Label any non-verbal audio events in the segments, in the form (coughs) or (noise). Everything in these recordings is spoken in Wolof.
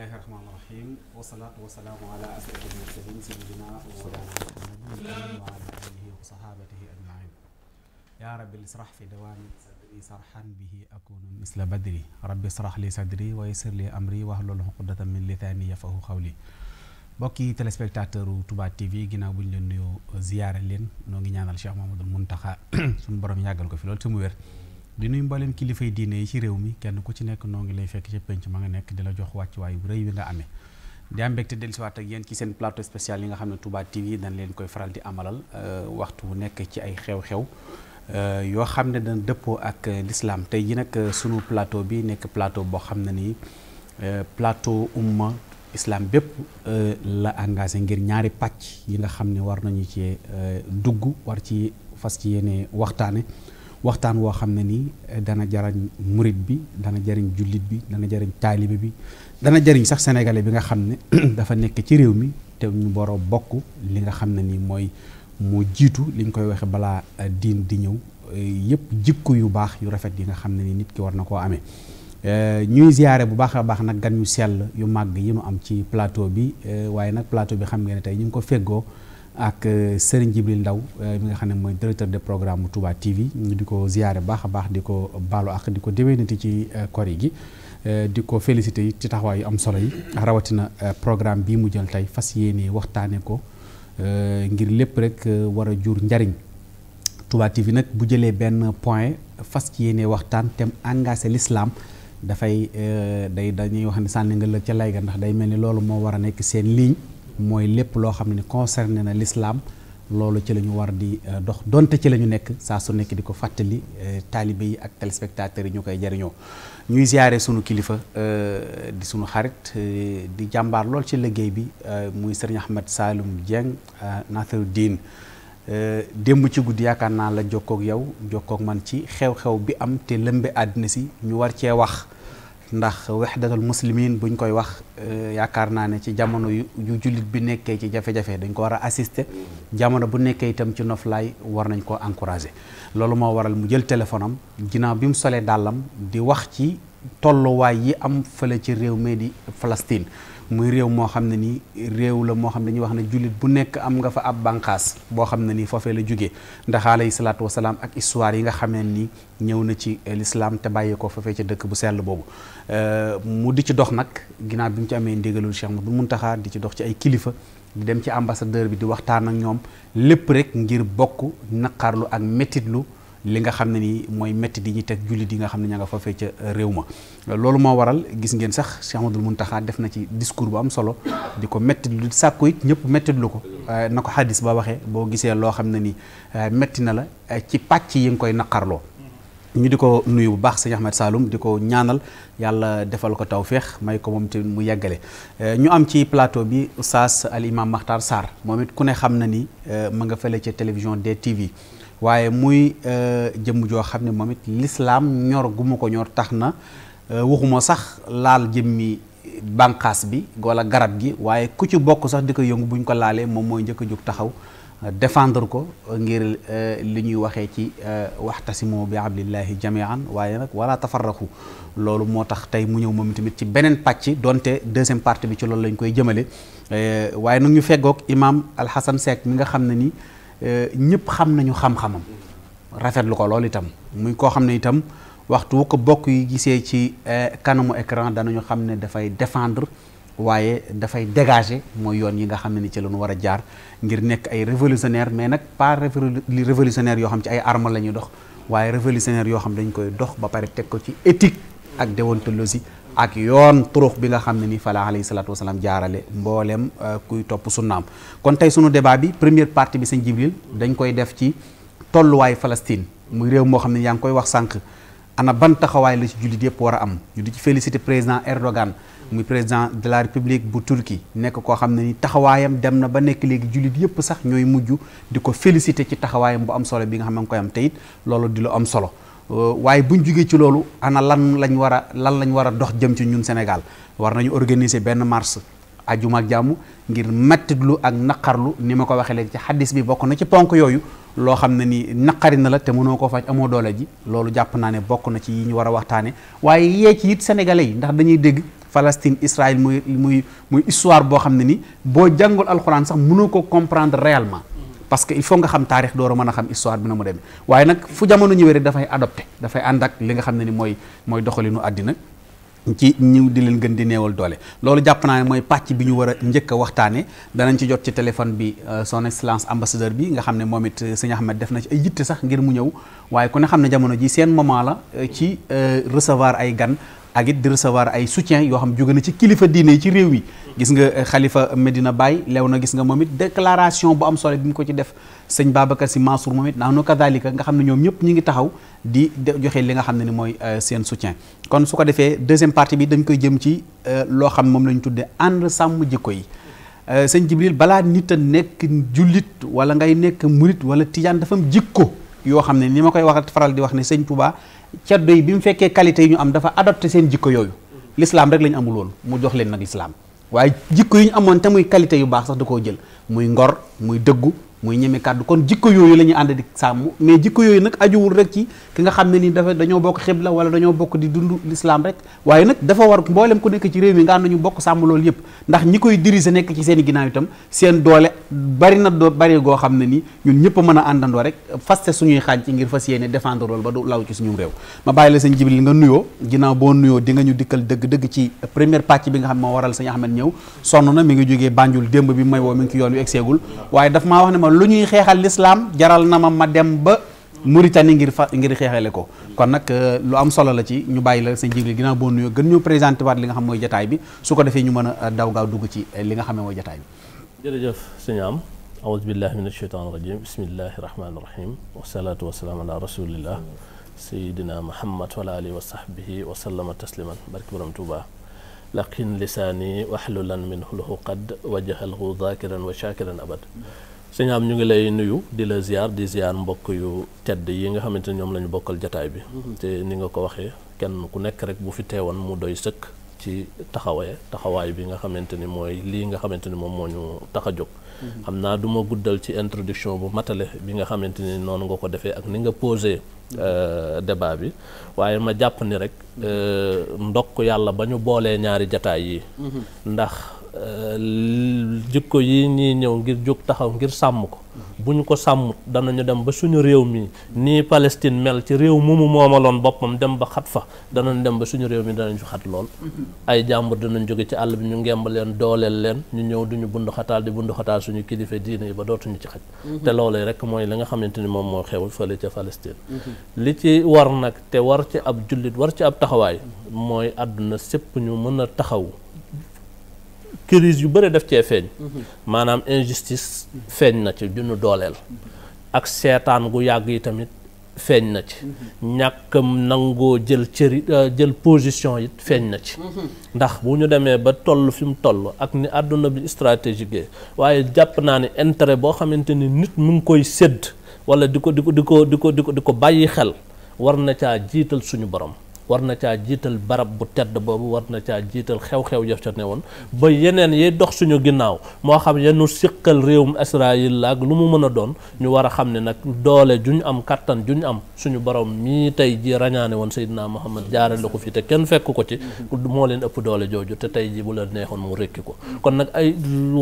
bismillahi rahmaani rahim wasalaatu wasalaamu ala asrafil mursalin sayidina wa mawlana wa ala alihi wa sahabatihi ajmain ya rabbi israh fi dawami sadri sarhan bihi akunu misla badri rabbi israh li sadri wa yassir li amri wahlul uqdatan min lisani yafahu xawli mbokki téléspectateur u Touba TV ginnaaw bu ñu leen nuyoo ziyaare leen noo ngi ñaanal Cheikh Mamadou Muntaxa (coughs) suñu borom yàggal ko fi loolu ci mu wér di nuyu mbooleem kilifay diine yi ci réew mi kenn ku ci nekk noo ngi lay fekk ca penc ma nga nekk di la jox wàccuwaay bu rëy bi nga amee di am mbégte dellusiwaat ak yéen ci seen plateau spécial yi nga xam ne Touba TV dañ leen koy faral di amalal euh, waxtu bu nekk ci ay xew-xew euh, yoo xam ne dana dëppoo ak euh, lislaam tey ji nag sunu plateau bi nekk plateau boo xam ne nii plateau umma islaam bépp la engagé ngir ñaari pàcc yi nga xam ne war nañu ci dugg war ci fas ci yéene waxtaane waxtaan woo xam ne nii eh, dana jariñ murit bi dana jariñ jullit bi dana jariñ taalibe bi dana jariñ sax sénégalais bi nga xam ne (clears throat) dafa nekk ci réew mi te ñu boro bokk li nga xam ne nii mooy moo jiitu li ñu koy waxe balaa eh, diin di ñëw eh, yëpp jikko yu baax yu rafet yi nga xam ne nii nit ki war na koo amee ñuy ziyaare bu baax a baax nag gan yu sell yu màgg yi mu am ci plateau bi waaye nag plateau bi xam ngeen ne tey ñu ngi ko feggoo ak euh, Serigne Jibril Ndaw euh, mi nga xam ne mooy directeur de programme Touba TV ñu di ko ziyaare baax a baax di ko baalu ak di ko déwénati ci euh, kori gi di ko félicité yi ci taxawaay yu am solo yi rawatina programme bii mu jël tey fas yéene waxtaane ko ngir lépp rek war a jur njariñ Touba TV nag bu jëlee benn point fas yéene waxtaan tem engagé l'islam dafay day dañuy wax ne sànni nga lëg ca lay ndax day mel ni loolu moo war a nekk seen ligne mooy lépp loo xam ne concerné na lislaam loolu ci la ñu war di euh, dox donte ci la ñu nekk saa su nekk di ko fàttali euh, taalibe yi ak téléspectateurs yi ñu koy jariñoo ñuy ziare sunu kilifa euh, di sunu xarit di jàmbaar lool ci liggéey bi muy sëriñ Ahmed Saloum Dieng Nathiouddine démb ci guddi yaakaar naa la jokkook yow jokkook man ci xew-xew bi am te lëmbe àddina si ñu war cee wax ndax wahdatul muslimin ñu koy wax euh, yaakaar naa ne ci jamono yu jullit bi nekkee ci jafe-jafe dañ ko war a assister jamono bu nekkee itam ci noflaay war nañ koo encourager loolu moo waral mu jël téléphone am ginnaaw bi mu solee dàllam di wax ci tolluwaay yi am fële ci réew mi di muy réew moo xam ne nii réew la moo xam ne dañuy wax ne jullit bu nekk am nga fa ab bànqaas boo xam ne nii foofee la jóge ndax alayhi salaatu wasalaam ak histoire yi nga xamee ni ñëw na ci lislaam te bàyyi ko foofee ca dëkk bu sell boobu euh, mu di ci dox nag ginnaaw bi mu ci amee ndigalul Cheikh mun Mountakha di ci dox ci ay kilifa di dem ci ambassadeur bi di waxtaan ak ñoom lépp rek ngir bokk naqarlu ak mettitlu li nga xam ne nii mooy métti di ñuy teg jullit yi nga xam ne ña nga foofee ca réew ma loolu moo waral gis ngeen sax Cheikh Amadou Mountakha def na ci discours bu am solo di ko métti lu ñëpp métti ko eh, na ko xadis ba waxee boo gisee loo xam ne nii eh, métti na la eh, ci pàcc yi nga koy naqarloo di ko nuyu bu baax sëñ Ahmed saalum di ko ñaanal yàlla defal ko tawféex may ko moom tamit mu yeggale ñu am ci plateau bi oustaz al imam saar moom it ku ne xam na ni ma nga fële ca télévision DTV waaye muy euh, jëmm joo xam ne moom it lislaam ñor gu ma ko ñor tax na euh, waxuma sax laal jëmmi bànqaas bi wala garab gi waaye ku ci bokk sax di ko yëngu bu ñu ko laalee moom mooy njëkk a jóg taxaw euh, défendre ko ngir li ñuy waxee ci wax waxtasimu bi hablillahi jamian waaye nag wala tafarraxu loolu moo tax tey mu ñëw moom tamit ci beneen pàcc donte deuxième partie bi ci loolu lañ koy jëmale waaye nag ñu feggoog imaam Alxasan Seck mi nga xam ne ni Euh, ñëpp xam nañu xam-xamam rafetlu ko loolu itam muy koo xam ne itam waxtu ko bokk yi gisee ci euh, kanamu écran danañu xam ne dafay défendre waaye dafay dégager mooy yoon yi nga xam ne ni ci lañu war a jaar ngir nekk ay révolutionnaire mais nag pas révolutionnaire yoo xam ci ay arme la ñuy dox waaye révolutionnaire yoo xam dañ koy dox ba pare teg ko ci éthique ak déontologie ak yoon turux bi nga xam ne ni fala alayhi salaatu wasalaam jaarale mboolem euh, kuy topp sunnaam kon tey sunu débat bi première partie bi sëñ Jibril dañ koy def ci tolluwaay Palestine muy réew moo xam ne yaa ngi koy wax sànq ana ban taxawaay la ci jullit yëpp war a am ñu di ci félicité président Erdogan muy président de la république bu Turquie nekk koo xam ne ni taxawaayam dem na ba nekk léegi jullit yëpp sax ñooy mujj di ko félicité ci taxawaayam bu am solo bi nga xam ne nga koy am te loolu di lu am solo Euh, waaye buñ jógee ci loolu ana lan lañ war a lan lañ war a dox jëm ci ñun Sénégal war nañu organiser benn marche ajuma ak jàmm ngir mattitlu ak naqarlu ni ma ko waxee léegi ci xaddis bi bokk na ci ponk yooyu loo xam ne ni naqari na la te mënoo ko faj amoo doole ji loolu jàpp naa ne bokk na ci yi ñu war a waxtaane waaye yee ci it sénégalais yi ndax dañuy dégg Palestine Israël muy muy muy histoire boo xam ne ni boo jàngul alxuraan sax mënoo ko comprendre réellement parce que il faut nga xam taarix door a mën a xam histoire bi na mu demee waaye nag fu jamono ñëwee dafay adopté dafay ànd ak li nga xam ne ni mooy mooy doxalinu àddina ci ñëw di leen gën di neewal doole loolu jàpp naa ne mooy pàcc bi ñu war a njëkk a waxtaanee danañ ci jot ci téléphone bi euh, son excellence ambassadeur bi nga xam ne moom it euh, sëñ Ahmed def na ci ay yitte sax ngir mu ñëw waaye ku ne xam ne jamono ji seen moment la euh, ci recevoir ay gan ak it di recevoir ay soutien yoo xam jóge na ci kilifa diine ci réew yi gis nga xalifa eh, médina bàyyi lew na gis nga moom it déclaration bu am solo bi mu ko ci def sëñ Babacar si Mansour moom it naa nu kadalika nga xam ne ñoom ñëpp ñu ngi taxaw di joxe li nga xam ne ni mooy eh, seen soutien kon su ko defee deuxième partie bi dañ koy jëm ci eh, loo xam moom la ñu tuddee ànd sàmm jikko yi sëñ Jibril balaa nit nekk jullit wala ngay nekk murit wala tijaan dafa am jikko yoo xam ne ni ma koy wax faral di wax ne sëñ Touba ceddo yi bi mu fekkee qualité yi ñu am dafa adopté seen jikko yooyu l'islam rek la ñu amul mu jox leen nag l'islam waaye jikko yi ñu amoon te muy qualité yu baax sax da koo jël muy ngor muy dëggu muy ñeme kàddu kon jikko yooyu la ànd di sàmm mais jikko yooyu nag ajuwul rek ci ki nga xam ne ni dafa dañoo bokk xibla wala dañoo bokk di dund l'islam rek waaye nag dafa war mboolem ku nekk ci réew mi nga ànd ñu bokk sàmm loolu yëpp ndax ñi koy diriger nekk ci seen i ginnaaw itam seen doole bari na doo bari goo xam ne ni ñun ñëpp mën a àndandoo rek faste suñuy xaaj ci ngir fas yéene défendre ba du law ci suñu réew ma bàyyi la sëñ Jibril nga nuyoo ginnaaw boo nuyoo di nga ñu dikkal dëgg-dëgg ci première pàcc bi nga xam ne moo waral sëñ na mi ngi jógee Banjul démb bi may woo mi ngi ci yoon wi egseegul waaye daf maa wax ne ma lu ñuy xeexal lislaam jaral na ma ma dem ba Mauritanie ngir fa ngir xeexale ko kon nag euh, lu am solo la ci ñu bàyyi la sëñ Jigli ginnaaw boo nuyoo gën ñu présenté waat li nga xam mooy jataay bi su ko defee ñu mën a euh, daw gaaw dugg ci euh, li nga xam ne mooy jataay bi jërëjëf sëñ am aouzu billahi min asheytan irajim bismillahi rahmani irahim wasalatu wasalaam ala rasulillah sayidina muhammad wa ala alihi wa sahbihi wa sallama tasliman barki borom tuuba laqin lisaani waxlulan min huluhu qad wajahalhu zakiran wa shakiran abad sëñ ñu ngi lay nuyu di la ziar di ziar mbokk yu tedd yi nga xamante ne ñoom la ñu bokkal jataay bi mm-hmm. te ni nga ko waxee kenn ku nekk rek bu fi teewoon mu doy sëkk ci taxawee taxawaay bi nga xamante ni mooy lii nga xamante ni moom moo ñu tax jóg mm-hmm. xam naa du ma guddal ci introduction bu matale bi nga xamante ni noonu nga ko defee ak ni nga posé mm-hmm. euh, débat bi waaye ma jàpp ni rek euh, ndokk yàlla ba ñu boolee ñaari jataay yi ndax Euh, jikko yi ñii ñëw ngir jóg taxaw ngir sàmm ko bu ñu ko sàmmut danañu dem ba suñu réew mi nii Palestine mel ci réew mu mu moomaloon boppam dem ba xat fa danañ dem ba suñu réew mi danañ fi xat lool mm-hmm. ay jàmbur danañ jóge ci àll bi ñu ngemb leen dooleel leen ñu ñëw duñu bundu xataal di bundu xataal suñu kilifa diine ba dootuñu ci xaj mm-hmm. te loolee rek mooy li nga xamante ni moom moo xew fële ca Palestine mm-hmm. li ci war nag te war ci ab jullit war ci ab taxawaay mooy àdduna sépp ñu mën a taxaw crise yu bëri daf cee feeñ mhm. maanaam injustice feeñ na ci du dooleel mhm. ak seetaan gu yàgg yi tamit feeñ na ci mhm. ñàkkam nangoo jël cëri euh, jël position it feeñ na ci ndax bu ñu demee ba toll fi mu toll ak ni àdduna bi stratégique waaye jàpp naa ne intérêt boo xamante ni nit mu ngi koy sédd wala di ko di ko di ko di ko di ko di ko bàyyi xel war na caa jiital suñu borom war na caa jiital barab bu tedd boobu war na caa jiital xew-xew jëf ca ne woon ba yeneen yiy dox suñu ginnaaw moo xam yenu siqal réewum Israël la ak lu mu mën a doon ñu war a xam ne nag doole juñ am kattan juñ am suñu borom mii tey ji rañaane woon Seydina Muhammad jaarale ko fii te kenn fekk ko ci moo leen ëpp doole jooju te tey ji bu la neexoon mu rekki ko kon nag ay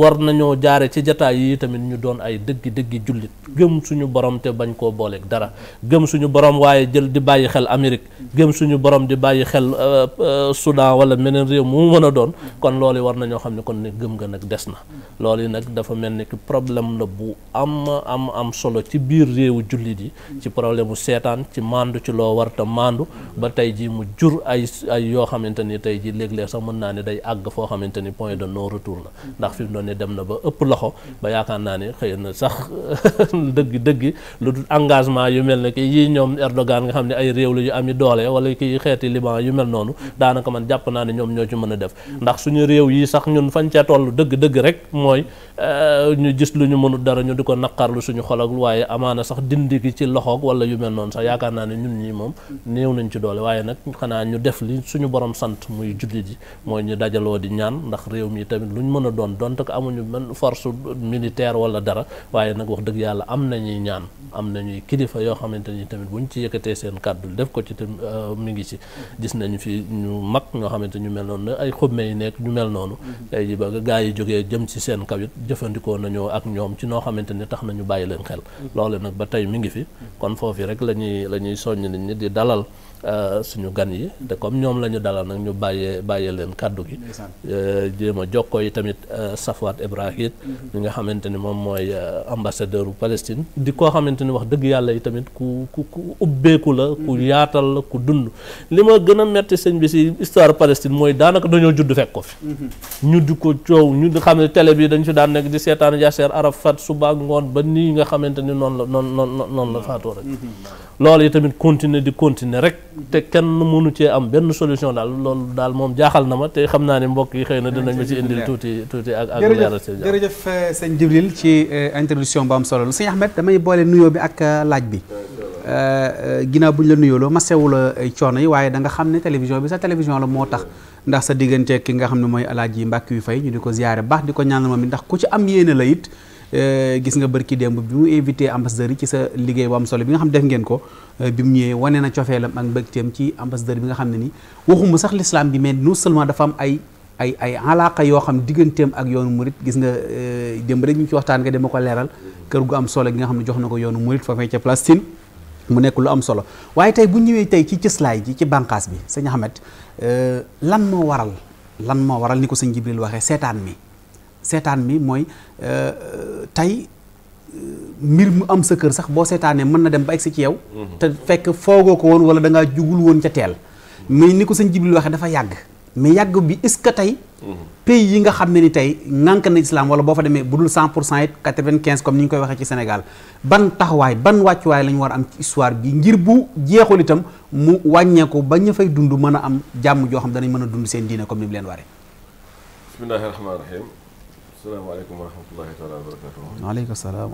war nañoo jaare ci jataay yi tamit ñu doon ay dëggi dëggi jullit gëm suñu borom te bañ koo booleeg dara borom di bàyyi xel euh, euh, Soudan wala meneen réew mu mën a doon kon loolu war nañoo xam ne kon ne gëm nga nag des na loolu yi nag dafa mel ni ki problème la bu am am am solo ci biir réewu jullit yi ci problème bu seetaan ci mandu ci loo war te ba tey ji mu jur ay ay yoo xamante ni tey ji léeg-léeg sax mën naa ne day àgg foo xamante ni point de non retour na ndax fi mu doon ne dem na ba ëpp loxo ba yaakaar naa ne xëy na sax (laughs) dëgg dëgg lu dul engagement yu mel xeeti liban yu mel noonu daanaka man jàpp naa ne ñoom ñoo ci mën a def ndax suñu réew yi sax ñun fañ ca toll dëgg-dëgg rek mooy euh, ñu gis lu ñu mënul dara ñu di ko naqarlu suñu xol ak waaye amaana sax dindi gi ci loxoog wala yu mel noonu sax yaakaar naa ne ñun ñii moom néew nañ ci doole waaye nag xanaa ñu def li suñu borom sant muy jullit yi mooy ñu dajaloo di ñaan ndax réew mi tamit lu mën a doon donte ko amuñu mën force militaire wala dara waaye nag wax dëgg yàlla am nañuy ñaan am nañuy kilifa yoo xamante ni tamit buñ ci gis nañu fi ñu mag ñoo xamante ñu mel noonu la ay xubme yi nekk ñu mel noonu mhm. tey ji ba gaa yi jógee jëm si seen kawit jëfandikoo nañu ak ñoom ci noo xamante ni tax nañu bàyyi leen xel mhm. loole nag ba tey mi ngi fi mhm. kon foofu rek la ñuy la ñuy soññ nit ñi di dalal euh, suñu gan yi te comme ñoom la ñu dalal nag ñu bàyyee bàyyee leen kàddu gi euh, jéem a jokkoo yi tamit euh, Safwat Ibrahim mi nga xamante ni moom mooy ambassadeur u Palestine di koo xamante ni wax dëgg yàlla yi tamit ku ku ku ubbeeku la ku yaatal la ku dund li ma gën a metti sëñ bi si histoire Palestine mooy daanaka dañoo juddu fekk ko fi. Mhm. ñu di ko coow ñu di xam ne télé bi dañ si daan nekk di seetaan Yasser Arafat suba ngoon ba nii nga xamante ni noonu la noon noonu noonu la faatoo rek. Mhm. loolu yi tamit continuer di continuer rek. Mhm. te kenn mënu cee am benn solution daal loolu daal moom jaaxal na ma te xam naa ne mbokk yi xëy na dinañ ma ci indil tuuti tuuti ak ak. jërëjëf jërëjëf euh, sëñ Jibril ci euh, introduction ba am solo la sëñ Ahmed damay boole nuyoo bi ak euh, laaj bi ginnaaw bu ñu la nuyoo loo waaye da nga xam ne télévision bi sa télévision la moo tax ndax sa diggante ki nga xam ne mooy ji mbàkk yu fay ñu di ko ziyaare baax di ko ñaanal moom it ndax ku ci am yéene la it eh, gis nga bërki démb bi mu invité ambassadeur yi ci sa liggéey bu am solo bi nga xam def ngeen ko eh, bi mu ñëwee wane na cofeelam ak mbëgteem ci ambassadeur bi nga xam ne ni waxuma sax l'islam bi meen non seulement dafa am ay ay ay alaaka yoo xam digganteem ak yoonu murit gis nga eh, démb rek ñu ci waxtaan nga dem ko leeral kër gu am solo gi nga xam ne jox na ko yoonu murit foofee ca Palestine mu nekk lu am solo waaye tey bu ñëwee tey ci cëslaay ji ci banqaas bi sëñ Ahmed euh, lan moo waral lan moo waral ni ko sañ Jibril waxee seetaan mi seetaan mi mooy euh, tey euh, mbir mu am sa kër sax boo seetaanee mën na dem ba egsi ci yow. Mhm. te fekk foogoo ko woon wala dangaa jugul woon ca teel mais ni ko sëñ Jibril waxe dafa yàgg. mais yàgg bi est-ce que tey. pays yi nga xam ne ni tey ŋànk na islam wala boo fa demee bu dul 100 pour cent it 95 comme ni ñu koy waxee ci Sénégal ban taxawaay ban wàccuwaay la lañu war a am ci histoire bi ngir bu jeexul itam mu wàññeeku ba ñu fay dund mën a am jàmm joo xam danañ mën a dund seen diine comme ni mu leen waree. bismillahi rahmaani rahim. wa rahmatullahi taala wa barakatuh.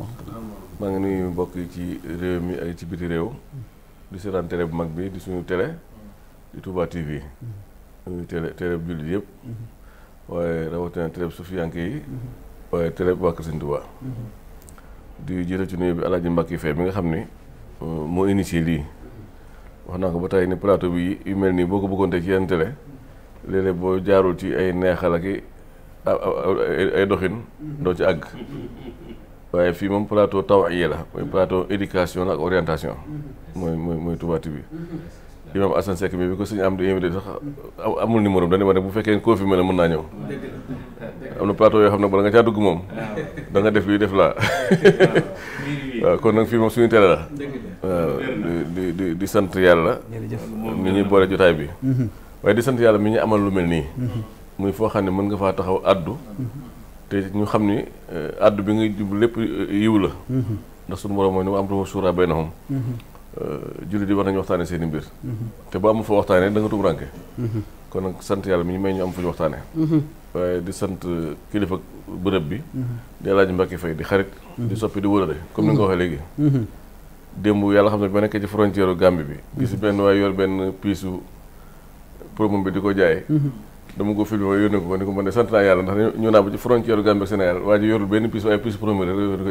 maa ngi nuyu mbokk ci réew mi ay ci biti réew. di seetaan télé bu mag bi di suñu télé. di Touba TV. teel a teel a jullit yëpp. waaye rawatina teel a sufiyanke yi. waaye teel a waa Kër Sëñ Tuubaa di jiital ci nuyu bi El Hadj yi Faye bi nga xam ni uh, moo initié lii. wax naa ko ba tey ni plateau bi yu mel nii boo ko bëggoon tey ci yenn télé léeg-léeg boo jaarul ci ay neexal ak ay doxin. doo ci àgg. waaye fii moom plateau taw yi la mooy plateau éducation ak orientation. mooy mooy mooy Touba bi imam Assane Seck bi bi ko suñu am di invité sax amul numéro dañu wax ne bu fekkee koo fi mel ne mën naa ñëw am na plateau yoo xam ne bala nga caa dugg moom da nga def lii def laa (laughs) waaw nag fii moom suñu di di di sant yàlla mi ñuy boole jotaay bi mm-hmm. waaye di sant yàlla mi ñu amal lu mel nii mm-hmm. muy foo xam ne mën nga faa taxaw àddu mm-hmm. te ñu xam ni eh, àddu bi nga jub lépp eh, yiw la ndax suñu borom mooy ni mu am tuma suuraa baynahum Euh, jullit yi war nañu waxtaanee seen i mbir. Mhm. te bu amul fa waxtaanee danga nga tumuranke mhm. kon nag sant yàlla mi ñu may ñu am fu ñu waxtaanee. Mhm. waaye di sant euh, kilifa bërëb bi. di El Hadj fay Faye di xarit. di soppi di wërëre comme ni nga ko waxee léegi. démb yàlla xam ne ba nekkee ci frontière Gambie bi. gis benn waaye yor benn piisu promom bi di ko jaayee. dama ko filmé yónnee ko ni ko man de sant naa yàlla ndax ñu naa ba ci frontière Gambie ak Sénégal waa ji yorul benn pièce waaye pièce première rek yónni ko (laughs)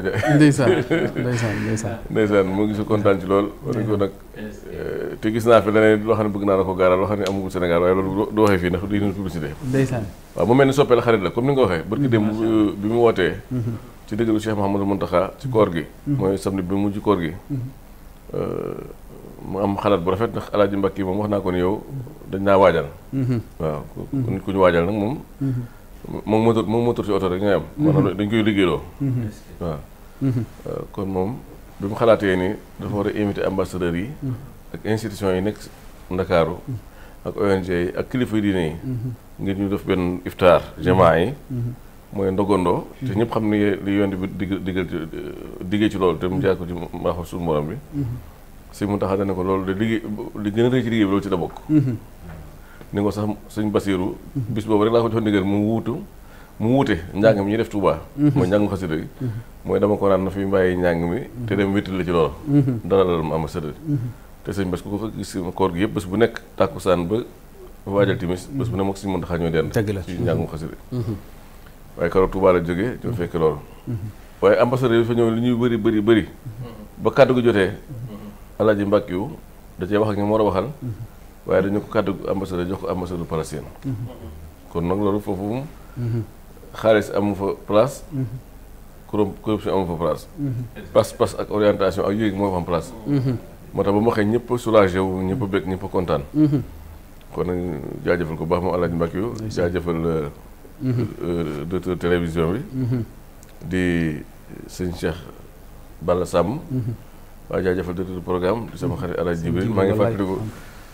mu ngi si ci lool. wala ko nag euh, te fi leneen loo xam ne bëgg naa la ko gaaral loo xam ne amagul Sénégal waaye loolu du waxee fii ndax lii noonu publicité. mu mel ni soppeel xarit la comme ni nga ko waxee. barki dem euh, bi mu wootee. Mhm. ci dëgg Cheikh Mouhamadou Mountakha ci koor gi. Mhm. mooy samedi bi mu mujj koor gi mhm. euh, mu am xalaat bu rafet ndax alaaji Mbàkke moom wax naa ko ni yow dañ naa waajal mhm. waaw nit mhm. ku ñu waajal nag moom mhm. moom moteur moom moteur ci oto rek ngay am maanaam dañ koy liggéeyloo waaw euh, kon moom bi mu xalaatee ni dafa war a invité ambassadeurs yi ak institution yi nekk Ndakaaru ak ONG yi ak kilifa diine yi ngir ñu def benn iftaar jamaa yi mooy ndogandoo te ñëpp xam ne li yoon bi digg diggal diggee ci loolu te mu jaar ko ci mbaaxu suñu borom bi sëñ Muntaxa dana ko loolu de liggéey li gën a rëy ci liggéey bi loolu ci la bokk mhm. ni ko sax sëñ Basiiru bis boobu rek laa ko jox ndigal mu wuutu mu wute njàng mi ñu def Tuubaa mhm. mooy njàngu xasida yi mhm. mooy dama ko naan na fi mbàyyi njàng mi te dem wéttal la ci loolu dara la ma ama sëdd te sëñ Bas ku ko gis koor gi yëpp bés bu nekk tàkkusaan ba waajal timis bés bu ne moo sëñ Muntaxa ñoo dend ci njàngum xasida waaye keroog Tuubaa la jógee ñoo fekk loolu waaye ambassadeur yi fa ñëw li ñuy bëri bëri bëri ba kàddu gi jotee Alaaji Mbàkkiyu da cee wax ak ñoom war a waxal mm-hmm. waaye dañu ko kàddu ambassadeur jox ko ambassadeur Palestine mm-hmm. kon nag loolu foofu mm-hmm. xaalis amu fa place corruption amu fa place pas-pas ak orientation ak yooyu moo fa am place moo tax ba mu waxee ñëpp soulagé wu ñëpp bëgg ñëpp kontaan kon nag jaajëfal ko baax moom Alaaji Mbàkkiyu jaajëfal euh, euh, directeur télévision bi di sëñ Cheikh Balla Sàmm waaw jaajëfal directeur programme di sama mm-hmm. xarit El Hadj Djibril maa ngi fàttaliku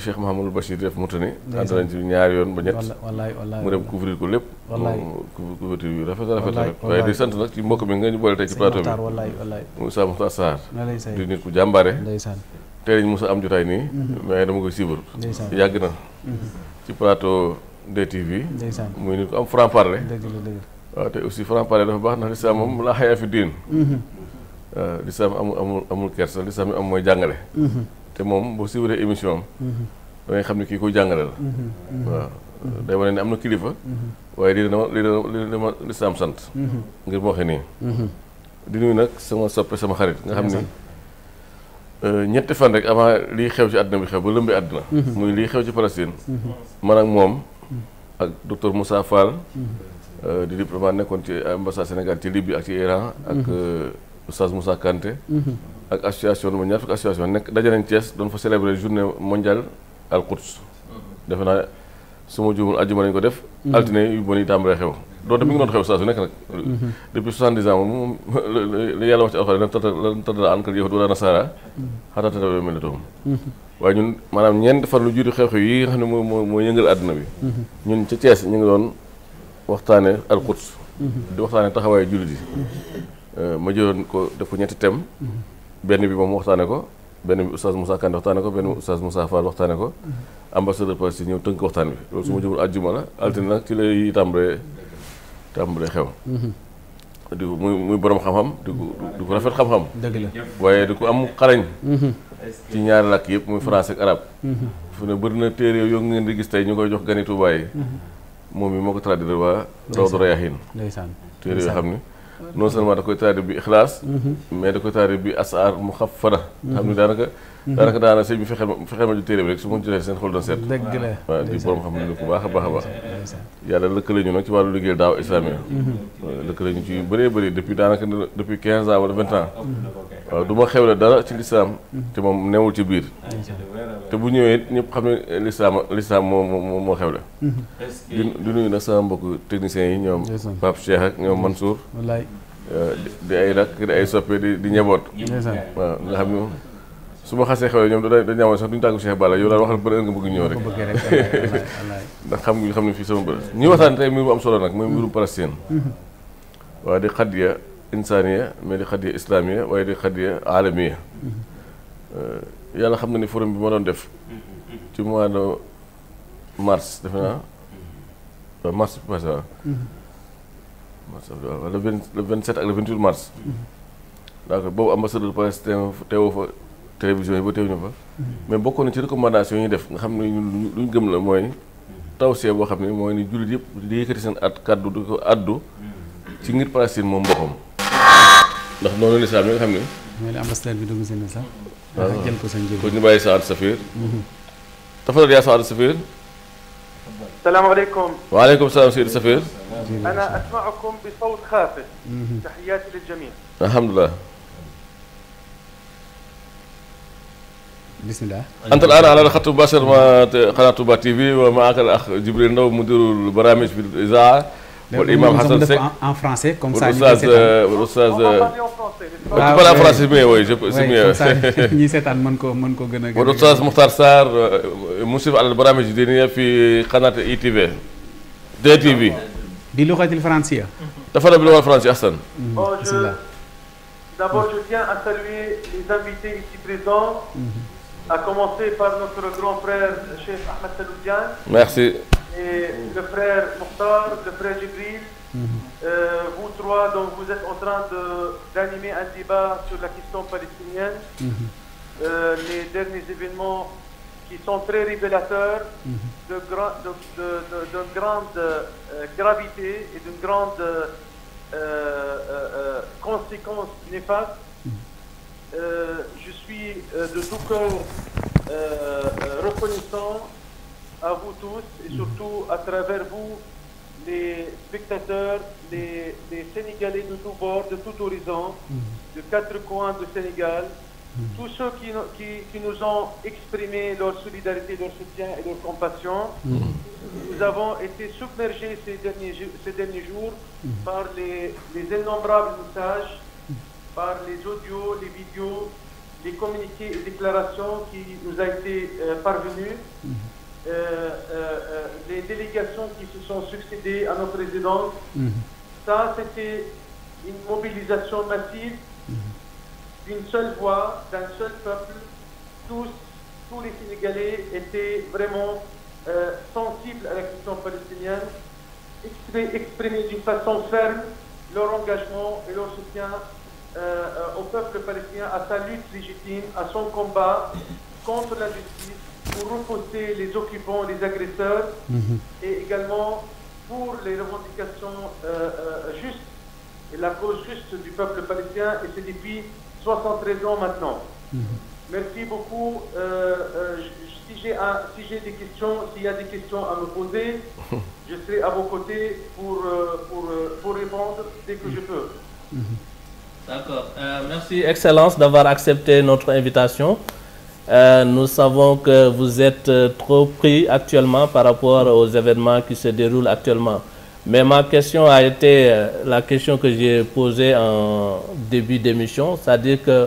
bi Cheikh Mouhamadul Bachir def mu tane nañ ci ñaari yoon ba ñett mu dem couvrir ko lépp couverture yu rafet rafet rafet waaye di sant nag ci mbokk bi nga ñu boole tey ci plateau bi Moussa Moussa Sarr di nit ku jàmbaare tey lañ Moussa am jotaay nii mais mhm. dama koy siibar yàgg na mhm. ci plateau DTV muy nit ku am franc parler waaw te aussi franc parler dafa baax ndax lislaam moom laa xayaa fi diin mhm. lislaam amul amul amul kersa lislaam am mooy jàngale moom boo suivre émission am. Mhm. da xam ne kii koy jàngale la. Mhm. Mhm. waaw day wane ne am na kilifa. waaye li dama lii dama lii dama sant. ngir mu waxee nii. di nuyu nag sama soppe sama xarit nga xam ni. Euh, ñetti fan rek avant lii xew ci àddina bi xew ba lëmbi àddina muy lii xew ci Palestine man ak moom ak docteur Moussa Fall euh, di diplomate nekkoon ci ambassade Sénégal ci Libye ak ci Iran ak euh, Oustaz Moussa Kanté ak association ma ñaar fukki nekk daje nañ Thiès doon fa célébrer journée mondiale al Quds defe naa su ma juumul àjjuma lañ ko def altine yu bon yi tàmbalee xew doonte mi ngi doon xew saa su nekk nag depuis soixante-dix ans yàlla wax ci alxuraan lan tata lan tata an kal a wala nasara waaye ñun maanaam ñeent fan lu jiitu xew yi xam ne moo moo moo yëngal àdduna bi ñun ca Thiès ñu ngi doon waxtaane al Quds di waxtaane taxawaayu jullit yi Euh, ma jëloon ko def ko ñetti thème mm-hmm. benn bi moom waxtaane ko benn bi oustaz Moussa Kande waxtaane ko benn bi oustaz Moussa Fall waxtaane ko mm-hmm. ambassadeur Palestine ñëw tënk waxtaan bi loolu su ma mm-hmm. jëmul àjjuma la altine nag ci lay tàmbalee tàmbalee xew di muy muy borom xam-xam di ko rafet xam-xam dëgg la waaye di ko am xarañ ci ñaari làkk yëpp muy français ak arabe fu ne bëri na téere yoo ngeen di gis tey ñu koy jox gani Tuubaa moom yi moo ko traduire waa Rawdu Rayaahiin téere yoo xam ni non seulement da koy taarib bi ixlaas mhm. mais da koy taarib bi asaar mu xaf fana xam ni daanaka Mhm. daanaka daana sëñ bi fexeel ma fexeel ma ju téere ma joxee seen xol doon seet dëgg la waaw di borom xam ne lu ko baax a baax a baax yàlla lëkkale ñu nag ci wàllu liggéey daaw islamia mhm. lëkkale ñu ci bëree bëri depuis daanaka depuis quinze ans wala vingt ans mhm. waaw du xewle dara ci lislaam te moom newul ci biir te bu ñëwee ñëpp xam ne lislaam lislaam moo moo moo xewle di nuyu nag sama mbokk techniciens yi ñoom Pape Cheikh ak ñoom Mansour di ay rak di ay soppe di di njaboot waaw su ma xasee xewee ñoom dañu ñaawoon sax duñu tàggu Cheikh Balla yow daal waxal bëre nga bëgg ñëw rek (laughs) ndax xam nga xam ne fii sama bëre ñu waxtaan tey mbir bu am solo nag mooy mbirum Palestine mm-hmm. waaye di xadiya insaaniya mais di xadiya di xadiya alamiya mm-hmm. yàlla xam na ni forum bi ma doon def ci mois de mars defe naa mm-hmm. euh, mars bi passé waaw mars le vingt le vingt sept ak le vingt huit mars daa ko boobu ambassadeur Palestine teewoo fa télévision yi ba teewuñu fa mais bokkoon ci ci yu yi def nga xam ne lu ñu gëm la mooy taw tawsee boo xam ne mooy ni jullit yëpp di yëkkati seen at kaddu di ko addu ci ngir Palestine moom boppam ndax noonu lislaam yi nga xam ne mooy la ambassadeur bi dugg seen sax ah. jël ko seen jël ko ñu bàyyi Saad Safir mm-hmm. tafadal yaa Saad Safir salaamaaleykum waaleykum salaam Sayyid ana asma'ukum bi sawt xaafid mm-hmm. taxiyaati liljamii alhamdulilah bismillah antal aan ala alxatu mubasharatan qanaat Touba TV wa maaka al akh Jibril Ndaw mudirul baramiij fil izaa wal imam Hassan Seck en français comme ça euh, euh, en français bien oui je c'est mieux (laughs) ñi seetaan mën ko mën ko gën a wal oustaz Mokhtar Sarr euh, musif ala al baramiij diniya fi qanaat ITV DTV bi luxatil fransiya dafa la bi luxatil fransiya ahsan mm-hmm. bismillah d'abord je viens à saluer les invités ici présents mm-hmm. à commencer par notre grand frère Cheikh Ahmed Saloudiane. Et le frère Mokhtar, le frère Jibril. Mm-hmm. Euh, vous trois, donc vous êtes en train d'animer un débat sur la question palestinienne. Mm-hmm. Euh, les derniers événements qui sont très révélateurs mm de, gra de, de, de grande euh, gravité et d'une grande conséquence néfaste Euh, je suis euh, de tout cœur euh, reconnaissant à vous tous et mm. surtout à travers vous, les spectateurs, les, les de tous bords, de tout horizon, mm. de quatre coins du Sénégal, mm. tous ceux qui, nous ont exprimé leur solidarité, leur soutien et leur compassion. Mmh. Nous avons été submergés ces derniers, jours par les, innombrables messages par les audios, les vidéos, les communiqués et déclarations qui nous a été euh, parvenus, mm -hmm. Euh, euh, euh, les délégations qui se sont succédées à nos présidents. Mm une mobilisation massive mhm. d'une seule voix, d'un seul peuple. Tous, les Sénégalais étaient vraiment sensibles à la question palestinienne exprimer d'une façon ferme leur engagement et leur soutien Euh, euh, au peuple palestinien à sa lutte légitime, à son combat contre l'injustice, pour repousser les occupants, les agresseurs, mm -hmm. et également pour les revendications euh, justes et la cause juste du peuple palestinien, et c'est depuis 73 ans maintenant. Mm -hmm. Merci beaucoup. si j'ai si j'ai des questions, à me poser, (laughs) je serai à vos côtés pour, pour, pour répondre dès que je peux. Mhm. D'accord. Euh, merci, Excellence, d'avoir accepté notre invitation. Euh, nous savons que vous êtes euh, trop pris actuellement par rapport aux événements qui se déroulent actuellement. Mais ma question a été euh, la question que j'ai posée en début d'émission, c'est-à-dire que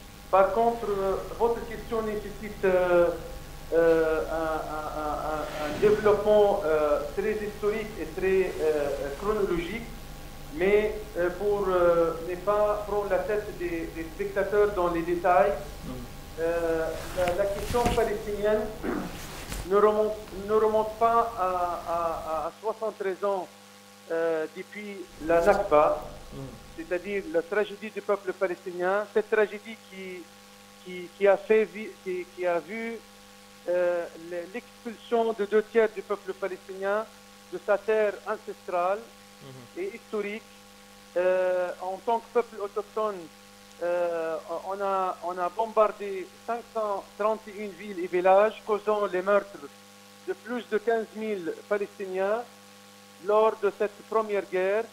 Par contre, euh, votre question nécessite euh, euh, un, un, un, développement euh, très historique et très euh, chronologique, mais euh, pour ne pas prendre la tête des, des spectateurs dans les détails, la, la, question palestinienne ne remonte, ne pas à, ans depuis la Nakba. c'est-à-dire la tragédie du peuple palestinien, cette tragédie qui, qui, qui a, fait, qui, qui a vu euh, l'expulsion de deux tiers du peuple palestinien de sa terre ancestrale mhm. et historique. Euh, en tant que peuple autochtone, euh, on, a, on a bombardé 531 et villages, causant les meurtres de plus de 15 000 Palestiniens lors de cette première guerre.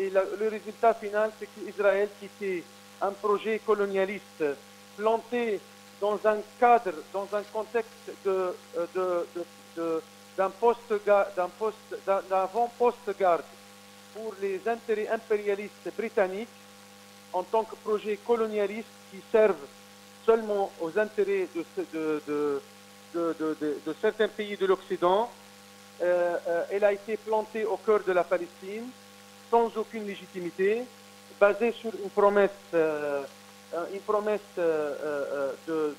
Et la, le résultat final, c'est qu'Israël, qui était un projet colonialiste planté dans un cadre, dans un contexte de, euh, de, de, d'un poste, garde pour les intérêts impérialistes britanniques, en tant que projet colonialiste qui servent seulement aux intérêts de, de certains pays de l'Occident, euh, euh, elle a été plantée au cœur de la Palestine. sans aucune légitimité, basée sur une promesse, euh, euh une euh, euh,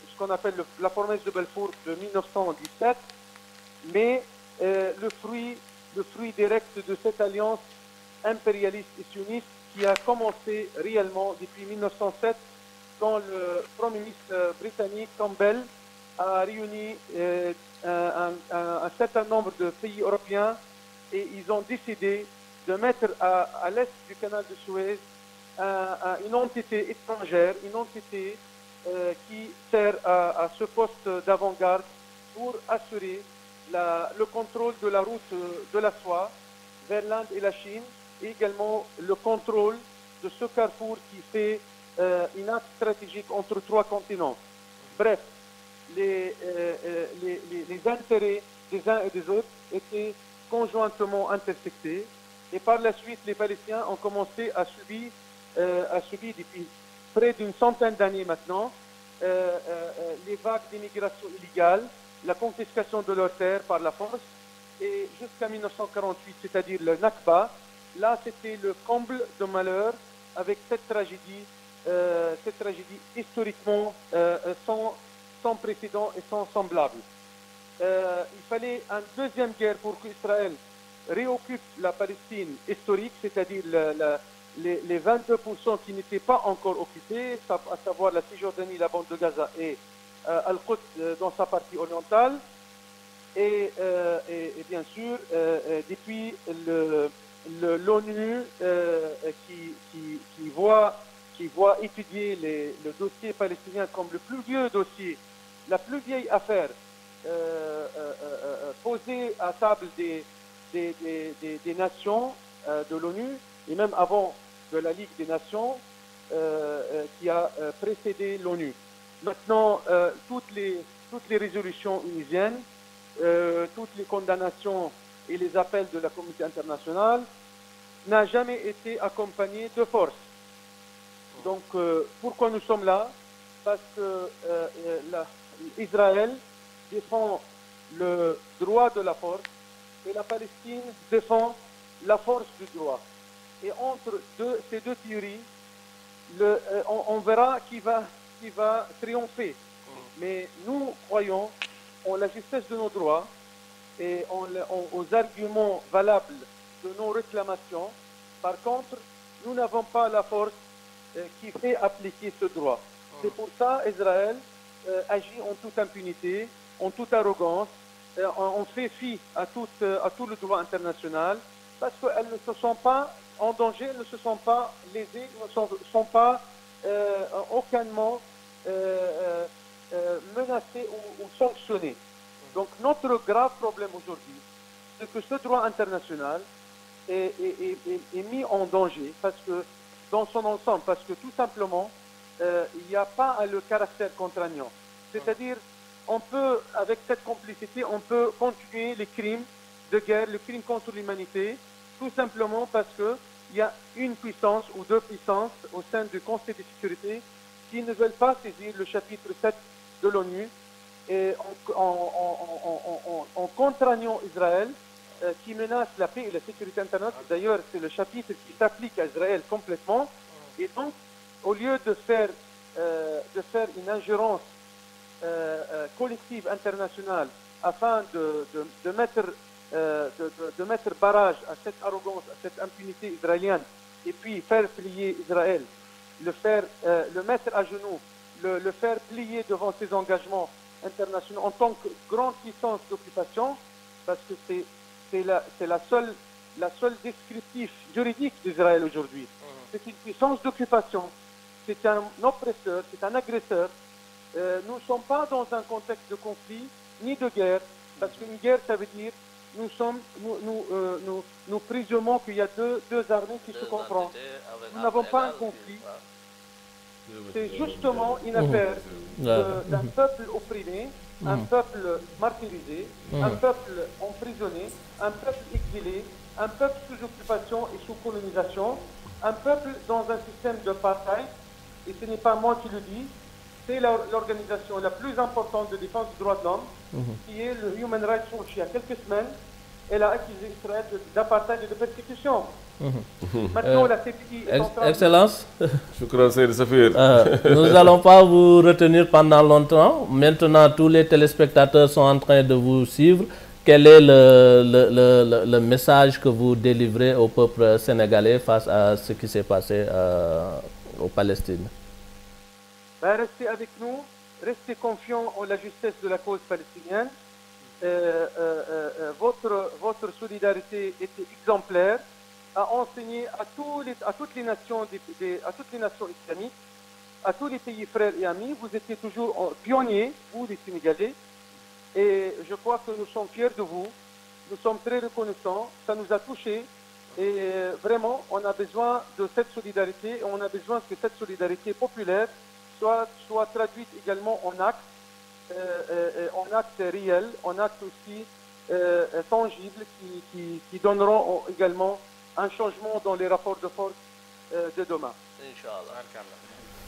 la promesse de mais le le fruit de cette alliance impérialiste et sioniste qui depuis 1907 quand le Premier ministre britannique Campbell a réuni euh, nombre de et ils ont décidé de mettre à, à l'est du canal de Suez à, à une entité étrangère, une entité euh, qui sert à, ce poste d'avant-garde pour assurer la, le contrôle de la route de la soie vers l'Inde et la Chine, et également le contrôle de ce carrefour qui fait euh, une axe stratégique entre trois continents. Bref, les, euh, euh, intérêts des uns et des autres étaient conjointement intersectés. Et par la suite, les Palestiniens ont commencé à subir, euh, à subir depuis près d'une centaine d'années maintenant, euh, euh, euh de leurs terres par la force, et jusqu'à 1948, cest à le Nakba, là c'était le de malheur avec cette tragédie, euh, cette tragédie historiquement euh, euh, sans, sans, précédent et sans semblable. il fallait une deuxième guerre pour réoccupe la Palestine historique, cest les, les, 22% qui n'étaient pas encore occupés, à savoir la Cisjordanie, la bande de Gaza et euh, euh les, le dossier le plus vieux dossier, la affaire euh, euh, posée à table des, des, des, des, des nations euh, de l'ONU et même avant de la Ligue des nations euh, euh qui a euh, précédé l'ONU. Maintenant, euh, toutes, les, toutes les résolutions unisiennes, toutes les condamnations et les appels de la communauté internationale n'a jamais été accompagné de force. Donc, euh, pourquoi nous sommes là Parce que euh, la, Israël défend le droit de la force, et la Palestine défend la force du droit. Et entre deux, ces deux théories, euh, on, on, verra qui va, qui va triompher. Mais nous croyons en la justesse de nos droits et en, en, aux arguments valables de nos réclamations. Par contre, nous n'avons pas la force euh, qui fait appliquer ce droit. Mm. C'est pour ça Israël euh, agit en toute impunité, en toute arrogance, on fait fi à, tout, à tout le droit international parce qu'elles ne se sont pas en danger, elles ne se sont pas lésées, ne sont, pas euh, aucunement euh, euh, euh menacées ou, sanctionnées. Donc notre grave problème aujourd'hui, c'est que ce droit international est, est, est, est, mis en danger parce que dans son ensemble, parce que tout simplement, euh, il n'y a pas le caractère contraignant. C'est-à-dire, on avec cette complicité, on peut continuer les crimes de guerre, les crimes contre l'humanité, tout simplement parce qu'il y a une puissance ou deux puissances au sein du Conseil de sécurité qui ne veulent pas saisir le chapitre 7 de l'ONU et en, en, en, en, contraignant Israël euh, qui menace la paix et la sécurité internationale. D'ailleurs, c'est le chapitre qui s'applique à Israël complètement. Et donc, au lieu de faire, euh, de faire une ingérence Euh, euh, collective internationale afin de, de, de mettre, euh, de, de, mettre barrage à cette arrogance, à cette impunité israélienne, et puis faire plier Israël, le, le mettre à genoux, le, le faire plier devant ses engagements internationaux en tant que grande puissance d'occupation, parce que c'est la, la, seule, la seule descriptif juridique d'Israël aujourd'hui. Mmh. C'est une puissance d'occupation, c'est un oppresseur, c'est un agresseur, euh, nous ne sommes pas dans un contexte de conflit ni de guerre, parce qu'une guerre, ça veut dire nous sommes, nous, nous, euh, qu'il y a deux, armées qui se confrontent. Nous n'avons pas un conflit. C'est justement une oh. affaire oh. d'un mm-hmm. peuple opprimé, un mm. peuple martyrisé, mm. un peuple emprisonné, un peuple exilé, un peuple sous occupation et sous colonisation, un peuple dans un système de partage, et ce n'est pas moi qui le dis, c'est l'organisation de défense des droits de l'homme, mhm. qui est le Human Rights Watch. Il a quelques semaines, elle a accusé de persécution. Mhm. Mhm. Euh, excellence, (laughs) ah, nous n'allons (laughs) pas vous retenir pendant longtemps. Maintenant, tous les téléspectateurs sont en train de vous suivre. Quel est le, message que vous délivrez au peuple sénégalais face à ce qui s'est passé euh, aux Palestines bah, restez avec nous, restez confiants en la justesse de la cause palestinienne. Euh, euh, euh, votre, solidarité était exemplaire, à, tous les, à, toutes les nations islamiques, à tous les pays frères et amis. Vous étiez toujours pionniers, vous les Sénégalais, et je crois que nous sommes fiers de vous. Nous sommes très reconnaissants, ça nous a et vraiment, on a besoin de cette solidarité, et on a besoin que cette solidarité populaire soit, soit traduite également en actes, euh, euh, euh, en actes en actes aussi tangibles qui, donneront également un changement dans les rapports de force de demain.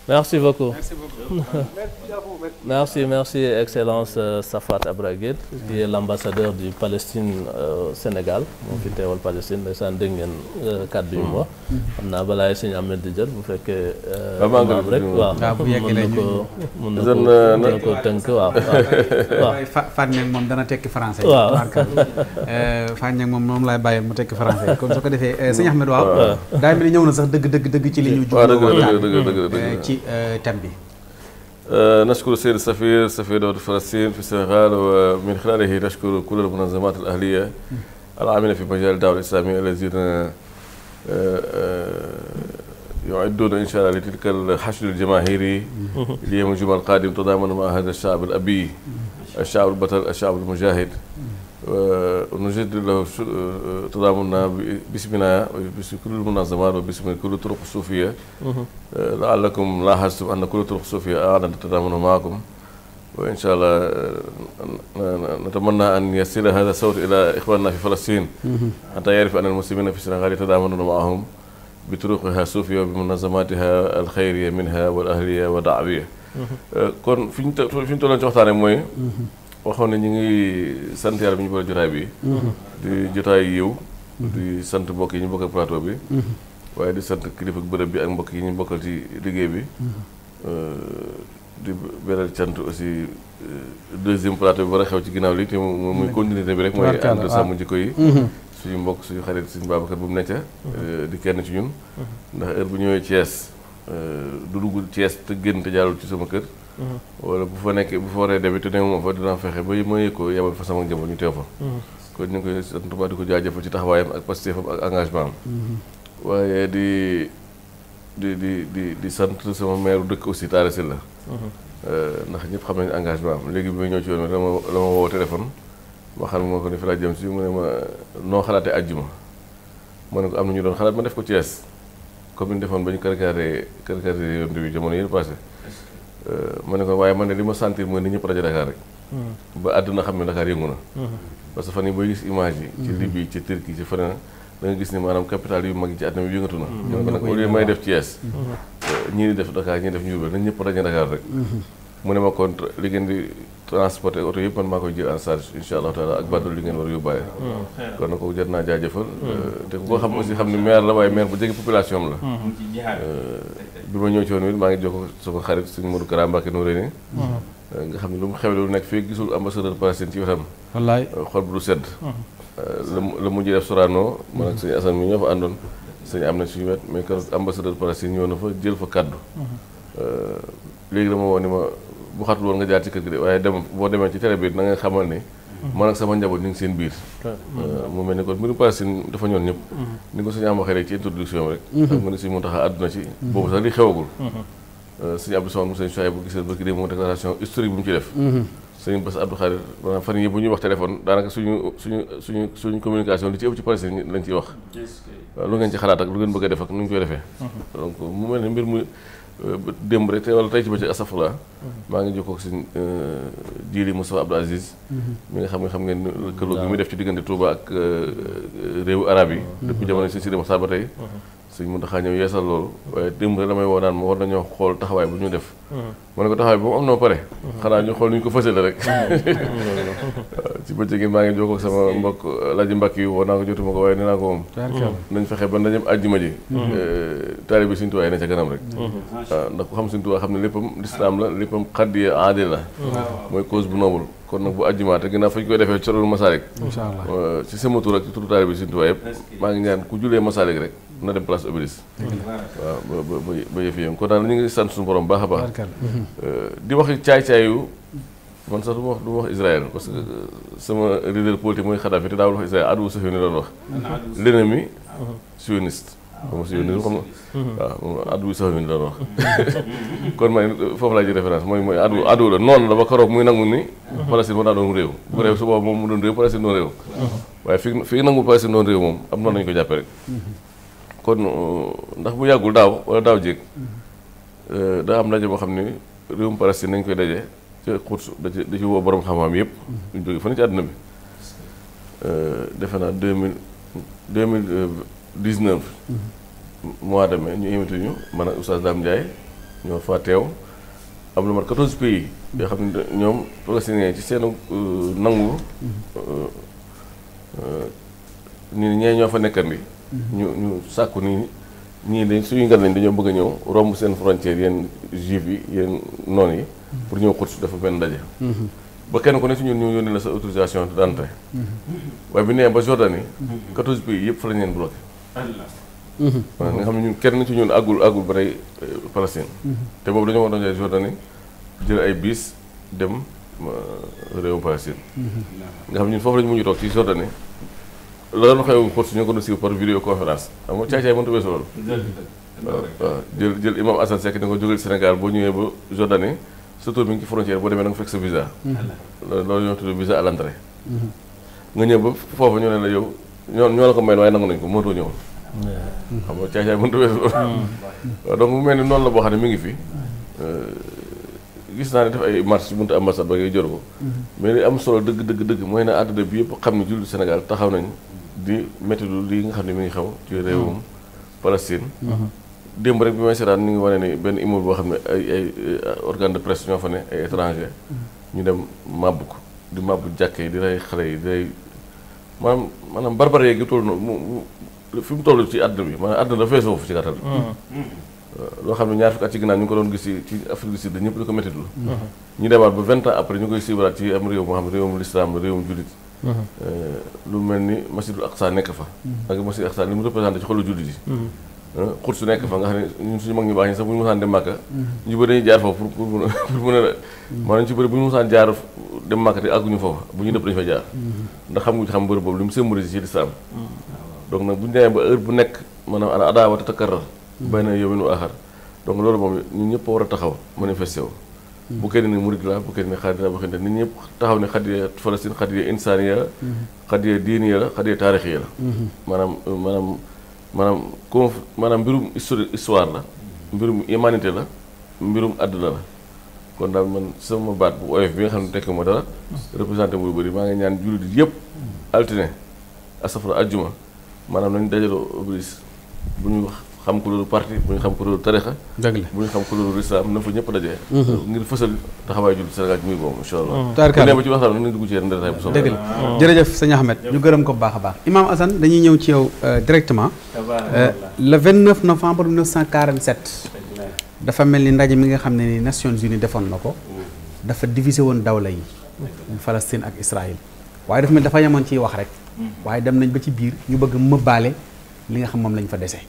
Merci beaucoup. Merci (laughs) merci à vous. Merci, merci, Excellence euh, Safat Abraguet, qui est l'ambassadeur du Palestine euh, Sénégal. moo fi teewal Palestine ndeysaan dégg ngeen euh, kàddu yi mu hmm. Hmm. xam naa balaay sëñ Ahmed di jël bu fekkee. Euh, waaw rek ah, waaw mën na ko euh, mën na ko tënk waaw. waaw (laughs) Fane moom dana tekki français. waaw (laughs) Fane moom moom laay bàyyi mu tekki français kon su ko defee sëñ Ahmed waaw. daa mel ni ñëw na sax dëgg dëgg dëgg ci li ñu. waaw dëgg dëgg dëgg ci thème bi نشكر السيد السفير سفير دولة فلسطين في السنغال ومن خلاله نشكر كل المنظمات الأهلية العاملة في مجال الدعوة الإسلامية الذين يعدون إن شاء الله لتلك الحشد الجماهيري ليوم الجمعة القادم تضامن مع هذا الشعب الأبي الشعب البطل الشعب المجاهد Euh, nujidu lahu euh, tudaamunna bismina bis kulul munazamat wa bismi kullu turuq suufiya mhm. euh, laallakum laahastum anna kullu turuq suufiya aadana tadaamunu maakum wa insha allah natamanna an yasila hada sawt ila ixwanina fi falastin xata mhm. yarifa an almuslimina fi sénégal yatadaamanuna maahum bi turuqiha suufiya wa bi munazamatiha alxayriya minha wal ahliya wa daawiya mhm. kon fi ñu fi ñu tolloon ci waxtaane mooy waxoon ne ñu ngi sant bi ñu boole jotaay bi. Mhm. di jotaay yiw mhm. di sant mbokk yi ñu bokk ak plateau bi. Mhm. waaye di sant kilifa bërëb bi ak mbokk yi ñu bokkal ci liggéey bi. Euh, di beral cant aussi euh, deuxième plateau bi war a xew ci ginnaaw li te mu muy continuité bi rek. mooy ànd sàmm jikko yi. suñu mbokk suñu xarit suñu Babacar bu mu nekk euh, di kenn ci ñun. ndax heure bu ñëwee Thiès du dugg Thiès te gën te jaarul ci sama kër. wala bu fa nekkee bu fa waree dem te ne moom fa dinaa fexe ba ma yëg ko yebal fa sama njaboot ñu teew fa. Mhm. kon ñu koy sant bu baax di ko jaajëfal ci taxawaayam ak pastéefam ak mhm. waaye di di di di di sant sama maire dëkk aussi Talla Sylla la. Mhm. Euh, ndax ñëpp xam nañu engagement am léegi bi ma ñëw ci yoon bi dama dama woo ma xam moo ko ni fi laa jëm si mu ne ma noo xalaatee àjjuma ma ne ko am na ñu doon xalaat ma def ko Thiès comme ni ñu defoon ba ñu karkare karkare yoon bi jamono yëpp passé. Euh, ma ne ko waaye man ne li ma sentir mooy ni ñëpp rajo Dakar rek. Hmm. ba àdduna xam ne Dakar yëngu na. Hmm. parce fan yii booy gis image yi. ci hmm. Libye ci Turquie ci feneen da nga gis ni maanaam capital yu mag yi ci àdduna bi yëngatu na. ñu ne ko nag may def Thiès. Euh, ñii di def Dakar ñii def Ndiourbel nañ ñëpp rajo Dakar rek. mu ne ma contre li di. transporter oto yëpp man maa koy jël en charge incha allahu taala ak badul li ngeen war a yóbbaale hmm. kon na ko jot naa jaajëfal hmm. euh, te ku ko xam si xam ni maire la waaye maire bu jege population la hmm. euh, bi ma ñëw ci woon it maa ngi jokkoo su ko xarit suñu Modou Kara Mbacké Nouré ni euh, nga xam ne lu mu xewle lu nekk fii gisul ambassadeur Palestine ci wetam wallaay xol bu du sedd la mu def Sorano man ak sëñ Assane mi ñoo fa àndoon sëñ am na suñu wet mais keroog ambassadeur Palestine na fa jël fa kaddu léegi la ma woo bu xatul woon nga jaar ci kër gi de dem boo demee ci télé bi na xamal ne man ak sama njaboot ñu ngi seen biir mu mel ni kon mbiru Pape Sine dafa ñoon ñëpp mhm. ni ko suñu am waxee rek ci introduction rek mhm. mu tax a àdduna ci mhm. boobu sax li xewagul euh, suñu Abdou Sow mu sëñ Chouaïb bu gisee ba ki dé moom déclaration historique bi mu ci def sëñ Bass Abdou Khadir maanaam fan yii bu ñuy wax téléphone daanaka suñu suñu suñu suñu communication li ci ëpp ci Pape Sine lañ ciy wax lu ngeen ci xalaat ak lu ngeen bëgg a def ak koy defee démb rek te wala tey ci bëccëg asafura maa ngi jokkoo ak suñ euh, jiili Moustapha Abdou Aziz mi nga xam nga xam ngeen lëkkaloo gi muy def ci diggante Touba ak euh, réewu arab yi mm-hmm. depuis jamono si Sidi Moxtaar ba tey sëñ Muntaxa ñëw yeesal loolu waaye démb rek damay woo naan ma war nañoo xool taxawaay bu ñu def mm-hmm. ma ne ko taxawaay bi moom am noo pare mm-hmm. xanaa ñu xool nu ñu ko fësale rek mm-hmm. (laughs) ci bëccëg gi maa ngi jokkoo ak sama mbokk laji mbàkk yi woo naa ko jotuma ko ko moom ba ndajem àjjuma ji eh, taali bi Sëñ Tuubaa yi ne rek waaw ah, xam Sëñ Tuubaa xam ne léppam lislaam la léppam xaddi aadi la mooy cause bu noble kon nag bu àjjuma te ginnaaw fa ñu koy defee corol masalik eh, ci sama tur ak ci turu taali bi Sëñ Tuubaa yëpp maa ngi ñaan ku julee masalik rek na dem place Obélisque. waaw ba ba ba yëf yëngu kon daal ñu ngi sant suñu borom baax a baax. Euh, di wax caay-caayu man sax du ma wax du ma wax Israël parce que euh, sama leader politique mooy Kadhafi te daa wax Israël aduwu sa ni doon wax. l'ennemi mhm. la wax (laughs) kon may euh, foofu laa ji référence mooy mooy addu addu la noonu la ba karoog muy nangu ni mhm. Palestine réew moom mu doon réew Palestine doon réew mhm. waaye fi fi nangu Palestine doon réew moom am noonu lañu ko jàppe rek kon uh, ndax bu yàggul daaw wala daaw jéeg uh, daa am daje boo xam ni réewum Palestine nañ koy daje ca xut da ci da ci woo borom xam-xam yëpp. Mm-hmm. ñu jógee fan ci àdduna bi uh, defe naa deux mil deux mille dix neuf. Mm-hmm. mois de mai ñu invité ñu man ak Oustaz Dame Ndiaye ñoo fa teew am lu mat quatorze pays yoo xam ne ñoom palestiniens ci seen nangu. ñu ne ñee ñoo fa nekkandi. ñu ñu sàkku nii ñii dañ suñu ngan lañ dañoo bëgg a ñëw romb seen frontière yéen juif yi yéen noon yi pour ñëw xut dafa benn ndaje mhm. ba kenn ku ne si ñu yónnee la sa autorisation d'entrée mhm. waaye bi nee ba Jordanie quatorze pays yëpp fa lañ leen bloqué mhm. xam ne ñun kenn ci ñun àggul àggul ba tey euh, Palestine te boobu dañoo war doon Jordanie jël ay biis dem euh, réewu Palestine nga xam ñun foofu lañ mujj toog ci Jordanie loolu doon xew Porsche ñu ko doon siiw par vidéoconférence xam nga caay caay a weesu loolu. waaw jël jël imam Assane Seck ni ko jógeel Sénégal boo ñëwee ba Jordanie surtout mi ngi ci frontière boo demee da nga fekk sa visa. loolu ñoo tudd visa à mhm. ba foofu ñu ne la yow ñoo ñoo la ko may waaye nangu nañ ko mënatoo ñëw. xam nga caay caay mënut a weesu loolu. Mm. waaw donc mu mel ni noonu la boo xam ne mi ngi fi. gis naa ne def ay marche buntu ambassade ba ngay jor ko mm-hmm. mais li am solo dëgg dëgg dëgg mooy ne àdduna bi yëpp xam ne jullit Sénégal taxaw nañ di métti lii nga xam ne mi ngi xew ci réewum mm-hmm. Palestine. Mm-hmm. démb rek bi may seetaan ñu ngi wane ni benn immeuble boo xam ne ay ay organe de presse ñoo fa ne ay étranger. Mm-hmm. ñu dem màbb ko di màbb jàkkee di rey xale yi di rey maanaam maanaam barbare yeeg yu toll noonu mu fi mu toll ci àdduna bi maanaam àdduna dafa fees foofu ci gàttal. Euh, loo xam ne ñaar fukki ci ginnaaw ñu ngi ko doon gis ci ci Afrique du Sud demaat ba vingt après ñu koy siibaraat ci am réew moo xam réewum Euh, lu mel ni masjidul aqsa nekk fa mhm. ak masjidul aqsa li mu représenté ci xolu jullit yi xut mhm. euh, su nekk fa nga xam ne ñun suñu mag ñu baax ñi sax bu ñu mosaan dem Màkka mhm. pour pour mën a pour mën a maanaam ci bëri bu ñu mosaan jaar dem Màkka te àgguñu foofa bu ñu dëpp dañu fa jaar ndax xam nga xam bërëb boobu li mu symbolise ci lislaam donc nag bu ñu demee ba heure bu nekk maanaam ana adaawata takarrar bayna yawmin wa axar donc loolu moom ñun ñëpp war a taxaw manifesté wu bu kenn ni la bu kenn ni xaadir la bu kenn nit ñëpp taxaw ni xadiya Falastin xadiya insaaniya la xadiya diiniya la xadiya taarixiya la maanaam maanaam maanaam conf maanaam mbirum histoire histoire la mbirum humanité la mbirum àdduna la kon daal man sama baat bu oyof bi nga xam ne tekk ma dara représenté muy bëri maa ngi ñaan jullit yëpp altine asafra ajjuma maanaam nañ dajaloo oblis bu ñu wax xam ko loolu parti bu ñu xam ko loolu tarixa bu ñu xam ko loolu islam na fa ñëpp daje mhm. ngir fësal taxawaay jullit Sénégal ci muy boobu incha allah mhm. tarkal ba ci waxtaan nañ dugg ci yéen ndetaay bu soobee dëgg la mhm. jërëjëf sëñ Ahmed ñu gërëm ko bu baax a baax Imam Assane dañuy ñëw ci yow euh, directement euh, le 29 novembre 1947 dafa mel ni ndaje mi nga xam ne ni Nations Unies defoon na ko dafa divisé woon dawla yi Palestine ak Israël waaye dafa mel dafa yemoon ciy wax rek waaye dem nañ ba ci biir ñu bëgg mëbaale li nga xam moom lañ fa dese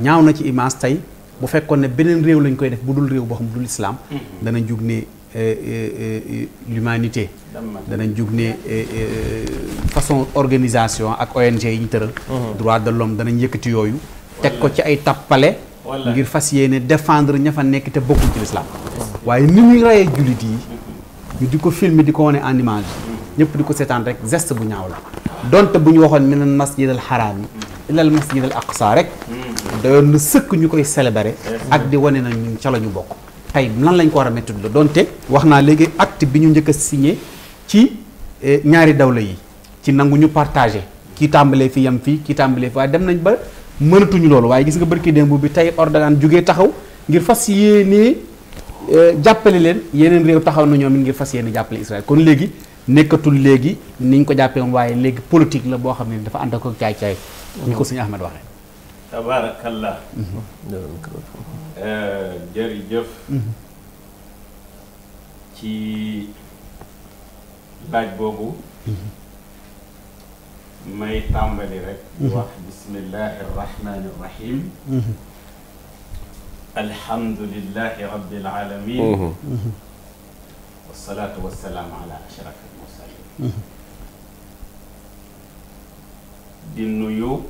ñaaw na ci image tey bu fekkoon ne beneen réew lañ koy def bu dul réew boo xam bu dul islaam mm-hmm. danañ jug ne euh, euh, euh, l'humanité danañ jug ne façon organisation ak ONG yi ñu tëral mm-hmm. droit de l'homme danañ yëkkati yooyu teg ko ci ay tappale ngir fas yéene défendre ña fa nekk te bokkul ci lislaam mm-hmm. waaye ni ñuy rayee jullit yi ñu di ko filmer di ko wane en image ñëpp di ko seetaan rek geste bu ñaaw la donte bu ñu waxoon minal masjidal xaraam yi ilal masjid al aqsa rek doyoon sëkk ñu koy célébrer ak di wane na ñun ca ñu bokk tey lan lañ ko war a métti la donte wax naa léegi acte bi ñu njëkk a signé ci eh, ñaari dawle yi ci nangu ñu partage kii tàmbalee fi yam fii kii tàmbalee fi waaye dem nañ ba mënatuñu loolu waaye gis nga bërki démb bi tey ordonnance jógee taxaw ngir fas yéenee eh, jàppale leen yeneen réew taxaw na ñoom it ngir fas yéene jàppale Israël kon léegi nekkatul léegi niñ ko jàppee waaye léegi politique la boo xam ne dafa ànd ak caay ni ko sëñ Ahmed waxee. tabaarakallah. Euh, jërëjëf. Mhm. ci laaj boobu. Mhm. may tàmbali rek. Mhm. wax bismillahi rahmaani rahim. alhamdulilahi rabbil alamin. wasalaatu wasalaam ala ashrafil mursalin. di nuyu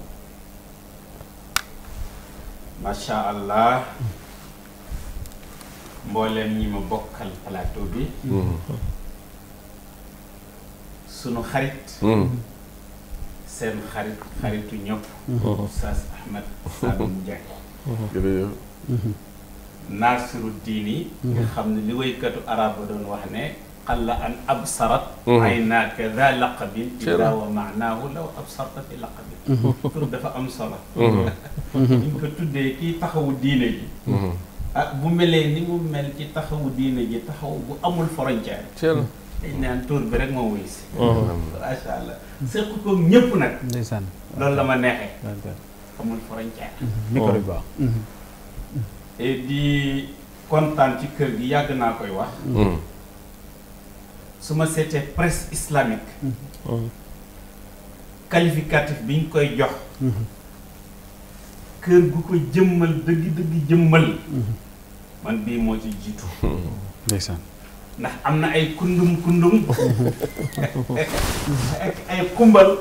macha allah mbooleem ñi ma bokkal plateau bi sunu xarit seen xarit xaritu ñëpp Oustaz Ahmed Saloum Ndiaye Naasiru diini nga xam ne li waykatu arab ba doon wax ne qalla an absarat aynaaka daa laqabin illaa wa maanaahu law absarta fi laqabin tur dafa am solo ñu ko tuddee kii taxawu diine ji ah bu melee ni mu mel ci taxawu diine ji taxaw bu amul frontière dañ naan tur bi rek moo wuy si macha allah seq ko ñépp nag ndeysaan loolu la ma neexee amul frontière micro bi baax di kontaan ci kër gi yàgg naa koy wax su ma seetee presse islamique. Mm-hmm. qualificatif bi ñu koy jox. Mm-hmm. kër gu ko jëmmal dëgg dëgg jëmmal. Mm-hmm. man bii moo ci jiitu. ndax am na ay kundum kundum. ak ay kumbal.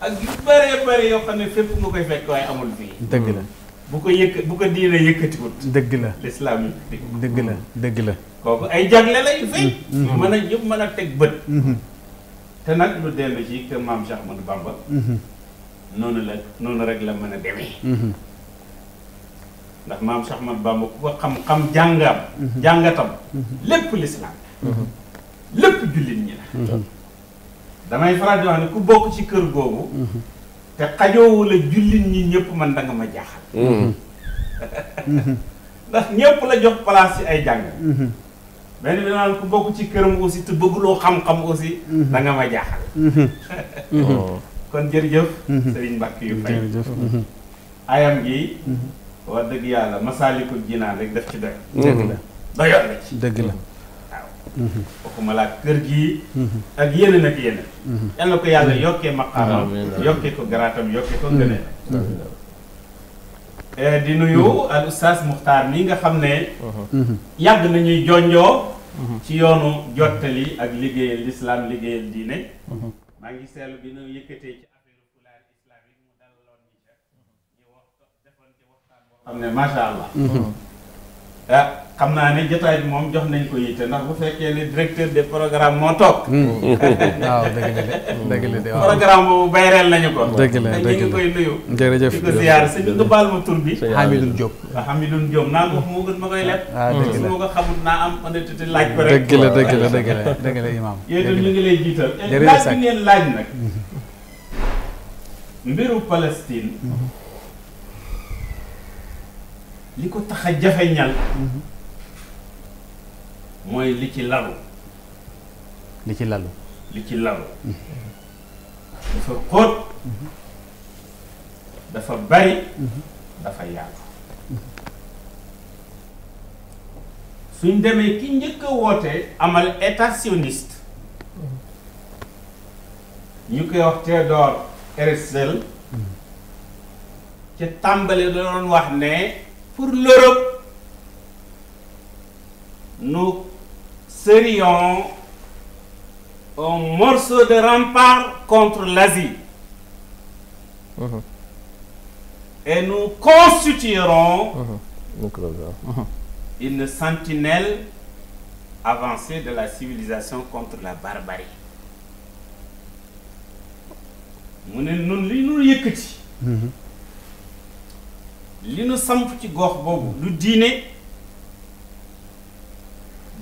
ak yu bëree bëri yoo xam ne fépp nga koy fekk waaye amul fii. dëgg la. bu ko yëkk bu ko diine yëkkatiwut. dëgg la lislaam yi dëgg la dëgg la. kooku ay jagle la fay. ñu mm-hmm. mën a yëpp mën a teg bët. Mm-hmm. te nag lu dellu ci kër maam Cheikh Ahmadou mm-hmm. noonu la noonu rek la mën a demee. ndax maam Cheikh Ahmadou ku ko xam-xam jàngam. jàngatam. lépp lislaam lépp jullit ñi la. damay faral wax ne ku bokk ci kër googu. te xajoowu la jullit ñi ñëpp man danga nga ma jaaxal mm-hmm. ndax ñëpp la jox place ci ay jàng benn mm-hmm. bi naan ku bokk ci këram aussi te bëgguloo xam-xam aussi mm-hmm. da nga ma jaaxal (laughs) kon jërëjëf sëriñ Mbàkke yu fay ayam gi wax dëgg yàlla masaalikul jinaan rek def ci doy dëgg la doyoon na ci dëgg la waxuma laa kër gii mm-hmm. ak yeneen ak yeneen mm-hmm. yal ko yàlla yokkee maqaamam yokkee ko garaatam yokkee ko ngëneel mm-hmm. eh, di nuyu al ustaas muxtaar mi nga xam ne yàgg nañuy jonjoo ci yoonu jottali ak liggéeyal lislaam liggéeyal diine maa ngi seetlu bi nu yëkkatee ci affaire fulaar islamique mu dalaloon ñu ca ñu wax defoon ci waxtaan boo xam ne macha allah ah xam naa ne jotaay bi moom jox nañ ko yitte ndax bu fekkee ne directeur de programme moo toog. Hmm. (laughs) waaw dëgg la dëgg la (laughs) de waaw programme boobu bayreel nañu ko. dëgg la dëgg la ma tur bi. Hamidou Diop. waaw ah, Hamidou Diop naa ko moo gën ah, dëgg la dëgg la dëgg la dëgg la (laughs) dëgg ngi lay jiital. jërëjëf laaj nag. mbiru Palestine. Mm-hmm. li ko tax a jafeñal mooy li ci lalu li ci lalu li ci lalu dafa xóot dafa bari dafa yaatu suñ demee ki njëkk a woote amal état sioniste ñu koy wax Théodore Herzl ca tàmbale da doon wax ne pour l'Europe. Nous serions un morceau de rempart contre l'Asie. Mmh. Et nous constituerons mmh. une sentinelle avancée de la civilisation contre la barbarie. mu ne nun li ñu li nu samp ci gox boobu du diine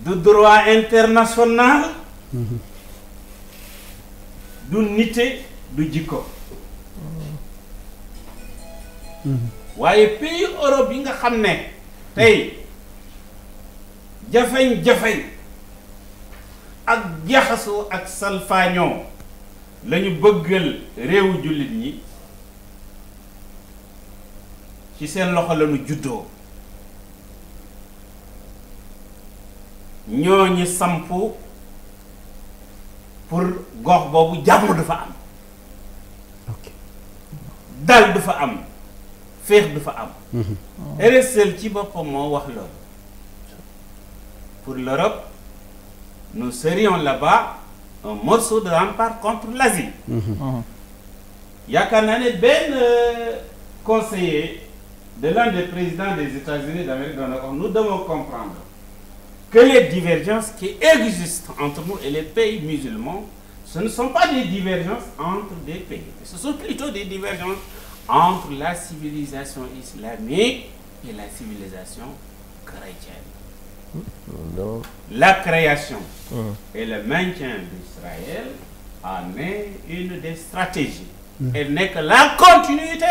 du droit international du nite du jikko waaye pays Europe yi nga xam ne tey jafeñ-jafeñ ak jaxasoo ak salfaañoo lañu ñu bëggal réewu jullit yi ci seen loxo lañu juddoo ñoo ñi samp pour gox boobu jàmm du fa am dal du fa am féex du fa am mhm. RSL ci boppam moo wax loolu pour l'Europe nous serions là-bas un morceau de rempart contre l'Asie mhm. Mhm. yaakaar naa ne benn euh, conseiller de l'un des présidents des États-Unis d'Amérique de Nord, nous devons comprendre que les divergences qui existent entre nous et les pays musulmans, ce ne sont pas des divergences entre des pays, ce sont plutôt des divergences entre la civilisation islamique et la civilisation chrétienne. La création mmh. et le maintien d'Israël en est une des stratégies. Hmm. Elle n'est que la continuité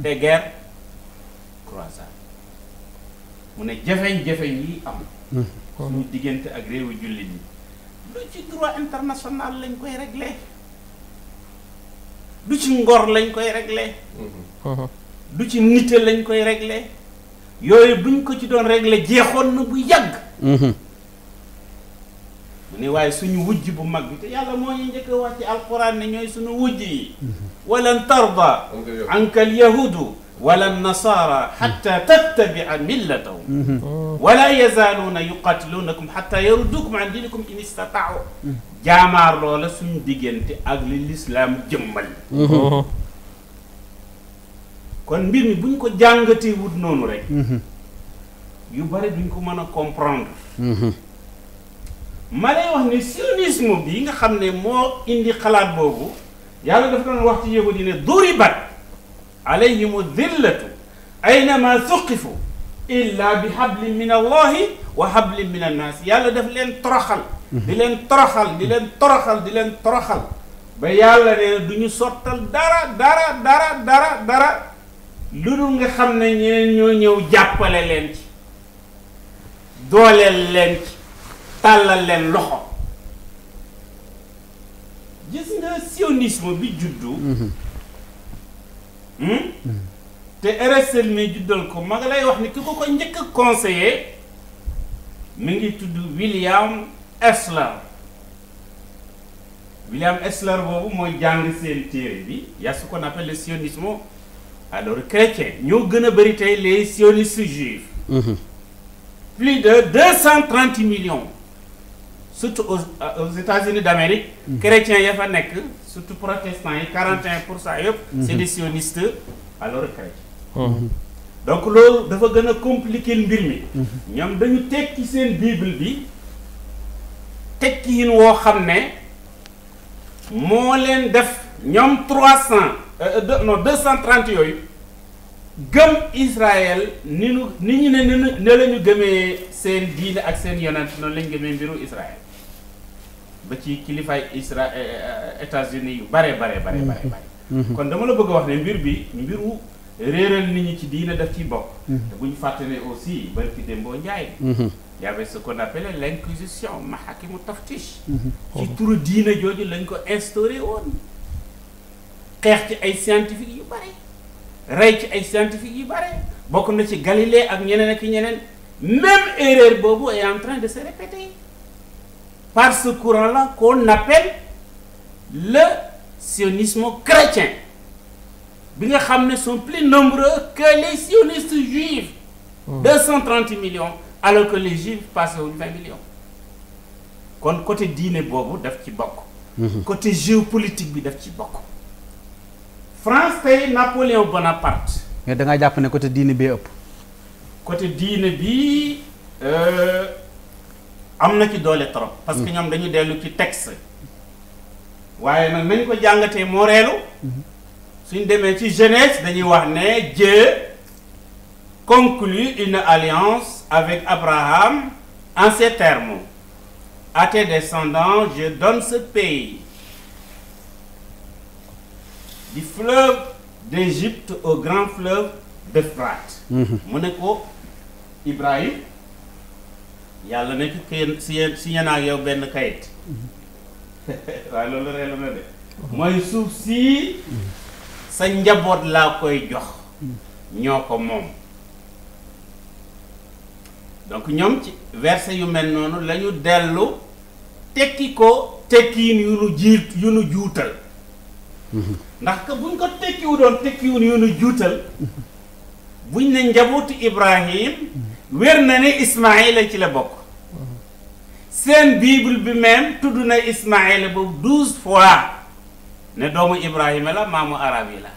des guerres trois ans mu ne jafeñ-jafeñ yi am hmm. suñu diggante ak réewu jullit yi lu ci droit international lañ koy regle du ci ngor lañ koy réglé du hmm. ci nite lañ koy regle yooyu buñ ko ci doon réglé jeexoon na bu yàgg hmm. mu ne waaye suñu wujj bu mag bi te yàlla moo ñu njëkk wax ci alquran ni ñooy suñu wujj yi walan tarda anka al wala nasaara xatta tattabia millatahum wala yazaaluuna yuqatiluunakum xatta yaruddukum an dinikum in istataau jaamaar loola suñu diggante ak li lislaam jëmmal kon mbir mi buñ ko jàngatee wut noonu rek yu bari duñ ko mën a comprendre ma lay wax ne sionisme bi nga xam ne moo indi xalaat boobu yàlla dafa doon wax ci yëgu di alayhim dillatu aynama thuqifu illa bi hablin min allahi wa hablin min annaas yàlla def leen toroxal di leen toroxal di leen toroxal di leen toroxal ba yàlla nee du ñu sottal dara dara dara dara dara lu dul nga xam ne ñeneen ñoo ñëw jàppale leen ci dooleel leen ci tàllal leen loxo gis nga sionisme bi juddu mm-hmm. Hmm? te RSL mi juddal ko ma nga lay wax ni ki ko ko njëkk a conseiller mi ngi tudd William Esler William Esler boobu mooy jàng seen téere bi yaa su ko appelle le sionisme alors chrétien ñoo gën a bëri tey les sionistes juifs. Mhm. plus de deux cent trente millions. surtout aux euh, aux États-Unis d'Amérique. Mhm. chrétiens ya fa nekk surtout protestants yi 41 pour cent yëpp. Mhm. c'est alors chrétiens. Mhm. donc loolu dafa gën a compliquer mbir mi. ñoom dañu tekki seen bible bi tekki yin woo xam ne moo leen def ñoom 300 euh, deux non 230 yooyu gëm Israël ni nu ni ñu ne ne la ñu gëmee seen diine ak seen yonent noonu la ñu gëmee mbiru Israël. ba ci kilifaay Isra eh, eh, eh, États-Unis yu bare bare bare bare mhm. Mhm. kon dama la bëgg a wax ne mbir bi mbiru réeral nit ñi ci diina daf ciy bokk mhm. te bu ñu fàtte ne aussi barki Dembo Njaay y avait ce qu'on appelait l'inquisition mu taftish ci turu diina jooju lañ ko instauré woon xeex ci ay scientifique yu bare rey ci ay scientifique yu bare bokk na ci Galilée ak ñeneen ak ñeneen même erreur boobu est en train de se répéter parce ce courant la qu'on appelle le sionisme chrétien bi nga xam ne sont plus nombreux que les sionistes juifs. Hmm. cent trente millions alors que les juifs passé wuñ 20 millions. kon côté diine boobu daf ci bokk. Hmm. côté géopolitique bi daf ci bokk. France tey Napoléon Bonaparte. mais da ngaa jàpp ne côté diine bee ëpp. côté diine bi. Euh, am na ci doole trop. parce que ñoom dañu dellu ci texte. waaye nag nañ ko jàngatee moo reelu suñ demee ci jeunesse dañuy wax ne Dieu conclut une alliance avec Abraham en ces termes à tes descendants je donne ce pays du fleuve d'Égypte au grand fleuve d'Euphrate mm-hmm. mu ne ko Ibrahim yàlla nekk kenn si yéen si ñenn ak yow benn kayit (laughs) waaye loolu rek la de mm-hmm. mooy suuf sii mm-hmm. sa njaboot laa koy jox mm-hmm. ñoo ko moom donc ñoom ci verset yu mel noonu lañu dellu tekki ko tekkiin yu nu jiit yu nu juutal ndax que buñ ko tekkiwu doon tekkiwun yu nu juutal buñ ne njabootu Ibrahim wér na ne Ismaayila ci la bokk seen bible bi même tudd na Ismaayila boobu douze fois ne doomu Ibrahima la maamu arab yi la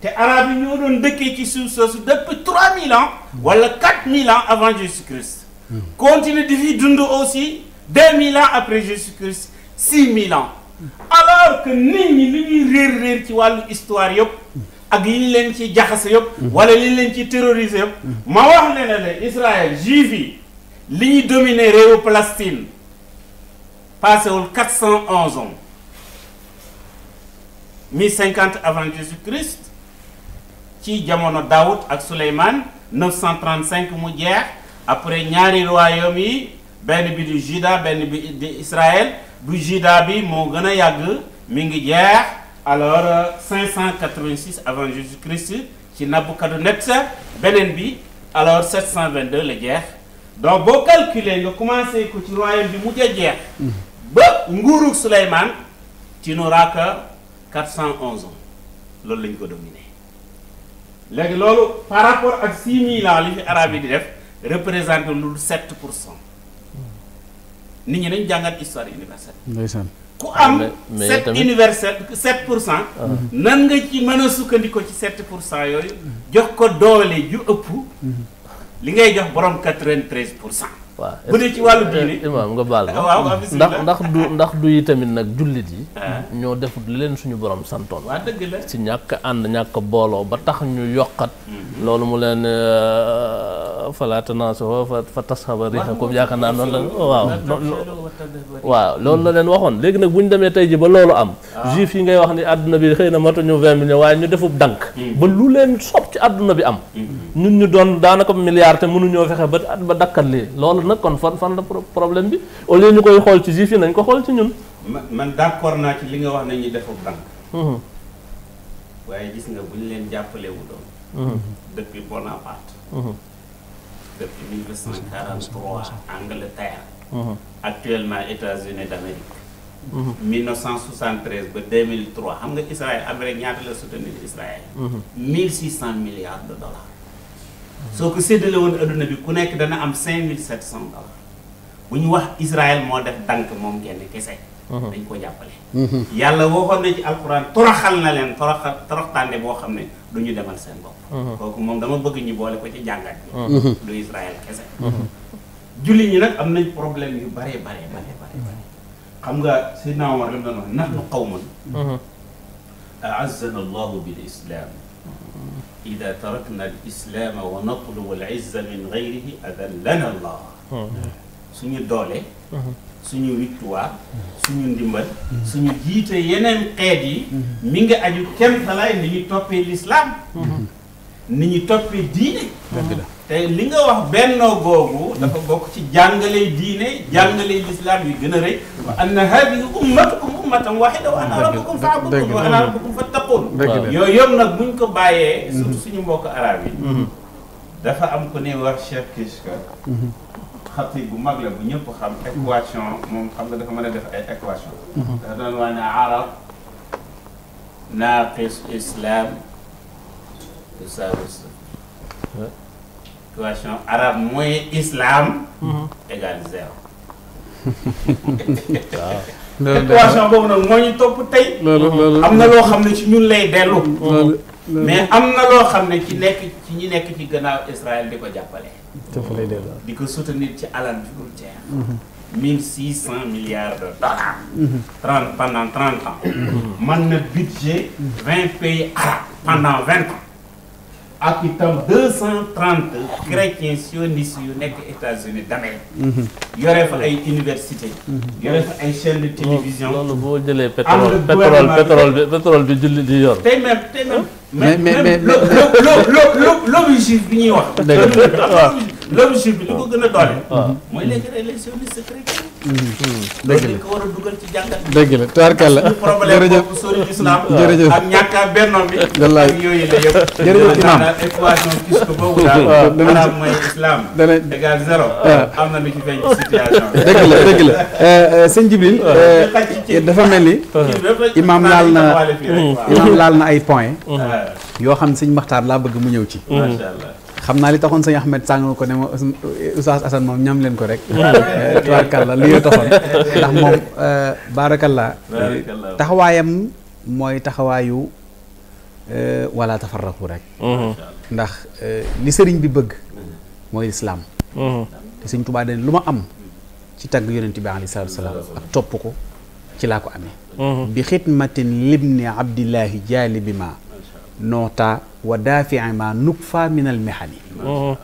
te arab yi ñoo doon dëkkee ci suuf soosu depuis trois mille ans wala quatre mille ans avant Jésus-Christ continue di fi dund aussi deux mille ans après Jésus-Christ six mille ans alors que nit ñi li ñuy réer réer ci wàllu histoire yëpp ak li ñu leen ci jaxase yëpp. Mhm. wala li leen ci terroriser yëpp. Mhm. ma wax ne ne de Israël juif yi li ñu dominer réewu Palestine passewul quatre cent cinquante avant Jésus Christ ci jamono Daoud ak Souleymane neuf cent trente cinq mu jeex après ñaari royaume yi benn bi du Juda benn bi di Israël bu Juda bi moo gën a yàgg mi ngi jeex. alors 586 euh, avant Jésus-Christ ci Nabucodonosor beneen bi alors 722 la jeex donc boo calculer nga commencé ko ci royaume bi mujj a jeex ba nguurug Souleymane ci n'aura que 411 loolu la ko dominé léegi loolu par rapport ak 6000 ans li fi yi di def représenté lu 7 pour cent nit ñi dañ jàngat histoire universelle. ndeysaan. ku am sept universel sept pour cent nan nga ci mën a sukkandiku ci sept pour cent yooyu jox ko doole ju ëpp li ngay jox borom quatre-vingt-treize pour cent waaw bu ci wàllu diine eh, imaam nga baal ndax ndax du ndax du yi tamit nag jullit yi ah. ñoo defut li leen suñu borom santoon waa dëgg la ci ñàkk ànd ñàkk booloo ba tax ñu yokkat hmm. loolu mu leen eh, fala tanaasoo fa fa tasxaba riixakum yaakaar naa noonu la waaw waaw loolu la leen waxoon léegi nag bu ñu demee tey ji ba loolu am ah. juif yi ngay wax ni àdduna bi xëy na matuñu vingt millions waaye ñu defub dank hmm. ba lu leen sob ci àdduna bi am hmm. ñun ñu doon daanaka milliard te mënuñoo fexe ba ba dakkat lii loolu kon nag kon fan fan la problème bi au lieu ñu koy xool ci juif yi nañ ko xool ci ñun. ma man d'accord naa ci li nga wax ne ñu deful ndànk. Mhm. waaye gis nga bu ñu leen jàppale wu doon. Mhm. depuis Bonaparte. Mhm. depuis 1943 Angleterre. actuellement États-Unis d'Amérique. 1973 ba 2003 xam nga Israël Amérique ñaata la soutenir Israël. 1600 milliards de dollars. soo ko séddale woon adduna bi ku nekk dana am 5700 dollars bu ñu wax Israël moo def tànk moom kenn kese. Uh-huh. dañ ko jàppale. Uh-huh. yàlla woo waxoon na ci alxuraan toroxal na leen toroxal toroxtaande boo xam ne du ñu demal seen bopp. Uh-huh. kooku moom dama bëgg ñu boole ko ci jàngat bi. du Israël kese. julli ñi nag am nañ problème yu bare bare bare bare xam nga Seydina Omar li mu doon wax nahnu qawmun. a'azzana Allahu bil islam. ida tarakna al islaama wa natlubu al izza min gayrihi adallana allah suñu doole suñu victoire suñu ndimbal suñu jiite yeneen xeet yi mi nga aju kenn talaay ni ñu toppee lislaam ni ñu toppee diine te li nga wax bennoo googu dafa bokk ci jàngale diine jàngale lislaam yi gën a rëy wa anna hadihi ummatukum ummatan wahida wa ana rabbukum fa'budun wa ana rabbukum fattaqun yooyu yëpp nag buñ ko bàyyee mhm. surtout suñu mbokk arab yi mhm. dafa am ku ne wax Cheikh Kishka mhm. xatib bu mag la bu ñëpp xam équation moom xam nga dafa mën a def ay équation dafa doon wax ne arab naaqis islam tusaawis équation arabe mooy islam. Mhm. égal zéro. waaw. (laughs) boobu nag moo ñu topp tey. am na loo xam ne ci ñun lay dellu. mais am na loo xam ne ci nekk ci ñu nekk ci gannaaw Israël di ko jàppale. lay dellu di ko soutenir ci alal bi pour jeex. Mhm. mille six cent milliards de dollars. Mhm. trente pendant trente ans. man na budget vingt pays arabes pendant vingt ans. ak itam deux cent trente chrétiens sionistes yu nekk États-Unis d'Amérique mhm. yore fa ay université mhm. yore fa ay chaîne de télévision loolu boo jëlee pétrole pétrole pétrole bi pétrole bi julli di yor tey même tey même mais mais mais loo loo loo loo loo juif bi ñuy wax l'objectif bi ah. hmm. dëgg la loolu ko war a dugal ci bi. dëgg la tubaarkàlla jërëjëf dafa mel ni. Ah. imaam laal na imaam laal na ay points. Ah. yoo xam ne sëñ Maxtaar laa bëgg mu ñëw ci. xam naa li taxoon sëñ Ahmed sàngal ko ne ma Oustaz Assane moom ñam leen ko rek. (laughs) Eh, tubaarkàlla li yoo taxoon ndax moom eh, baarakàllaa. taxawaayam mooy taxawaayu eh, wala tafarraqu rek. Mm-hmm. ndax li sëriñ bi bëgg. mooy lislaam mm-hmm. te sëñ Tuubaa dañ lu ma am. ci tagg yonent bi alayhi ak topp ko ci laa ko amee. Mm-hmm. bi xidmatin libni abdillahi jaali bi ma noota wa daafia ma nukfa min al mihani mhm.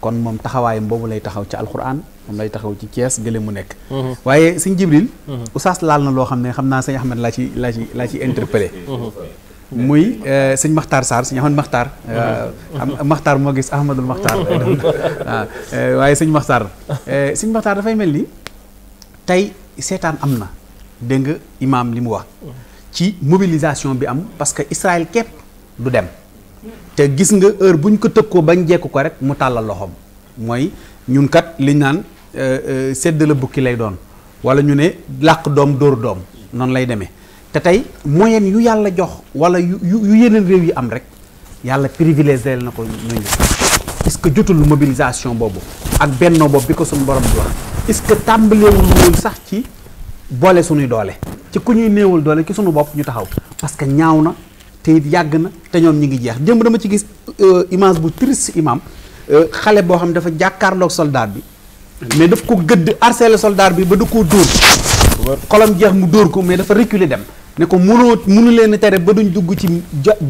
kon moom taxawaayam boobu lay taxaw ci alquran moom lay taxaw ci Cees gële mu nekk mhm. waaye sëñ Jibril mhm. usaas laal na loo xam ne xam naa sëñ Ahmed laa ci laa laa ci interpellé muy euh, sëñ Maxtaar Sarr sëñ Ahmed Maxtaar euh, Maxtaar moo gis Ahmadul Maxtaar waaw (laughs) ah, euh, waaye sëñ Maxtaar sëñ Maxtaar dafay mel ni tey seetaan am na dégg imaam li mu wax ci mobilisation bi am parce que Israël du dem te gis nga heure bu ñu ko tëkkoo bañ jekku ko rek mu tàllal loxoom mooy ñun kat li naan euh, euh, sedd la bukki lay doon wala ñu ne làq doom dóor doom noonu lay demee te tey moyen yu yàlla jox wala yu yu yeneen réew yi am rek yàlla privilégié na ko ñu est-ce que jotul mobilisation boobu ak bennoo boobu bi ko suñu borom di wax est-ce que tàmbaleewul sax ci boole suñuy doole ci ku ñuy néewal doole ci suñu bopp ñu taxaw parce ñaaw na te it yàgg na te ñoom ñi ngi jeex démb dama ci gis euh, image bu triste imam euh, xale boo xam dafa jàkkaarlook soldaar bi mais daf ko gëdd harcelé soldaar bi ba du koo dóor xolam jeex mu dóor ko mais dafa reculer dem ne ko mënoo mënu leen tere ba duñ dugg ci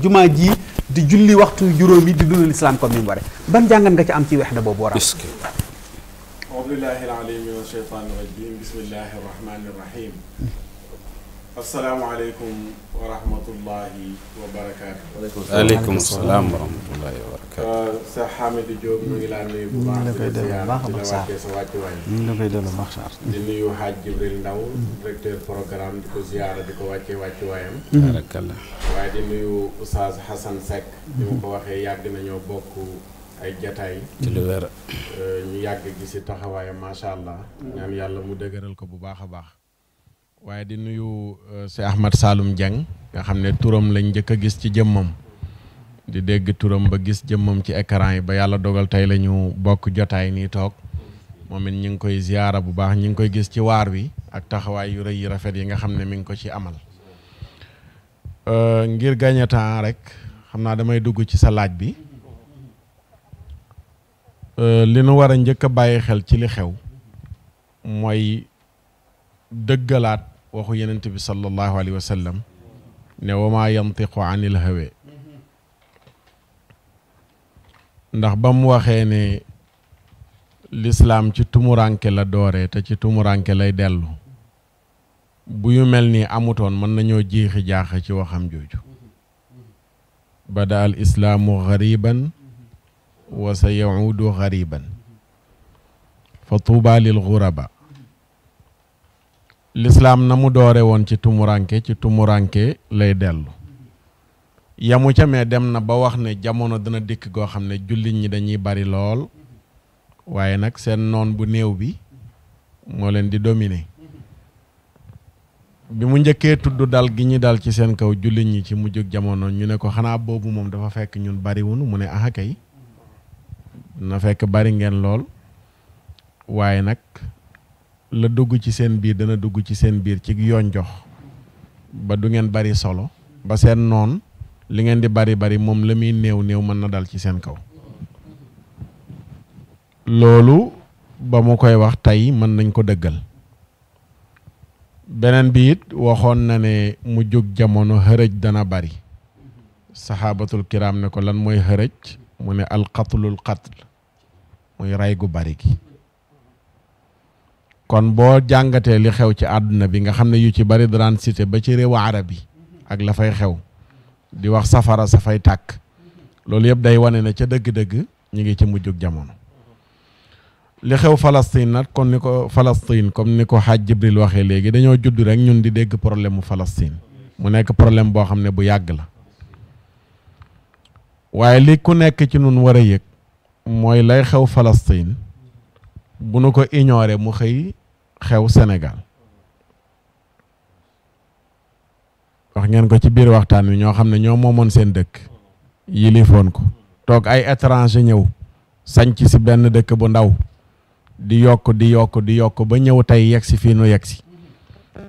jumaa ji di julli waxtu juróom yi di dundal islam comme ni mu ware ban jàngat nga ci am ci wexda boobu war a bismillahi alimi wa sheytaan rajim bismillahi rahmani rahim asalaamaaleykum wa rahmatullahi wa barakaatu. waaleykum salaam wa rahmatullahi wa barakaatu. sa euh, Hamidou Diop ñu ngi laa nuyu. a baax sa ñu ngi la nuyu Hadj Jibril Ndaw directeur programme di ko ziyaara di ko wàccee wàccu waayam. Mm-hmm. barakallah. waaye di nuyu Oustaz Hassan Seck. ni mu ko waxee yàgg nañoo bokk ay jataay. ci lu wér. Euh, ñu yàgg gi si taxawaayam macha allah. ñaan yàlla mu dëgëral ko bu baax a baax. waaye di nuyu si euh, Ahmad Saloum Dieng nga xam ne turam lañ njëkk a gis ci jëmmam di dégg turam ba gis jëmmam ci écran yi ba yàlla dogal tey la ñu bokk jotaay nii toog moom it ñu ngi koy ziyaara bu baax ñu ngi koy gis ci waar wi ak taxawaay yu rëy yi rafet yi nga xam ne mi ngi ko ci amal euh, ngir gagner rek xam naa damay dugg ci sa laaj bi euh, li nu war a njëkk a bàyyi xel ci li xew mooy dëggalaat waxu yenent bi sallallahu alayhi wa sallam ne wamaa yantiqu anil hawe ndax ba mu waxee ne lislaam ci tumuranke la dooree te ci tumuranke lay dellu bu yu mel nii amutoon mën nañoo jiixi jaax ci waxam jooju bada al islaamu gariban wa sa yaudu gariban fa tuuba lil guraba lislaam na mu doore woon ci tumuranke ci tumuranke lay dellu yamu ca mais dem na ba wax ne jamono dana dikk goo xam ne jullit ñi dañuy bari lool waaye nag seen noon bu néew bi moo leen di dominer bi mu njëkkee tudd dal gi ñu dal ci seen kaw jullit ñi ci mujjug jamono ñu ne ko xanaa boobu moom dafa fekk ñun bariwunu mu ne aha kay na fekk bari ngeen lool waaye nag la dugg ci seen biir dana dugg ci seen biir ci yoon jox ba du ngeen bari solo ba seen noon li ngeen di bari bari moom la muy néew néew mën na dal ci seen kaw loolu ba mu koy wax tey mën nañ ko dëggal beneen bi it waxoon na ne mu jóg jamono xërëj dana bari saxaabatul kiraam ne ko lan mooy xërëj mu ne alqatlul qatl muy rey gu bari gi kon boo jàngatee li xew ci àdduna bi nga xam ne yu ci bari daraan cité ba ci réewu arab yi ak la fay xew di wax safara sa fay tàkk loolu yëpp day wane ne ca dëgg-dëgg ñu ngi ci mujjug jamono li xew Palestine nag kon ni ko Palestine comme ni ko xaaj Jibril waxee léegi dañoo judd rek ñun di dégg problème mu Palestine mu nekk problème boo xam ne bu yàgg la waaye li ku nekk ci nun war a yëg mooy lay xew Palestine bu nu ko ignorer mu xëy xew senegal wax ngeen ko ci biir waxtaan wi ñoo xam ne ñoo moomoon seen dëkk yilifoon ko toog ay étranger ñëw sanc si benn dëkk bu ndaw di yokk di yokk di yokk ba ñëw tey yegg si fii nu yegg si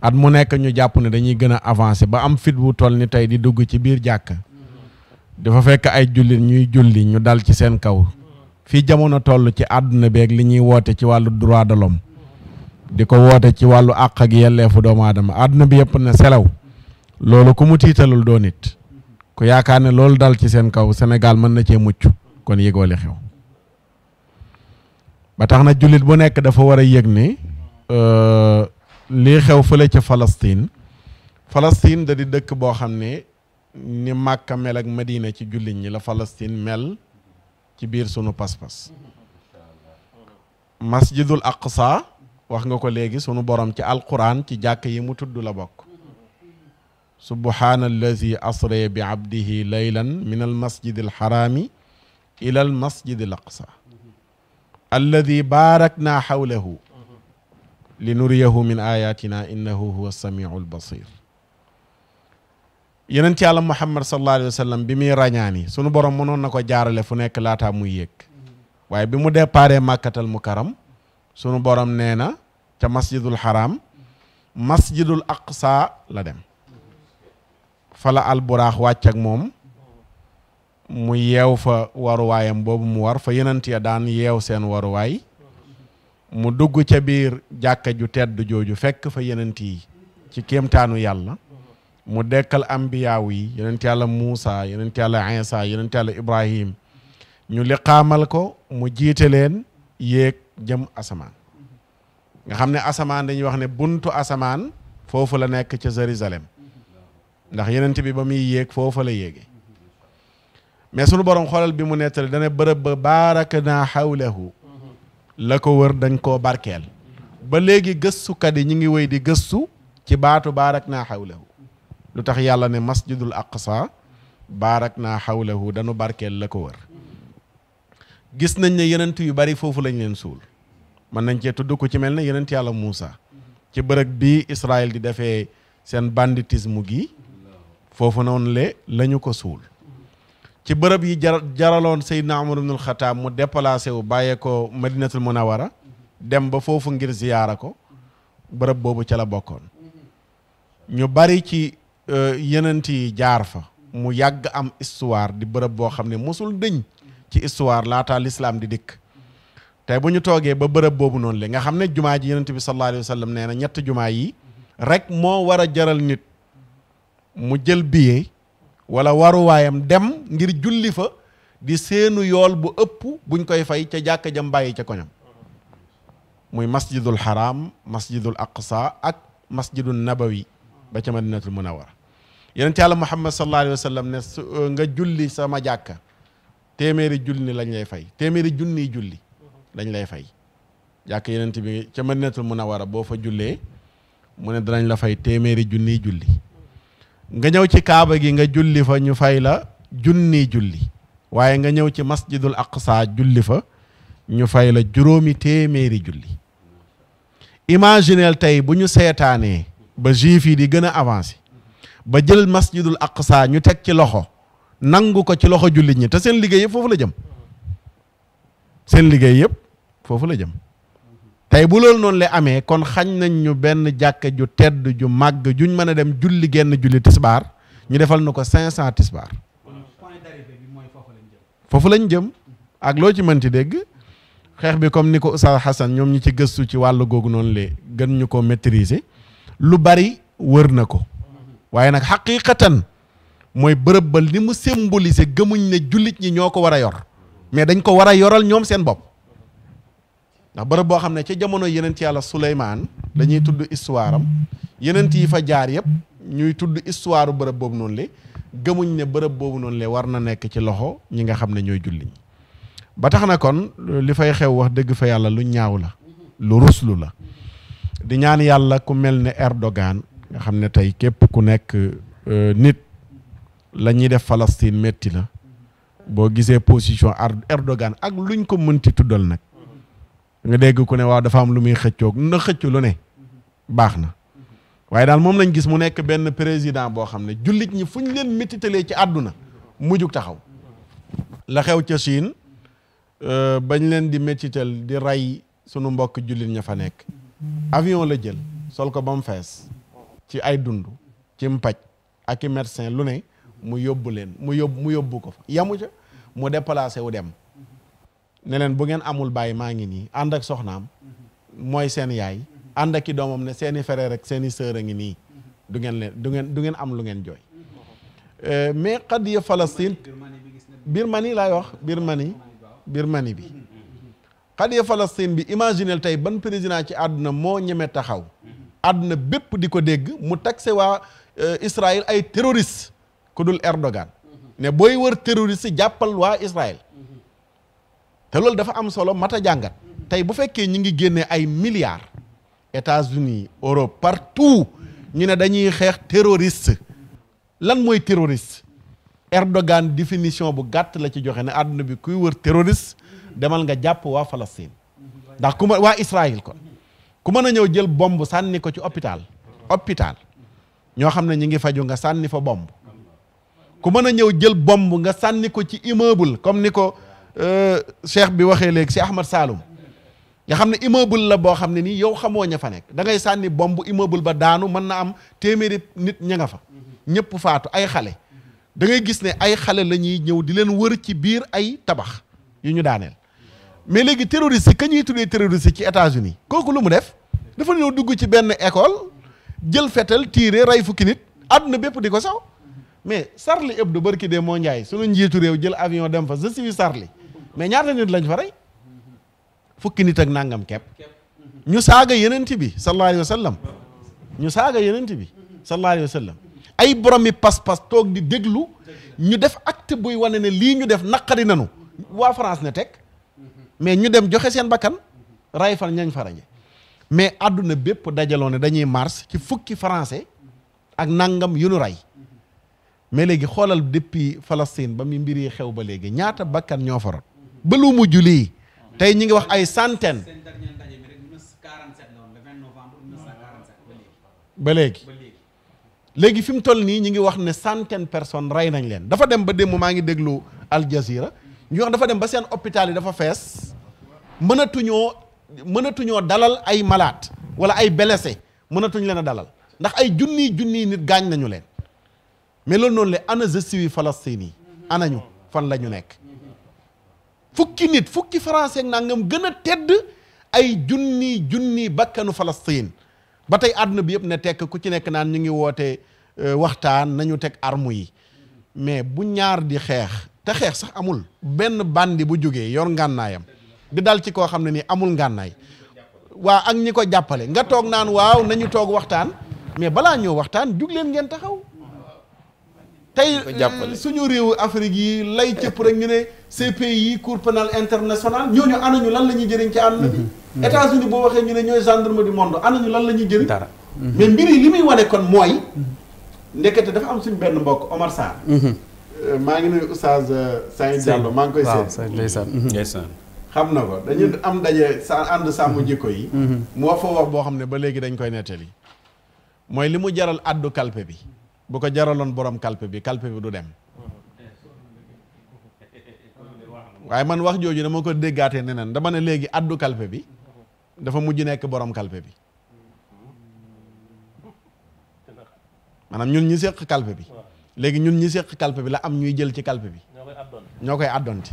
at mu nekk ñu jàpp ne dañuy gën a avancer ba am fit bu toll ni tey di dugg ci biir jàkka dafa fekk ay jullit ñuy julli ñu dal ci seen kaw fii jamono toll ci àdduna beeg li ñuy woote ci wàllu droit de l'homme di ko woote ci wàllu àq ak yelleefu doomu aadama àdduna bi yëpp ne selew loolu ku mu tiitalul doo nit ku yaakaar ne loolu dal ci seen kaw senegal mën na cee mucc kon yëgoo li xew ba tax na jullit bu nekk dafa war a yëg ni euh, lii xew fële ca Palestine Palestine da di dëkk boo xam ne ni Màkka mel ak Madina ci jullit ñi la Palestine mel ci biir sunu pas-pas masjidul aqsa wax nga ko léegi sunu borom ci alquran ci jàkk yi mu tudd la bokk subhaana allazi asra bi abdihi laylan min al masjid al xaraami ila al masjid al aqsa alladi baarakna xawlahu linuriyahu min ayatina innahu huwa samiu al basir yeneen ci yàlla muhammad sallallahu alayhi wa bi muy ràññaani sunu borom mënoon na ko jaarale fu nekk laataa muy yéeg waaye bi mu dee déparee màkkatal karam sunu borom nee na ca masjidul haram masjidul aqsa la dem fala alburaax wàcc moom mu yeew fa waruwaayam boobu mu war fa yenent ya daan yeew seen waruwaay mu dugg ca biir jàkka ju tedd jooju fekk fa yenent yi ci kéemtaanu yàlla mu dekkal ambiyaaw yi yonent yàlla Muusa yonent yàlla Isa yonent yàlla Ibrahim ñu liqaamal ko mu jiite leen yéeg jëm asamaan nga xam ne asamaan dañuy wax ne buntu asamaan foofu la nekk ca Jérusalem ndax yonent bi ba muy yéeg foofu la yéege mais sunu borom xoolal bi mu nettali dana bërëb ba baaraka naa xawlahu la ko wër dañ koo barkeel ba léegi gëstukat yi ñu ngi wéy di gëstu ci baatu baarak naa xawlahu lu tax yàlla ne masjidul aqsa baarak naa xawlahu danu barkeel la ko wër gis nañ ne yenent yu bari foofu lañ leen suul mën nañ cee tudd ku ci mel ne yenent yàlla Muusa ci bërëb bi Israël di defee seen banditisme gi foofu noonu le lañu ko suul ci bërëb yi jar jaraloon Seydina Umar ibnul Xataab mu déplacé wu bàyyee ko Madinatul Munawara dem ba foofu ngir ziyaara ko bërëb boobu ca la bokkoon ñu bari ci Euh, yenent yi jaar fa mu yàgg am histoire di bërëb boo xam ne mosul dëñ ci histoire laataa lislaam di dikk tey bu ñu toogee ba bërëb boobu noonu le nga xam ne jumaa ji yenent bi sallallahu alayhi wa nee na ñett jumaa yi rek moo war a jaral nit mu jël billet wala waruwaayam dem ngir julli fa di seenu yool bu ëpp buñ koy fay ca jàkka jam bàyyi ca koñam muy masjidul haram masjidul aqsa ak masjidul nabawi ba ca a munawara yeneen yonent yàlla muhammad sallallahu alayhi wa sallam ne euh, nga julli sama jàkka téeméeri junni lañ lay fay téeméeri junni julli lañ lay fay jàkk yonent bi ca madinatul wara boo fa jullee mu ne danañ la fay téeméeri junni julli nga ñëw ci kaaba gi nga julli fa ñu fay la junni julli waaye nga ñëw ci masjidul aqsa julli fa ñu fay la juróomi téeméeri julli imagineel tey bu ñu seetaanee ba juif yi di gën a avancé ba jël masjidul aqsa ñu teg ci loxo nangu ko ci loxo jullit ñi te seen liggéey yëpp foofu la jëm liggéey yëpp foofu la jëm tey bu loolu noonu la amee kon xañ nañ ñu benn jàkka ju tedd ju màgg juñ mën a dem julli genn julli tisbaar ñu defal na ko cinq cent tisbaar foofu lañ jëm ak loo ci mënti dégg xeex bi comme ni ko Oustaz Hassan ñoom ñi ci gëstu ci wàllu googu noonu le gën ñu ko maîtriser lu bari wër na ko waaye nag xaqiqatan mooy bërëb ba li mu symboliser gëmuñ ne jullit ñi ñoo ko war a yor mais dañ ko war a yoral ñoom seen bopp ndax bërëb boo xam ne ca jamono yeneen ci yàlla Suleymaan dañuy tudd histoire am yeneen yi fa jaar yëpp ñuy tudd histoire bërëb boobu noonu le gëmuñ ne bërëb boobu noonu le war na nekk ci loxo ñi nga xam ne ñooy jullit ñi ba tax na kon li fay xew wax dëgg fa yàlla lu ñaaw la lu ruslu la di ñaan yàlla ku mel ne Erdogan nga xam ne tey képp ku nekk euh, nit la ñuy def Palestine métti la boo gisee position Erdogan ak luñ ko mënti tuddal nag nga dégg ku ne waaw dafa am lu muy xëccoog na xëccu lu ne baax na waaye daal moom lañ gis mu nekk benn président boo xam ne jullit ñi fuñ leen méttitalee ci àdduna mujjug taxaw la xew ca Chine euh, bañ leen di méttital di rey sunu mbokk jullit ña fa nekk avion la jël sol ko ba mu fees ci ay dund ci mpaj ak i médecin lu ne mu yóbbu leen mu yóbbu mu yóbbu ko fa yamu ca mu déplacé wu dem ne leen bu ngeen amul bàyyi maa ngi nii ànd ak soxnaam mooy seen yaay ànd ak i doomam ne seeni i rek seen i sœur a ngi nii du ngeen du ngeen du ngeen am lu ngeen jooy euh, mais xadiya Palestine Birmanie laay wax Birmanie Birmanie bi xadiya Palestine bi imaginel tey ban président ci àdduna moo ñeme taxaw àdduna bépp di ko dégg mu taxe waa euh, Israël ay terroriste ku dul Erdogan ne booy wër terroriste jàppal waa Israël te loolu dafa am solo mat a jàngat tey bu fekkee ñi ngi génnee ay milliards États-Unis Europe partout ñu ne dañuy xeex terroriste lan mooy terroriste Erdogan définition bu gàtt la ci joxe ne àdduna bi kuy wër terroriste demal nga jàpp waa Palestine ndax ku waa Israël kon ku mën a ñëw jël bomb sànni ko ci hôpital hôpital ñoo xam ne ñu ngi faju nga sànni fa bomb ku mën a ñëw jël bomb nga sànni ko ci immeuble comme ni ko euh, cheikh bi waxee léegi si Ahmad Saloum nga xam ne immeuble la boo xam ne nii yow xamoo ña fa nekk dangay ngay sànni bomb immeuble ba daanu mën na am téeméeri nit ña nga fa ñëpp faatu ay xale da ngay gis ne ay xale la ñuy ñëw di leen wër ci biir ay tabax yu ñu daaneel mais léegi terroriste ka ñuy tuddee terroriste ci États-Unis kooku lu mu def dafa ñëw dugg ci benn école jël fetal tiire rey fukki nit àdduna bépp di ko saw mais Charlie Hebdo barki dee moo njaay sunu njiitu réew jël avion dem fa je suis Charlie mais ñaata nit lañ fa fukki nit ak nangam kepp ñu saaga yenent bi sallallahu alayhi wa ñu saaga yenent bi sallallahu alayhi wa sallam ay boromi pas-pas toog di déglu ñu def acte buy wane ne lii ñu def naqari nanu waa France na teg mais ñu dem joxe seen bakkan ray fan ñañ fa raje mais àdduna bépp dajaloo ne dañuy mars ci fukki français ak nangam yu nu ray mais léegi xoolal depuis Palestine ba mu mbiri xew ba léegi ñaata bakkan ñoo fa rot ba lu mujj lii tey ñu ngi wax ay centaine ba léegi léegi fi mu toll nii ñu ngi wax ne centaine personnes rey nañ leen dafa dem ba démb maa ngi déglu Al ñu wax dafa dem ba seen hôpital yi dafa fees mënatuñoo mënatuñoo dalal ay malaat wala ay belese mënatuñ leen a dalal ndax ay junniy junniy nit gaañ nañu leen mais loolu noonu la anajesti wi Palestine yi anañu fan la ñu nekk fukki nit fukki français ak nangam gën a tedd ay junniy junniy bakkanu Palestine ba tey àdduna bi yëpp na tekk ku ci nekk naan ñu ngi woote euh, waxtaan nañu teg arme yi mais bu ñaar di xeex te xeex sax amul benn bandi bu jógee yor ngànnaayam di dal ci koo xam ne nii amul ngànnaay waa ak ñi ko jàppale nga toog naan waaw nañu toog waxtaan mais balaa ñëw waxtaan jug leen ngeen taxaw tey mm, suñu réew Afrique yi lay cëpp rek ñu ne CPI cour pénal international ñooñu ñu lan la ñuy jëriñ ci àdduna bi mm-hmm. Mm-hmm. États-Unis boo waxee ñu ne ñooy gendarme du monde anañu lan la ñuy jëriñ dara mais mbir yi li muy wane kon mooy mm-hmm. ndekete dafa am suñu benn mbokk Omar Euh, maa ngi nuyu Oustaz euh, Saïd Diallo maa ngi koy seet ndeysaan mhm. ndeysaan xam na ko dañu am daje sa ànd sàmm jikko yi mhm. Mhm. mu wax fa wax boo xam ne ba léegi dañ koy nettali mooy li mu jaral addu kalpe bi bu ko jaraloon borom kalpe bi kalpe bi du dem waaye man wax jooju dama ko déggaatee neneen dama ne léegi addu kalpe bi dafa mujj nekk borom kalpe bi maanaam ñun ñu seq kalpe bi léegi ñun ñi seq kalpe bi la am ñuy jël ci kalpe bi ñoo koy addonti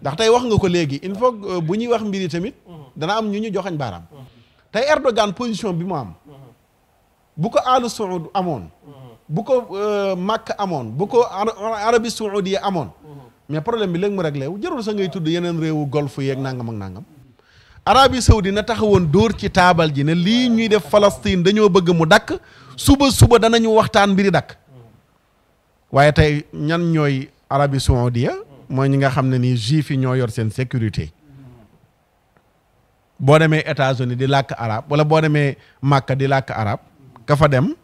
ndax tey wax nga ko léegi il faut euh, bu ñuy wax mbiri tamit mhm. dana am ñu ñu joxañ baaraam mhm. tey Erdogan position bi mu am mhm. bu ko Al Saoud amoon bu ko euh, Makka amoon bu ko Arabie Saoudiya amoon mais problème bi léegi mu réglé wu jërul sa ngay tudd yeneen réewu golf yeeg nangam ak nangam Arabie Saoudi na taxawoon dóor ci taabal ji ne lii ñuy def Palestine dañoo bëgg mu dakk suba suba danañu waxtaan mbiri dakk waaye tey ñan ñooy Arabie Saoudia mooy ñi nga xam ne nii juif yi ñoo yor seen sécurité boo demee États-Unis di làkk arab wala boo demee Màkka di làkk arab ka fa dem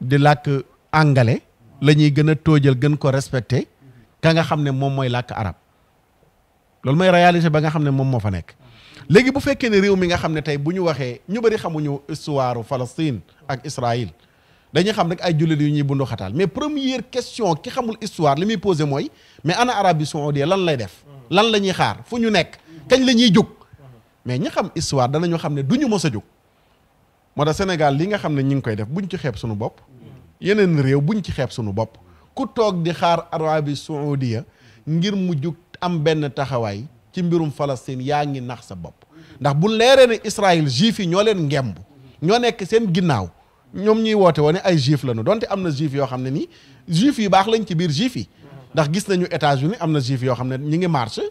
di làkk anglais la ñuy gën a tóojal gën ko respecté ka nga xam ne moom mooy làkk arab loolu mooy réalité ba nga xam ne moom moo fa nekk léegi bu fekkee ne réew mi nga xam ne tey bu ñu waxee ñu bari xamuñu histoire Palestine ak Israël dañuy xam rek ay jullit yu ñuy bundu xataal mais première question ki xamul histoire li muy posé mooy mais ana Arabie Saoudite lan lay def lan la ñuy xaar fu ñu nekk kañ la ñuy jóg mais ñi xam histoire danañu xam ne du ñu mos a jóg moo tax Sénégal li nga xam ne ñi ngi koy def buñ ci xeeb suñu bopp yeneen réew bu buñ ci xeeb suñu bopp ku toog di xaar Arabie Saoudite ngir mu jóg am benn taxawaay ci mbirum Palestine yaa ngi nax sa bopp ndax bu leeree ne Israël juif ñoo leen ngemb ñoo nekk seen ginnaaw ñoom ñuy woote wane ay juif la lañu donte am na juif yoo xam ne nii juif yu baax lañ ci biir juif yi ndax gis nañu États-Unis am na juif yoo xam ne ñu ngi marche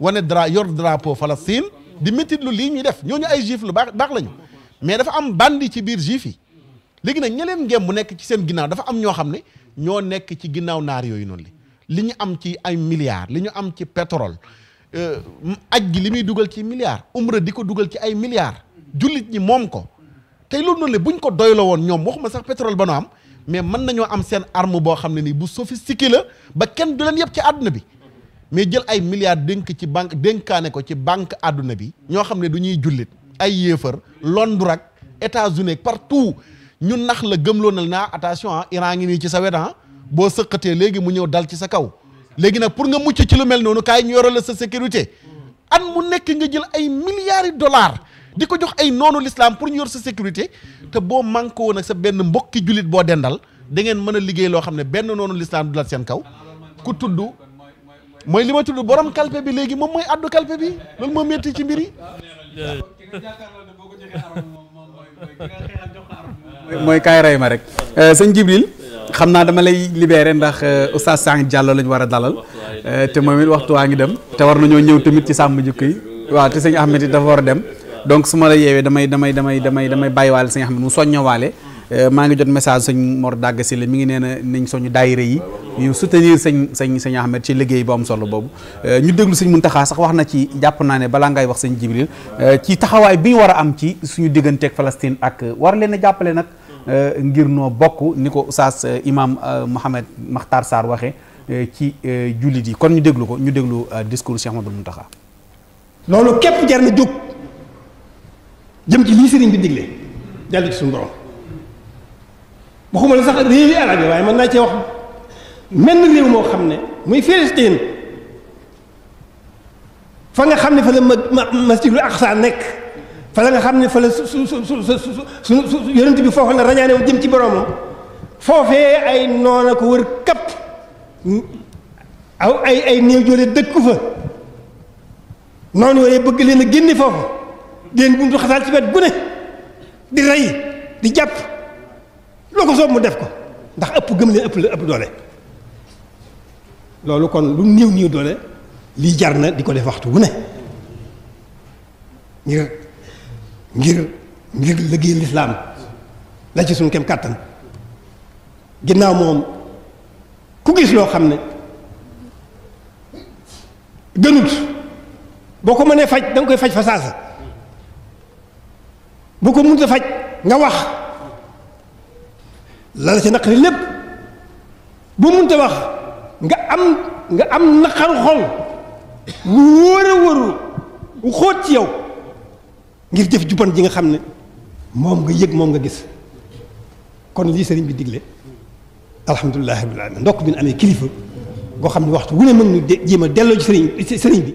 wane dra yor drapeau Palestine di métit lu lii ñuy def ñooñu ay juif lu baax baax lañu mais dafa am bandi ci biir juif yi léegi nag ñeneen ngem bu nekk ci seen ginnaaw dafa am ñoo xam ne ñoo nekk ci ginnaaw naar yooyu noonu li li ñu am ci ay milliards li ñu am ci pétrole euh, aj gi li muy dugal ci milliards umra di ko dugal ci ay milliards jullit ñi moom ko tey loolu noonu bu buñ ko doyloo woon ñoom waxuma sax pétrole ba nu am mais mën nañoo am seen arme boo xam ne nii bu sophistiqué la ba kenn du leen yëpp ci àdduna bi mais jël ay milliards dénk ci banque dénkaane ko ci banque àdduna bi ñoo xam ne du ñuy jullit ay yéefar Londres ak États-Unis partout ñu nax la gëm gëmloo na naa attention ah Iran ngi nii ci sa wet ah, boo sëqatee léegi mu ñëw dal ci sa kaw léegi nag pour nga mucc ci lu mel noonu kaay ñu yoro sa sécurité at mu nekk nga jël ay milliards de dollars di ko jox ay noonu l'islam pour ñu yor sa sécurité te boo manqué woon ak sa benn mbokki jullit boo dendal da ngeen mën a liggéey loo xam ne benn noonu l'islam du la seen kaw ku tudd mooy li ma tudd borom kalpe bi léegi moom mooy addu kalpe bi loolu moo métti ci mbir yi. mooy kaay rey ma rek euh, sëñ Jibril xam naa dama lay libéré ndax euh, oustaz Sang Diallo lañu war a dalal euh, te moom it waxtu waa ngi dem te war nañoo ñëw tamit ci sàmm jikko yi waaw te sëñ Ahmed it dafa war a dem. donc su ma la yeewee damay damay damay damay damay bàyyiwaale si nga xam ne mu soññawaale euh, maa ngi jot message sañ Mor Dagg si la mu ngi nee na nañ soñu daayira yi su soutenir sañ sañ sëñ Ahmed ci liggéey bu solo boobu euh, ñu déglu sëñ Muntaxa sax wax na ci jàpp naa ne balaa ngay wax sañ Jibril euh, ci taxawaay bi ñu war a am ci suñu digganteeg Palestine ak war leen a jàppale nag ngir noo bokk ni ko Oustaz Imam Mohamed Makhtar Sarr waxee ci jullit yi kon ñu déglu ko ñu déglu discours Cheikh jëm ci lii sëriñ bi digle dellu ci suñu borom waxuma la sax réew yi arab waaye mën naa cee wax menn réew moo xam ne muy Filistin fa nga xam ne fa la masjidul aqsa nekk fa la nga xam ne fa la su su su su yonent bi foofu na rañaane woon jëm ci boromam foofee ay noona ko wër kapp aw ay ay néew joole dëkku fa noonu yooyu bëgg leen a génne foofu di leen buntu xasaal ci wet gu ne di rey di jàpp loo ko soob mu def ko ndax ëpp gëm leen ëpp la ëpp doole loolu kon lu néew néew doole lii jar na di ko def waxtu wu ne ngir ngir ngir liggéey lislaam la ci suñu kem kàttan ginnaaw moom ku gis loo xam ne gënut boo ko mënee faj da koy faj fa saasa bu ko mënut a faj nga wax la la ca naqari lépp bu mënut a wax nga am nga am naqaru xol mu wóor xóot ci yow ngir jëf jubban ji nga xam ne moom nga yëg moom nga gis kon lii sëriñ bi digle alhamdulilah rabbil alamin ndokk bi nu amee kilifa goo xam ne waxtu wu ne mën nu jéem a delloo ci sëriñ sëriñ bi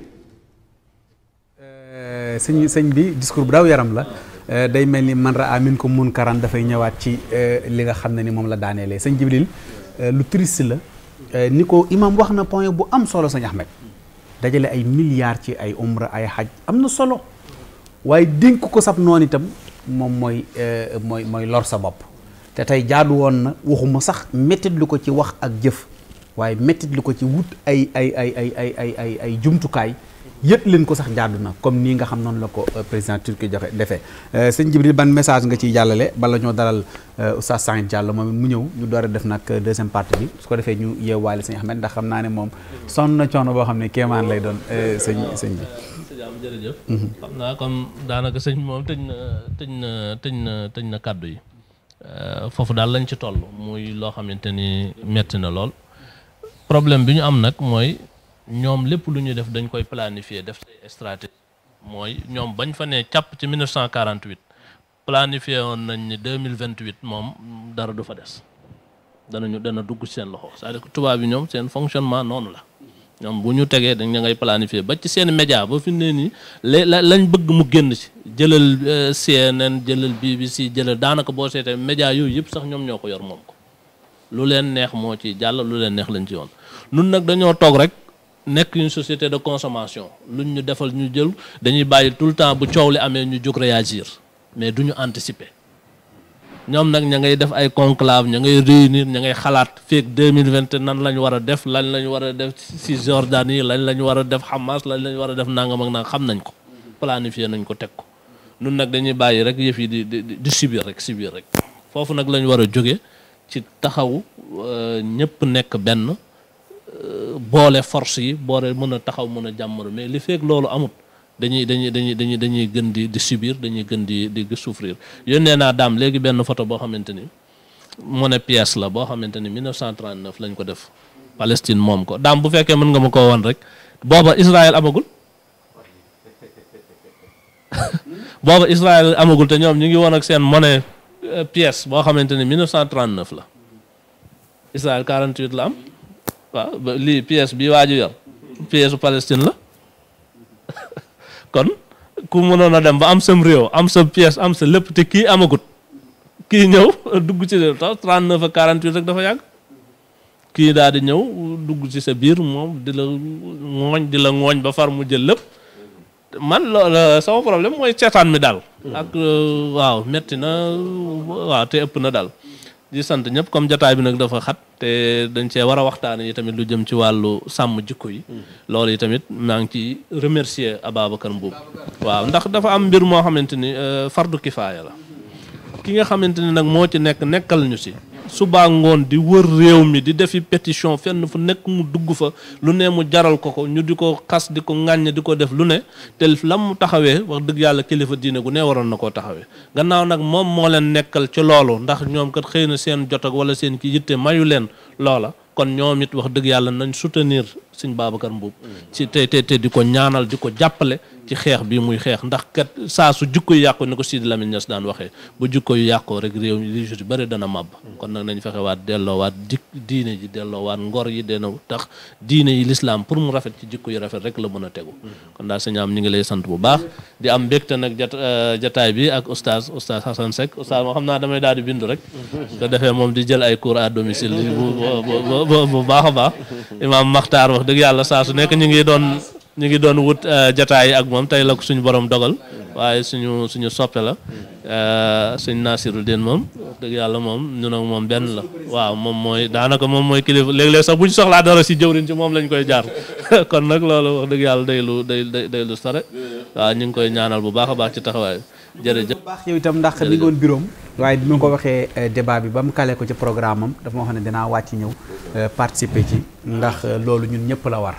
euh, sëñ sëñ bi discours bu daaw yaram la Euh, day mel ni manra amin ko mun karan dafay ñëwaat ci euh, li nga xam ne ni moom la daaneelee sëñ Jibril euh, lu triste la ni ko imam wax na point bu am solo sëñ Ahmed dajale ay milliards ci ay umra ay xaj am na solo waaye dénk ko sab noon itam moom mooy mooy mooy lor sa bopp te tey jaadu woon na waxuma sax méttit lu ko ci wax ak jëf waaye méttit lu ko ci wut ay ay ay ay ay ay ay ay jumtukaay yët leen ko sax jaadu na comme nii nga xam noonu la ko euh, président Turquie joxe defee euh, sëñ Jibril ban message nga ciy jàllale bala ñoo dalal euh, Oustaz Sanit Diallo moom mu ñëw ñu door a def nag deuxième partie bi su ko defee ñu yeewaale sëñ Ahmed ndax xam naa ne moom sonn na coono boo xam ne kéemaan lay doon sëñ sëñ bi am jërëjëf mhm. xam naa comme daanaka sëñ moom tëj na tëj na tëj na tëj na kàddu yi foofu daal lañ ci toll muy loo xamante ni metti na lool problème bi ñu am nag mooy ñoom lépp lu ñu def dañ koy planifier def say stratégie mooy ñoom bañ fa ne càpp ci 1948 planifié woon nañ ni 2028 moom dara du fa des danañu dana dugg seen loxo c'est-à-dire tubaab yi ñoom seen fonctionnement noonu la ñoom bu ñu tegee dañ ngay planifier ba ci seen média ba fi ne nii la lañ bëgg mu génn ci jëlal euh, CNN jëlal BBC jëlal daanaka boo seetee média yooyu yëpp sax ñoom ñoo ko yor moom ko lu leen neex moo ci jàll lu leen neex lañ ci yoon nun nag dañoo toog rek. nekk une société de consommation luñ ñu defal ñu jël dañuy bàyyi tout le temps bu coow li amee ñu jóg réagir mais du ñu anticiper ñoom nag ña ngay def ay conclave ña ngay réunir ña ngay xalaat feeg deux mille vingt nan la ñu war a def lan la ñu war a def si Jordanie lan lañu ñu war a def Hamas lañ lañu ñu war a def nangam ak nangam xam nañ ko planifier nañ ko teg ko nun nag dañuy bàyyi rek yëf yi di di di subir rek subir rek foofu nag la ñu war a jóge ci taxaw euh, ñëpp nekk benn. boole force yi boole mën a taxaw mën a jàmmaro mais li feeg loolu amut dañuy dañuy dañuy dañuy dañuy gën di di subir dañuy gën di di souffrir yónnee naa daam léegi benn photo boo xamante ni mu la boo xamante ni 1939 lañ ko def Palestine moom ko daam bu fekkee mën nga ma ko woon rek booba Israël amagul (laughs) booba Israël amagul te ñoom ñu ngi woon ak seen mone euh, pièce boo xamante ni 1939 la Israël 48 la am waaw lii pièce bi waaju yor pièce Palestine la (laughs) kon ku mënoon a dem ba am sam réew am sa pièce am sa lépp te kii amagut kii ñëw (laughs) dugg ci sa tax 39 ak rek dafa yàgg kii daal di ñëw dugg ci sa biir moom di la ngooñ di la ngooñ ba far mu jël lépp man loola sama problème mooy seetaan mi daal. ak waaw metti na waaw te ëpp na daal. di sant ñëpp comme jotaay bi nag dafa xat te dañ cee war a waxtaane yi tamit lu jëm ci wàllu sàmm jikko yi mm-hmm. loolu yi tamit maa ngi ci remercier Ababacar Mbuub waaw ndax dafa am mbir moo xamante ni euh, fardu kifaaya la ki nga xamante ni nag moo ci nekk nekkal ñu si subaa ngoon di wër réew mi di defi pétition fenn fu nekk mu dugg fa lu ne mu jaral ko ko ñu di ko xas di ko ŋàññ di ko def lu ne te lam mu taxawee wax dëgg yàlla kilifa diine gu ne waroon na koo taxawee gannaaw nag moom moo leen nekkal ci loolu ndax ñoom kat xëy na seen jot ak wala seen ki yitte mayu leen loola kon ñoom it wax dëgg yàlla nañ soutenir Sëñ Babacar Mboup mm. ci te te di ko ñaanal di ko jàppale ci xeex bi muy xeex ndax kat saa su jukko yu yàqoo ni ko Sidi Lamine Niass daan waxee bu jukko yu yàqoo rek réew mi li yu bëri dana màbb kon nag nañ fexewaat delloowaat jik diine ji delloowaat ngor yi dana tax diine yi lislaam pour mu rafet ci jikko yu rafet rek la mën a tegu kon daal sëñ am ñu ngi lay sant bu baax di am mbégte nag euh, jataay bi ak oustaz oustaz Hassan Seck oustaz moo xam naa damay daal di bindu rek ko defee moom di jël ay cours à domicile bu baax a ñu ngi doon wut euh, jataay ak moom tey la ko suñu borom dogal waaye suñu suñu soppe la euh, suñ Naasiru Din moom dëgg yàlla moom ñun ak moom benn la waaw moom mooy daanaka moom mooy kilifa léeg-léeg sax bu ñu soxlaa dara si jëwriñ ci moom lañ koy jaar (laughs) kon nag loolu wax dëgg yàlla day lu day day lu sare waaw ñu ngi koy ñaanal bu baax a baax ci taxawaay jërëjëf. bu baax yow itam ndax li ngoon biroom waaye bi ma ko waxee débat bi ba mu kale ko ci programme am dafa ma wax ne dinaa wàcc ñëw participer ci ndax loolu ñun ñëpp la war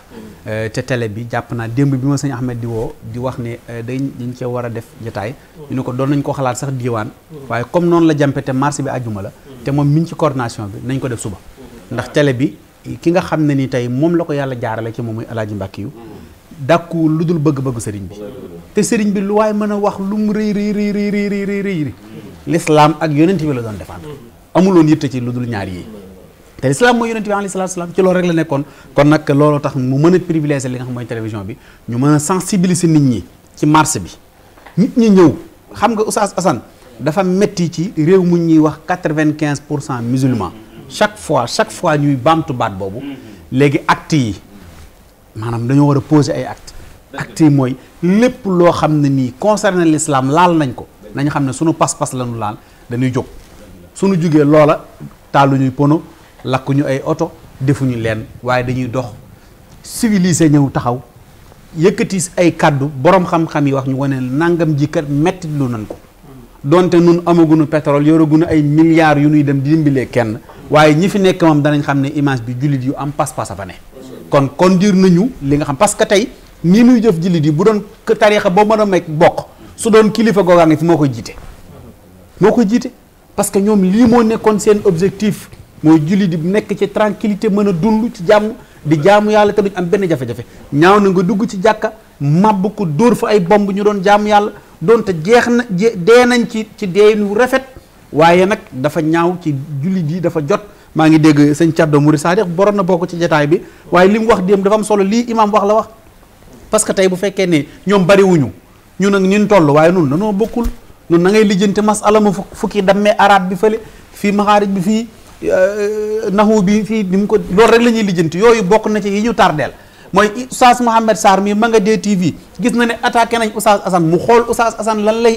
te tele bi jàpp naa démb bi ma sëñ Ahmed di di wax ne dañ dañ cee war a def jataay ñu ne ko doon nañ ko xalaat sax diiwaan waaye comme noonu la jàmpe te marché bi àjjuma la te moom mi ngi ci coordination bi nañ ko def suba ndax tele bi ki nga xam ne ni tey moom la ko yàlla jaarale ci moom muy alaaji Mbàkkiyu dàkku lu dul bëgg-bëgg sëriñ bi te sëriñ bi lu waaye mën a wax lu mu rëy rëy rëy rëy rëy l'islam ak yonent bi la doon défendre amuloon yitte ci lu dul ñaar yi te l'islam mooy yonent bi alayhi salaatu salaam ci loolu rek la nekkoon kon nag looloo tax mu mën a privilégier li nga xam mooy télévision bi ñu mën a sensibiliser nit ñi ci marché bi nit ñi ñëw xam nga Oustaz Assane dafa metti ci réew mu ñuy wax quatre-vingt-quinze pour cent musulmans chaque fois chaque fois ñuy baamtu baat boobu léegi actes yi maanaam dañoo war a poser ay actes act yi mooy lépp loo xam ne nii concerné lislaam laal nañ ko nañ xam ne sunu pas-pas la ñu laal dañuy jóg sunu jógee loola taalu ñuy pono lakkuñu ay oto defuñu leen waaye dañuy dox civilisé ñëw taxaw yëkkati ay kàddu borom xam-xam yi wax ñu wane nangam ji kat metti lu nañ ko donte nun amaguñu pétrole yoraguñu ay milliards yu nuy dem di dimbalee kenn waaye ñi fi nekk moom danañ xam ne image bi jullit yu am pas-pas a fa ne kon conduire nañu li nga xam parce que tey nii nuy jëf jullit yi bu doon tariixa boo mën a mekk bokk su doon kilifa googaa ngi fi moo koy jiite moo koy jiite parce que ñoom lii moo nekkoon seen objectif mooy julli di nekk ci tranquillité mën a dund ci jàmm di jaamu yàlla te duñ am benn jafe-jafe ñaaw na nga dugg ci jàkka màbb ko dóor fa ay bomb ñu doon jàmm yàlla doon te jeex na dee nañ ci ci deenu rafet waaye nag dafa ñaaw ci julli di dafa jot maa ngi dégg sëñ Thierno Mouride Sadikh borom na bokk ci jataay bi waaye li mu wax démb dafa am solo lii imaam wax la wax parce que tey bu fekkee ne ñoom bariwuñu ñu nag ñun toll waaye nun danoo bokkul nun na ngay lijjanti masala ma fukki dammee arab bi fële fii maxaarij bi fii euh, naxu bi fii ni mu ko loolu rek la ñuy lijjanti yooyu bokk na ci yi ñu tardeel mooy Oustaz Mouhamed Sarr mii ma nga dee TV gis na ne attaqué nañ Oustaz Assane mu xool Oustaz Assane lan lay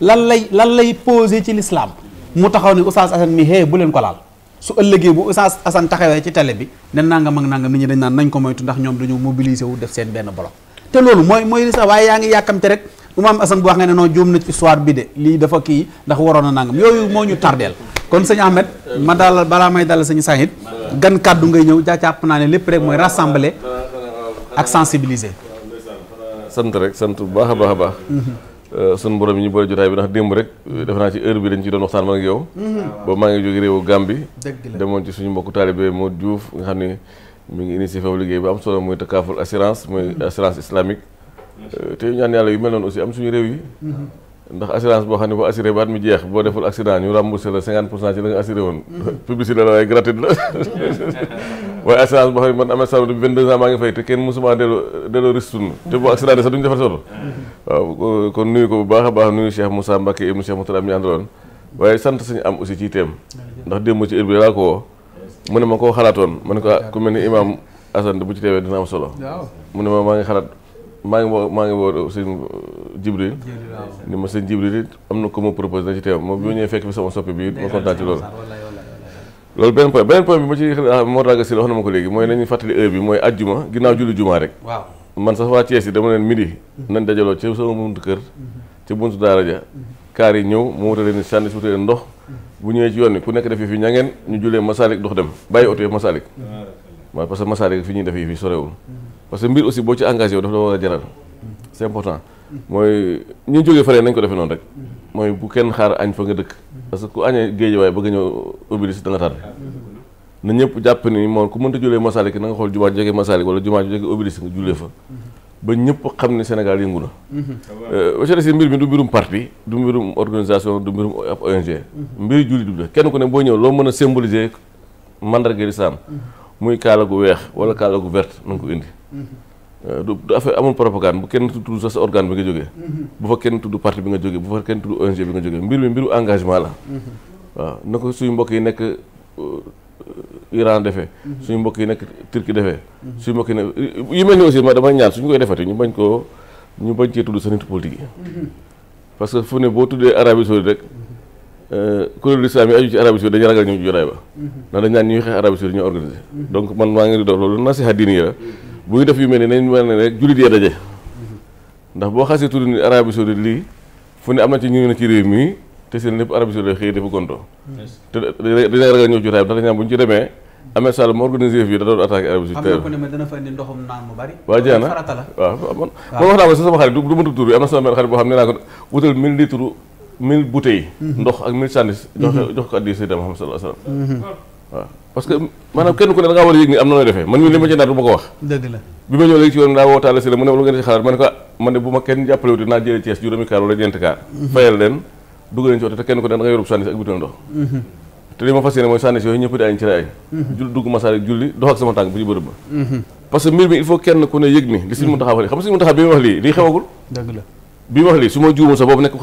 lan lay lan lay posé ci lislaam mu taxaw ne Oustaz Assane mii hee bu leen ko laal su ëllëgee bu Oustaz Assane taxawee ci télé bi ne nangam ak nangam nit ñi naan nañ ko moytu ndax ñoom dañoo mobiliser wu def seen benn bloc te loolu mooy mooy sax waaye yaa ngi yàkkamte rek Imam Assane bu wax nga ne non juum na ci histoire bi de lii dafa kii ndax waroon a nangam yooyu moo ñu tardeel kon sëñ Ahmed ma dalal balaa may dalal sañu Sahid gan kàddu ngay ñëw jàpp naa ne lépp rek mooy rassembler ak sensibiliser. sant rek sant bu baax a a baax. Mhm. sunu borom yi ñu boole jotaay bi ndax démb rek def naa ci heure bi dañ ci doon waxtaan ma ak yow. Mhm. ba maa ngi jóge réewu Gambie. demoon ci suñu mbokku taalibe moo Diouf nga xam ne mi ngi initié foofu liggéey bu am solo muy takaaful assurance muy assurance islamique. Euh, te ñaan yàlla yu mel noonu aussi am suñu réew yi. ndax assurance boo xam ne boo assuré baat mi jeex boo deful accident ñu remboursé la 50 pour cent ci la nga assuré woon. Mhm. publicité la waaye gratuite la. (laughs) waaye assurance boo xam ne man am na solo depuis 22 ans maa ngi fay te kenn mësuma delloo delloo ristourne te boo accident de sax duñu defar solo. waaw kon nuyu ko bu baax a baax nuyu Cheikh Moussa Mbacke ibnu Cheikh Moutala mi àndaloon. waaye sant suñu am aussi ci teem. ndax démb ci heure bi laa ko woo. mu ne ma koo xalaatoon ma ne ko ku mel ni imaam Assane bu ci teewee dina am solo. mu ne ma maa ngi xalaat maa ngi woo maa ngi woo sëñ Jibril ni ma sëñ Jibril it am na ko ma proposé na ci teew moom bi fekk fi sama soppi bi ma kontaan ci loolu. loolu benn point beneen point bi ma ci ah, Mor wax na ma ko léegi mooy nañu fàttali heure bi mooy ajjuma ginnaaw julli jumaa rek. waaw man sax waa Thiès yi dama leen midi. Mhm. nañ dajaloo ci sama buntu kër. Mhm. ci buntu daara ja mhm. kaar yi ñëw mu wutale ni sànni si wutale ndox bu ñëwee ci yoon wi ku nekk defee fi ñangeen ñu julee Masalik dox dem bàyyi oto yëpp Masalik waaw parce que Masalik fi ñuy defee fi a jaral c'est important mooy ñu jógee faree nañ ko defee noonu rek mooy bu kenn xaar añ fa nga dëkk parce que ku añee géej waaye bëgg a ñëw obélis da nga tardé na ñëpp jàpp ni moom ku mënta julee Masalik na nga xool jumaa jege Masalik wala jumaa jege obélis nga julee fa ba ñëpp xam ne Sénégal yëngu na. Euh, monsieur le mbir mi du mbirum parti du mbirum organisation du mbirum ab ONG. Mhm. mbiri jullit du kenn ku ne boo ñëw loo mën a symboliser mandarga lislaam mhm. muy kaala gu weex wala kaala gu verte na ko indi. Mhm. Euh, du affaire amul propagande bu kenn tudd sa sa organe bi nga jógee. bu fa kenn tudd parti bi nga jógee bu fa kenn tudd ONG bi nga jógee mbir mi mbiru engagement la. waaw na ko suñu mbokk yi nekk euh, Iran defee suñu mbokk yi nekk Turquie defee suñu mbokk yi nekk yu mel ni aussi ma damay ñaan suñu koy defati ñu bañ koo ñu bañ cee tudd sa nit politique yi parce que fu ne boo tuddee Arabie Saoudite rek euh, kuréelu islam yi aju ci Arabie Saoudite dañu ragal ñoom ba ndax dañ naan ñuy xeex Arabie Saoudite ñu organisé donc man maa ngi di dox loolu nasiha diini yi la bu ñu def yu mel ni nañ mel ne rek jullit yee daje ndax boo xasee tudd ni Arabie Saoudite lii fu ne am na ci ñu ne ci réew mi te si lépp Arabie Saoudite xëy dafa gonto te dina ragal ñëw jotaay bi ndax dañu bu ñu ci demee Ahmed dana fa xam ne naa ko wutal mille litres mille bouteilles mhm. ndox ak mille sànni mhm. jox jox ko addi mhm. a yëg ni am na ñëw léegi daa woo Talla mu ne lu ngeen ci xalaat ma ne ko ah, man ne bu ma kenn jàppalewut dinaa jëlee Thiès juróomi kaar wala ñeenti kaar fayal leen dugg leen ci oto te kenn ko ne da nga yorub sànni si ak bitu ndox mhm. te li ma fas yéene mooy sànni si yooyu ñëpp di añ ci añ jul dugg masaar julli dox ak sama tànk bu ñu bërëb ba mhm. parce que mbir mi il faut kenn ku ne yëg ni li Sëriñ Mountakha wax lii xam nga Sëriñ Mountakha bi mu wax lii lii xewagul dëgg la bi mu wax lii su ma juumu sax boobu nekk mu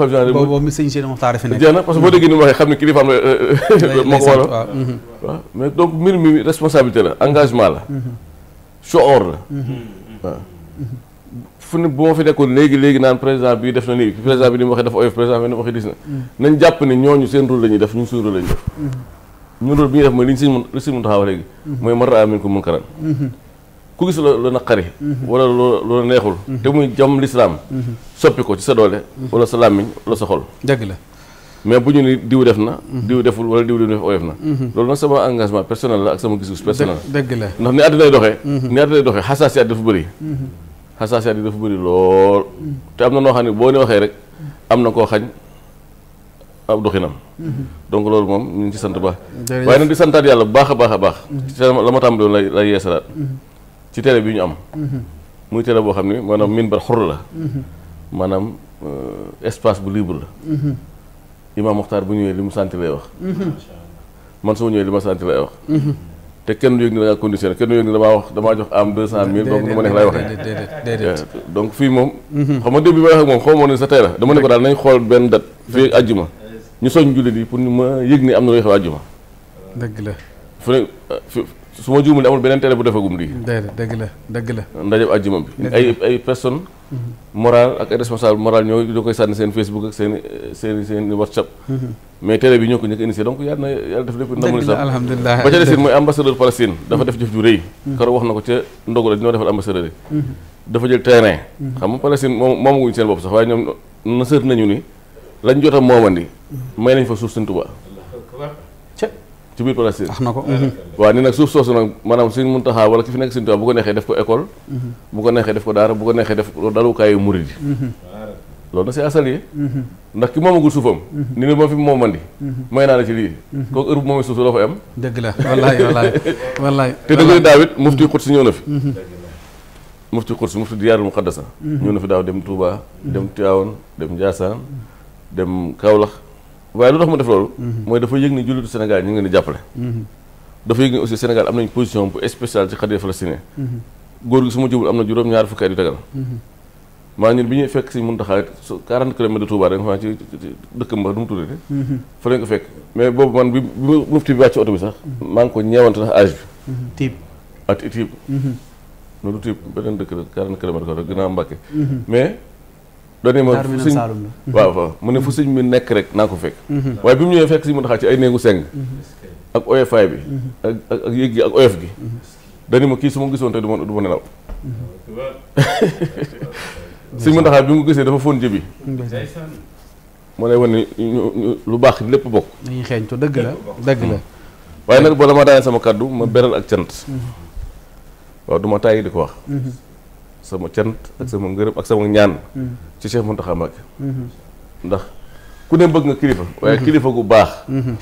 xam ne kilifaam la euh, euh, (laughs) moo ko waral mhm. waaw mais donc mbir mi responsabilité la engagement la shoor la fu ne bu ma fi nekkoon léegi léegi naan président bi def na nii président bi ni mu waxee dafa oyof mm. jàpp ne ñooñu seen rôle la ñuy def ñu suñu rôle la ñuy def mm-hmm. bi ñuy mooy li si mën li si mën taxaw léegi mm-hmm. mooy man raa min ko mën karan mm-hmm. ku gis loo naqari wala loo loo neexul te muy jam lislaam soppi ko ci sa doole wala sa làmmiñ wala sa la mais bu ñu ni diw def na diw deful wala diw def oyof na loolu nag sama engagement personnel la ak sama gis-gis personnel dëgg la ndax ni àddinay doxe ni àddinay doxee xasaas yi àddina dafa bëri xasaasaat yi dafa bëri lool te am na noo xam ne boo ne waxee rek am na koo xañ ab doxinam donc loolu moom ñu ngi ci sant baax waaye nag di santaat yàlla bu baax a baax a baax mm-hmm. ci la ma tàmbaloon la lay yeesalaat mm-hmm. ci télé bi ñu am mm-hmm. muy télé boo xam ne maanaam miin ba xur la maanaam euh, espace bu libre la Imam Mokhtar bu ñëwee li mu santi lay wax man su ma ñëwee li ma santi lay wax te kenn du yëg ne da ngaa conditionné kenn du yëg ne damaa wax damaa jox am deux cent mille donc nu ma neex laay waxee eh, donc fii moom mhm. xam nga début bi wax moom xaw moo sa tey la dama ne ko daal nañ xool benn date fii àjjuma ñu soñ jullit yi pour ñu ma yëg ne am na lu xew àjjuma la fu ne eh, su ma juumul amul beneen télé bu defagum lii. dëgg la dëgg la. ndaje bu àjjuma bi ay ay personnes mhm. morale ak ay responsable moral ñoo ñoo koy sànni seen Facebook ak seen seen seen WhatsApp. Mhm. mais télé bi ñoo ko ñëkk initié donc yàlla na yàlla def lépp ndamul sax alhamdulilah ba ca dafa def jëf ju rëy mhm. karo wax na ko ca ndogu la dinoo defal ambassadeur yi dafa jël terrain xam nga Palestine moom moomaguñu seen bopp sax waaye ñoom na sër nañu ni lañ jot a moomandi may nañ fa suuf seen Tuubaa ci biir Palestine wax na ko mhm. waaw ni nag suuf soosu nag maanaam suñ muntaxaa wala ki fi nekk suñ tubaab bu ko neexee def ko école mhm. bu ko neexee def ko daara bu ko neexee def dalukaayu murid yi mhm. loolu na c'est asali ndax ki moomagul suufam ni ni moom fi moom mandi may naa la ci lii kooku heure bu moomee suuf su la fa am dëgg la wallaay wallaay wallaay (laughs) te dëgg daawit mufti xut si ñëw na fi mufti xut si mufti diyaarul muqaddasa ñëw na fi daaw dem Touba dem Tivaouane dem Ndiassane dem Kaolack waaye lu tax mu def loolu. Mhm. mooy dafa yëg ni jullitu Sénégal ñu ngi leen di jàppale. Mhm. dafa yëg ni aussi Sénégal am nañ position bu spéciale ci xadira palestinien. Mhm. góor gi su ma jubul am na juróom ñaar fukki at yu tegal. maa ñun bi ñuy fekk si Muntaxa 40 kilomètres de Touba da nga xam ci fa lañ fekk mais boobu man bi bi mufti bi wàcc ci oto bi sax. maa ngi ko ñeewante ndax âge bi. tiib at tiib. loolu beneen dëkk la 40 kilomètres ko rek gën a Mbàkke doone ma fu suñ (laughs) waaw waaw mu ne fu suñ bi nekk rek naa ko fekk mhm. waaye bi mu ñëwee fekk si mu taxaa ci ay néegu seng mhm. ak oyofaay bi mhm. ak ak yéeg gi ak oyof gi dani ma kii su ma gisoon te du ma du ma nelaw suñ (laughs) mu taxaa bi mu gisee dafa fóon bi moo lay wane lu baax lépp bokk xeeñ xeeñtu dëgg la dëgg la waaye nag boo dama daanee sama kàddu ma beral ak cant waaw du ma tàyyi di ko wax sama cant ak sama ngërëm ak sama ñaan ci Cheikh Mountakha Mbacké ndax ku ne bëgg nga kilifa waaye kilifa gu baax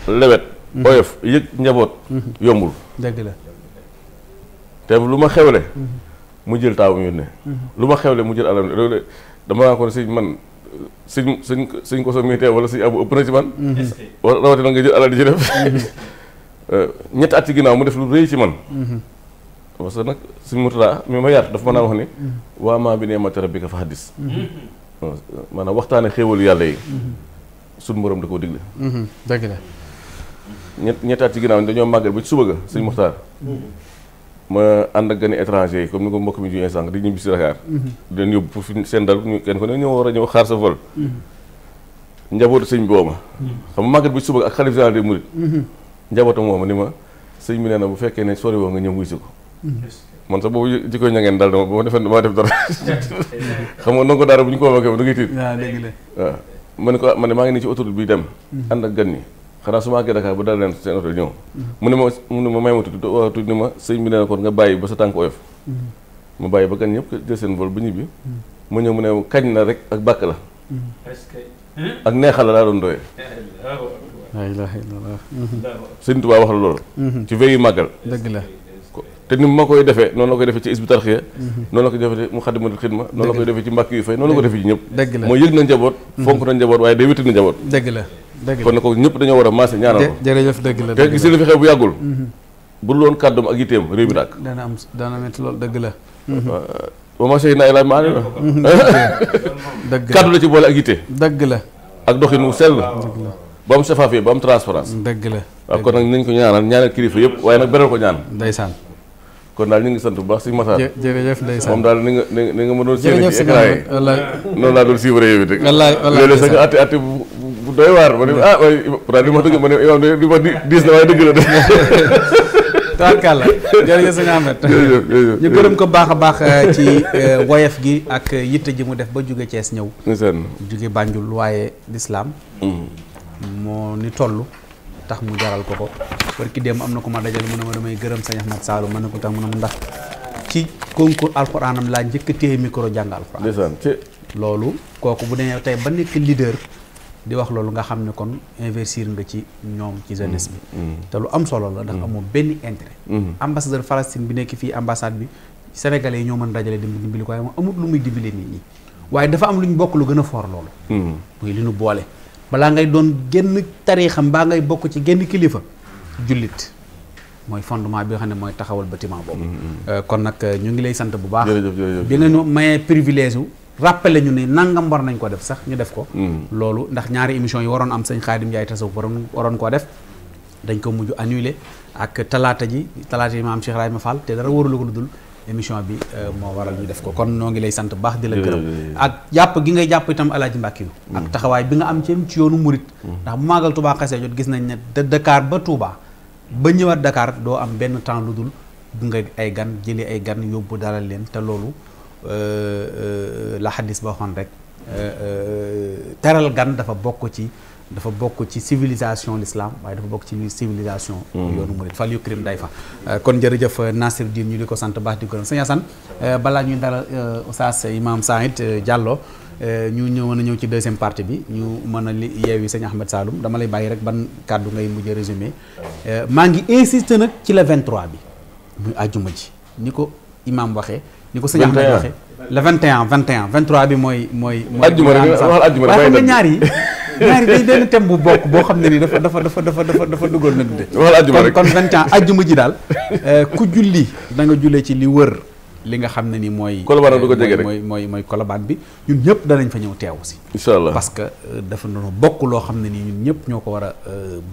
lewet oyof yëg njaboot yombul te lu ma xewle mu jël taawam yónnee lu ma xewle mu jël alam loolu dama naa ko ne sëñ man sëñ sëñ sëñ ko so mité wala sëñ abu ëpp na ci man rawatina nga jël alal di ci def (laughs) euh, ñetti at ci ginnaaw mu def lu rëy ci man mhm. parce que nag suñ murtada mi ma yar dafa mën a wax ni mm-hmm. waa maa bi nee ma tera bi ka fa xaddis mm-hmm. euh, maanaam waxtaane xéewalu yàlla yi mm-hmm. suñ borom da koo digle dëgg la ñett ñettaat dañoo màggal ba ci suba ga suñ muxtaar ma ànd ak gani étranger yi comme ni ko mbokk mi juñee sànq di ñibbi si Dakar di leen yóbbu pour fi seen dal ñu kenn ko ne ñëw war a ñëw xaar sa vol njabootu sëñ bi woo ma xam nga ba ci suba ga ak xalif général des mourides njabootam woo ma ni ma sëñ bi nee na bu fekkee ne sori woo nga ñëw wuy man sax boobu jikko ña ngeen dal dama boo defoon maa def dara (laughs) xam nga ko daara bu ñu ko waxee ba da tiit. waaw ma ne ko ma ne maa ngi nii ci autoroute bi dem. Mm-hmm. ànd ak gan ñi xanaa su ma àggee Dakar ba leen seen mm-hmm. mu ne ma mu ne ma may ma tuuti waaw tuuti ma sëñ bi nee na kon nga bàyyi ba sa tànk oyof. Mm-hmm. ma bàyyi ba gan ñëpp jël seen vol ba ñibbi. ma ñëw mu ne kañ la rek ak bàkk la. ak neexal la daa doon doyee. la ilaha illallah. sëñ wax la loolu. ci veyu màggal. dëgg la. te ni ma koy defee noonu la koy defee ci isbu tarxiya mhm. noonu la koy defee mu xadimatul xidma noonu la koy defee ci mbàkk yu fay noonu la koy defee ci ñëpp dëgg la mooy yëg na njaboot mhm. fonk na njaboot waaye day wéttal na njaboot dëgg la dëgg la kon na ko ñëpp dañoo war a maase ñaanal ko jërëjëf dëgg la te gis na fi xew bu yàggul mhm. bu dul woon kàddoom ak yitteem réew mi daak dana am dana métti lool dëgg la ba ma sey na ay laaj maa (laughs) dëgg kàddu la ci boole ak yitte dëgg la ak doxinu sell ba am safaafee ba am transparence dëgg la waaw kon nag nañ ko ñaanal ñaanal kilifa yëpp waaye nag beral ko ñaan ndeysaan kon daal ñu ngi sant bu baax si Massar. jë jërëjëf ndeysaan moom daal ni nga ni nga ma doon. jërëjëf si écran yi noonu laa doon suivre yow itam. wallaay wallaay léeg-léeg sax nga àtte ma ne ah waaye pourtant li diis na waaye dëgg la de. (laughs) tabarkàlla jërëjëf sëñ Ahmed ñu gërëm ko baax a baax eh, ci eh, woyef gi ak yitte ji mu def ba jóge Thiès ñëw jóge Banjul waaye lislaam mm. moo ni toll tax mu jaral ko ko barki démb am na ko ma dajal mu ne ma damay gërëm sëñ Ahmad Saalum ma ne ko tax mu ne ma ndax ci concours alxuraanam laa njëkk a téye micro jàng alxuraan loolu kooku bu demee tey ba nekk leader di wax loolu nga xam ne kon investir nga ci ñoom ci jeunesse bi mm, mm. te lu am solo la ndax mm. amoo benn intérêt ambassadeur Palestine bi nekk fii ambassade bi sénégalais yi ñoo mën dajale dem dimbali ko waaye moom amut lu muy dimbali nit ñi waaye dafa am lu ñu bokk lu gën a foor balaa ngay doon génn tariixa mbaa ngay bokk ci génn kilifa jullit mooy fondement bi xam ne mooy taxawal bâtiment boobu mm, mm, mm. Euh, kon nag euh, ñu ngi lay sant bu baax bi nga ñu mayee privilège wu rappelé ni ne nangam war nañ ko def sax ñu def ko loolu ndax ñaari émission yi waroon am sëñ Xaadim Njaay tasawuf waroon waroon koo def dañ ko mujj annulé ak talaata ji talaata yi maam Cheikh Rahima Fall te dara wóorul ko lu dul émission bi euh, moo waral ñu def ko kon noo ngi lay sant baax di la gërëm ak jàpp gi ngay jàpp itam alaaji Mbàkkiyu mm. ak taxawaay bi nga am ci ci yoonu murit mm. ndax bu màggal Touba xasee jot gis nañ ne de Dakar ba Touba ba ñëwaat Dakar doo am benn temps lu dul du nga ay gan jëli ay gan yóbbu dalal leen te loolu euh, euh, la xadis ba waxoon rek teral gan dafa bokk ci dafa bokk ci civilisation lislaam waaye dafa bokk ci civilisation hmm. yoonu murid fal yu crime day fa euh, kon jërëjëf euh, Nasir Diine ñu di ko sant baax di ko gërëm sëñ euh, balaa ñuy dara Oustaz Imam Saïd Diallo ñu ñëwoon a ñëw ci deuxième partie bi ñu mën a li yeewi sëñ Ahmed dama lay bàyyi rek ban kàddu ngay mujj résumé maa ngi insister nag ci le 23 bi muy àjjuma ji ni ko imam waxee ni ko sëñ Ahmed waxee le 21 21 23 bi mooy mooy mooy ajjuma rek waxal ajjuma rek ñaar yi (laughs) ñaari day benn thème bu bokk boo xam ne ni dafa dafa dafa dafa dafa dafa duggoon na dide wala ajjuma rek kon vingt ans ajjuma ji daal euh, ku julli da nga jullee ci li wër li nga xam ne nii mooy kolobaan du ko euh, jege rek mooy mooy mooy kolobaan bi ñun ñëpp danañ fa ñëw teew si incha allah parce que euh, dafa noonu bokk loo xam ne nii ñun ñëpp ñoo ko war a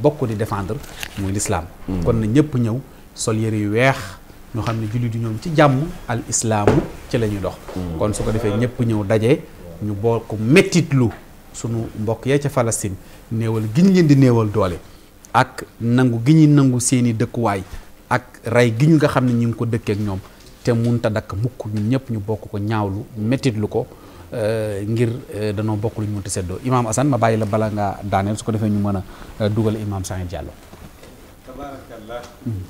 bokk di defendre muy lislaam hmm. kon na ñëpp ñëw sol yëre yu weex ñoo xam ne julli di ñoom ci jàmm al islaamu ci la ñuy dox hmm. kon su ko defee ñëpp ñëw daje ñu boo ko mettitlu sunu mbokk yee ca Palestine néewal gi ñu leen di néewal doole ak nangu gi ñu nangu seeni dëkkuwaay ak rey gi ñu nga xam ne ñu ngi ko dëkkee ñoom te munta dakk mukk ñun ñëpp ñu bokk ko ñaawlu lu ko euh, ngir euh, danoo bokk lu ñu munta seddoo imaam Assane ma bàyyi la bala nga daaneel su ko defee ñu mën a euh, dugal imaam Saïd Diallo tabaarakallah mm-hmm.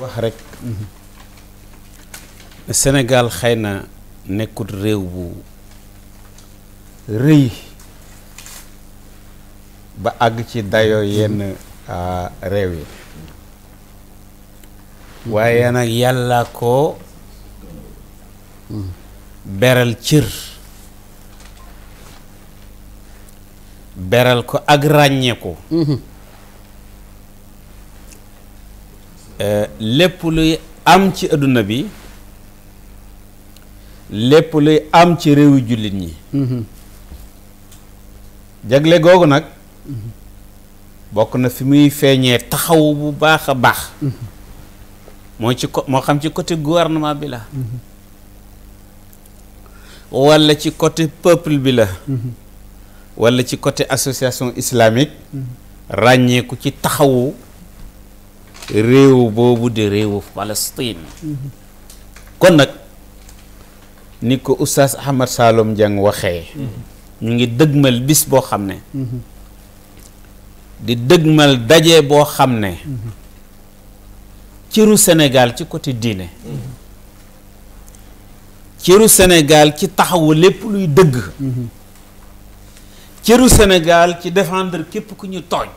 wax mm-hmm. xëy na nekkut réew bu rëy ba àgg ci dayoo yenn réew yi waaye nag yàlla ko hmm. beral cër beral ko ak ràññeeku hmm. eh, lépp luy am ci adduna bi lépp luy am ci réewu jullit ñi mm-hmm. jagle googu nag mm-hmm. bokk na fi muy feeñee taxaw bu baax a baax mm-hmm. moo ci moo xam ci côté gouvernement bi la walla ci côté peuple bi la walla ci côté association islamique ràññeeku ci taxawu réew boobu di réewu Palestine kon nag ni ko oustaz Ahmad Saloum Dieng waxee mhm. ñu ngi dëgmal bis boo xam ne mhm. di dëgmal daje boo xam ne mhm. ciru senegal ci côté diine ciru Sénégal ci taxawu lépp luy dëgg cëru Sénégal ci défendre képp ku ñu tooñ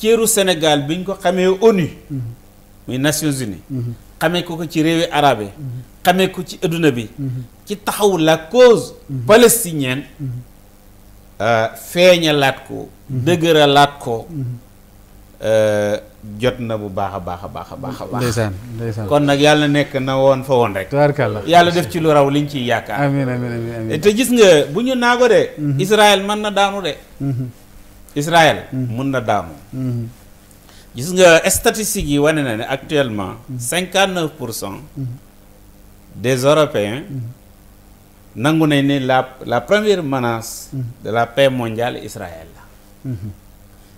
cëru Sénégal bi ñu ko xamee ONU muy Nations Unies xamee ko ko ci réewi arabe mhm. xamee ko ci adduna bi mhm. ci taxaw la cause mhm. palestinienne euh, laat ko laat ko euh, jot na bu baax a baax a baax a baax a baax ndeysaan ndeysaan kon nag yàlla nekk na woon fa woon rek yàlla def ci lu raw liñ ciy yaakaar te gis nga bu ñu naago de Israël mën na daanu de Israël mën na daanu gis nga statistiques yi wane na ne actuellement. cinquante neuf pour cent. des européens. nangu nañ ne la la première menace. de la paix mondiale Israël la.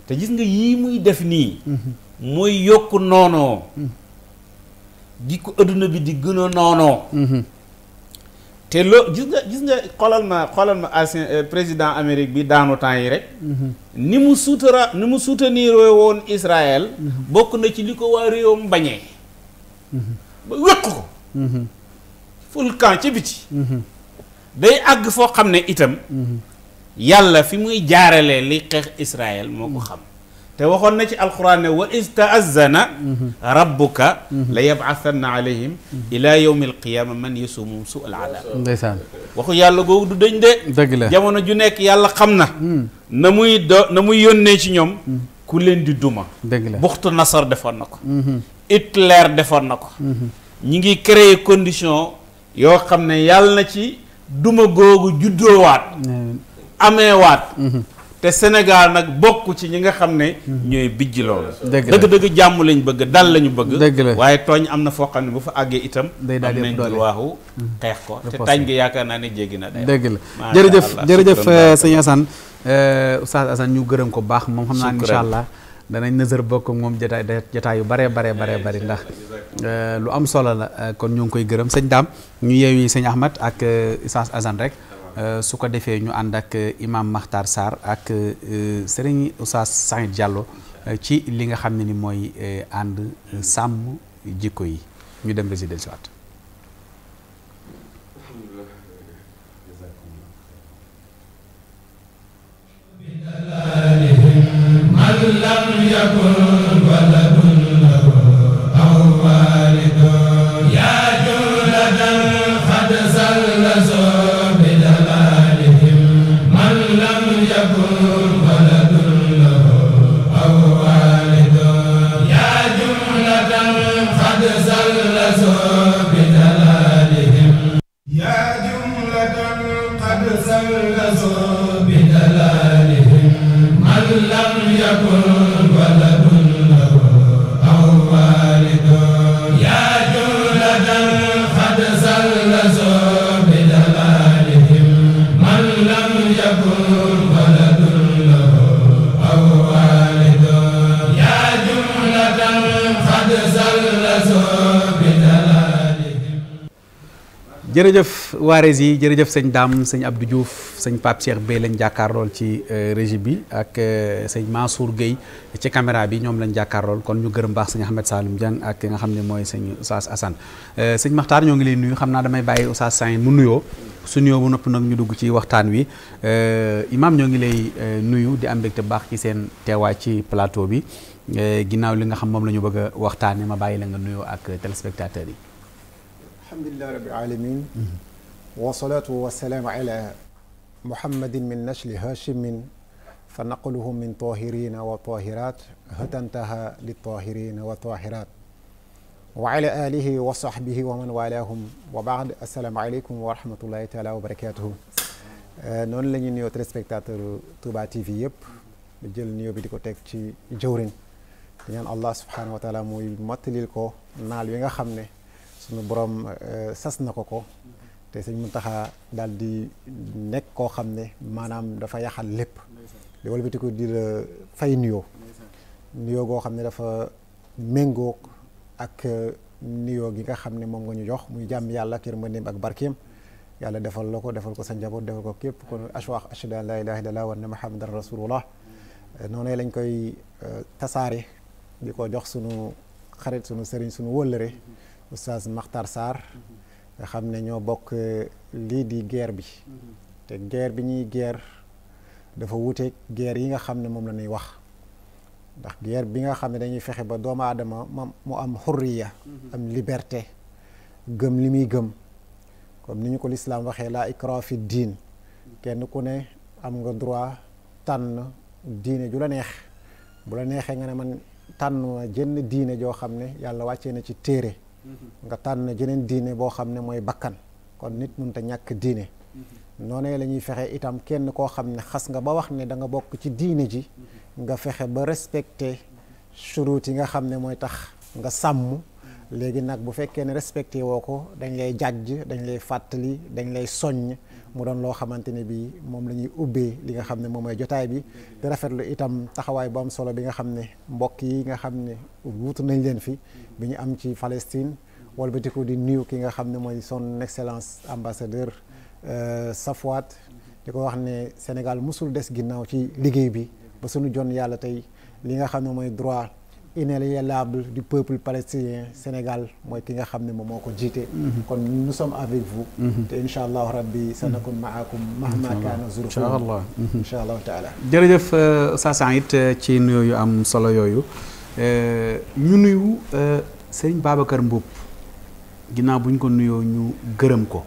te gis nga yii muy def nii. mooy yokk noonoo. di ko adduna bi di gën a noonoo. te loo gis nga gis nga xoolal ma xoolal ma ancien euh, président Amérique bi daanu temps yi rek mhm. ni mu suutara ni mu soutenir woon Israël mhm. bokk na ci li ko waa réewam bañee mhm. ba wékk ko fulkan ca biti day àgg foo xam ne itam yàlla fi muy jaarale li xeex Israël moo ko xam te waxoon na ci alquran ne wa iz taazana rabbuka mhm. la yabaasanna alayhim ila yawmi alqiyama man yasumum su al adab ndeysaan waxu yàlla googu du dañ de dëgg la jamono ju nekk yàlla xam na hmm. na muy do na muy yónnee ci ñoom hmm. ku leen di duma dëgg la buxtu nasar defoon na ko hmm. leer defoon na ko ñi ngi créer condition yoo xam ne yàlla na ci duma googu juddoowaat ameewaat te Sénégal nag bokk ci ñi nga xam ne hmm. ñooy bijj loolu dëgg-dëgg jàmm lañu bëgg dal lañu bëgg waaye tooñ am na foo xam ne bu fa àggee itam am nañ di waaxu hmm. xeex ko gi yaakaar naa ne jéggi na day dëgg la jërëjëf jërëjëf euh, sëñ Assane euh, Oustaz Assane ñu gërëm ko baax moom xam naa incha allah danañ nësër bokk moom jotaay jotaay yu bare bare bare bari ndax euh, lu am solo la kon ñu ngi koy gërëm sëñ daam ñu yeewi sëñ Ahmad ak Oustaz Assane rek Euh, su ko defee ñu ànd ak euh, imam Makhtar Sarr ak euh, sëriñ Oustaz Saïd Diallo ci li nga xam ne ni mooy ànd sàmm jikko yi ñu dem résidel si waat قد سلسوا بجلالهم من لم يكن jërëjëf waarees yi jërëjëf sëñ daam sëñ Abdou Diouf sëñ Pape Cheikh Bey lañ jàkkaarlool ci euh, régie bi ak euh, sëñ Mansour Guèye ci caméra bi ñoom lañ jàkkaarlool kon ñu gërëm baax sëñ Ahmed Saloum Dieng ak ki nga xam ne mooy sëñ Oustaz Assane euh, sëñ Makhtar ñoo ngi lay nuyu xam naa damay bàyyi Oustaz Sane mu nuyoo su nuyoo bu nopp nag ñu dugg ci waxtaan wi imaam ñoo ngi lay nuyu di am mbégte baax ci seen teewaay ci plateau bi ginnaaw li nga xam moom la ñu bëgg a waxtaanee ma bàyyi la nuyoo ak téléspectateurs yi. alhamdulilah rabbil alamin wasalaatu wasalaam ala muhammadin min nachli hachimin fa naqluhu min tahirina wa tahirat hatantaha litahirina wa tahirat wa ala alihi wa sahbihi wa man walahum wa baad assalaamu aleykum wa rahmatullahi taala wa barakatuhu eh, noonu la ñuy nuyoo téléspectateur Touba TV yëpp jël nuyoo bi di ko teg ci jëwrin di ñaan allah subhanahu wa taala muy mottalil ko naal wi nga xam ne suñu borom eh, sas na ko ko te sëñ Muntaxa daal di nekk koo xam ne maanaam dafa yaxal lépp di walbatiku di la fay nuyoo nuyoo goo xam ne dafa méngóog ak eh, nuyoo gi nga xam ne moom nga ñu jox muy jàmm yàlla ak yërmandeem ak barkeem yàlla defal la ko defal ko sa njaboot defal ko képp kon ashwaax ashhadu an laa ilaaha illallaah wa anna muhammadan rasulullah eh, lañ koy tasaare di ko jox sunu xarit sunu sëriñ sunu wëllëre oustaz Makhtar Sarr nga xam ne ñoo bokk eh, lii di guerre bi mm-hmm. te guerre bi ñuy guerre dafa wuuteeg guerre yi nga xam ne moom la ñuy wax ndax guerre bi nga xam ne dañuy fexe ba doomu aadama mu am xurriya mm-hmm. am liberté gëm li muy gëm comme ni ñu ko lislaam waxee laa ikra diin kenn ku ne am nga droit tànn diine ju la neex bu la neexee nga ne man tànn ma jënn diine joo xam ne yàlla wàccee na ci téere nga tànn jeneen diine boo xam ne mooy bakkan kon nit mënut te ñàkk diine noonee la ñuy fexe itam kenn koo xam ne xas nga ba wax ne da nga bokk ci diine ji nga fexe ba respecté churuut yi nga xam ne mooy tax nga sàmm léegi nag bu fekkee ne respecté woo ko dañ lay jàjj dañ lay fàttali dañ lay soññ mu doon loo xamante ne bi moom la ñuy ubbee li nga xam ne moom mooy jotaay bi di rafetlu itam taxawaay bu am solo bi nga xam ne mbokk yi nga xam ne wuutu nañ leen fi bi ñu am ci Palestine walbatiku di nuyu ki nga xam ne mooy son excellence ambassadeur euh, Safwat di ko wax ne Sénégal musul des ginnaaw ci liggéey bi ba suñu jon yàlla tey li nga xam ne mooy droit inaliénable du peuple palestinien Sénégal mooy ki nga xam ne moom moo ko jiite. Mhm. kon nous sommes avec vous. Mhm. te incha allah rabbi sanakun maakum mahma a zurukum incha allah incha allah mhm. taala. jërëjëf Oustaz euh, Sahid euh, ci nuyoo yu am solo yooyu euh, ñu nuyu Serigne Babacar Mboup ginnaaw bu ñu ko nuyoo ñu gërëm ko.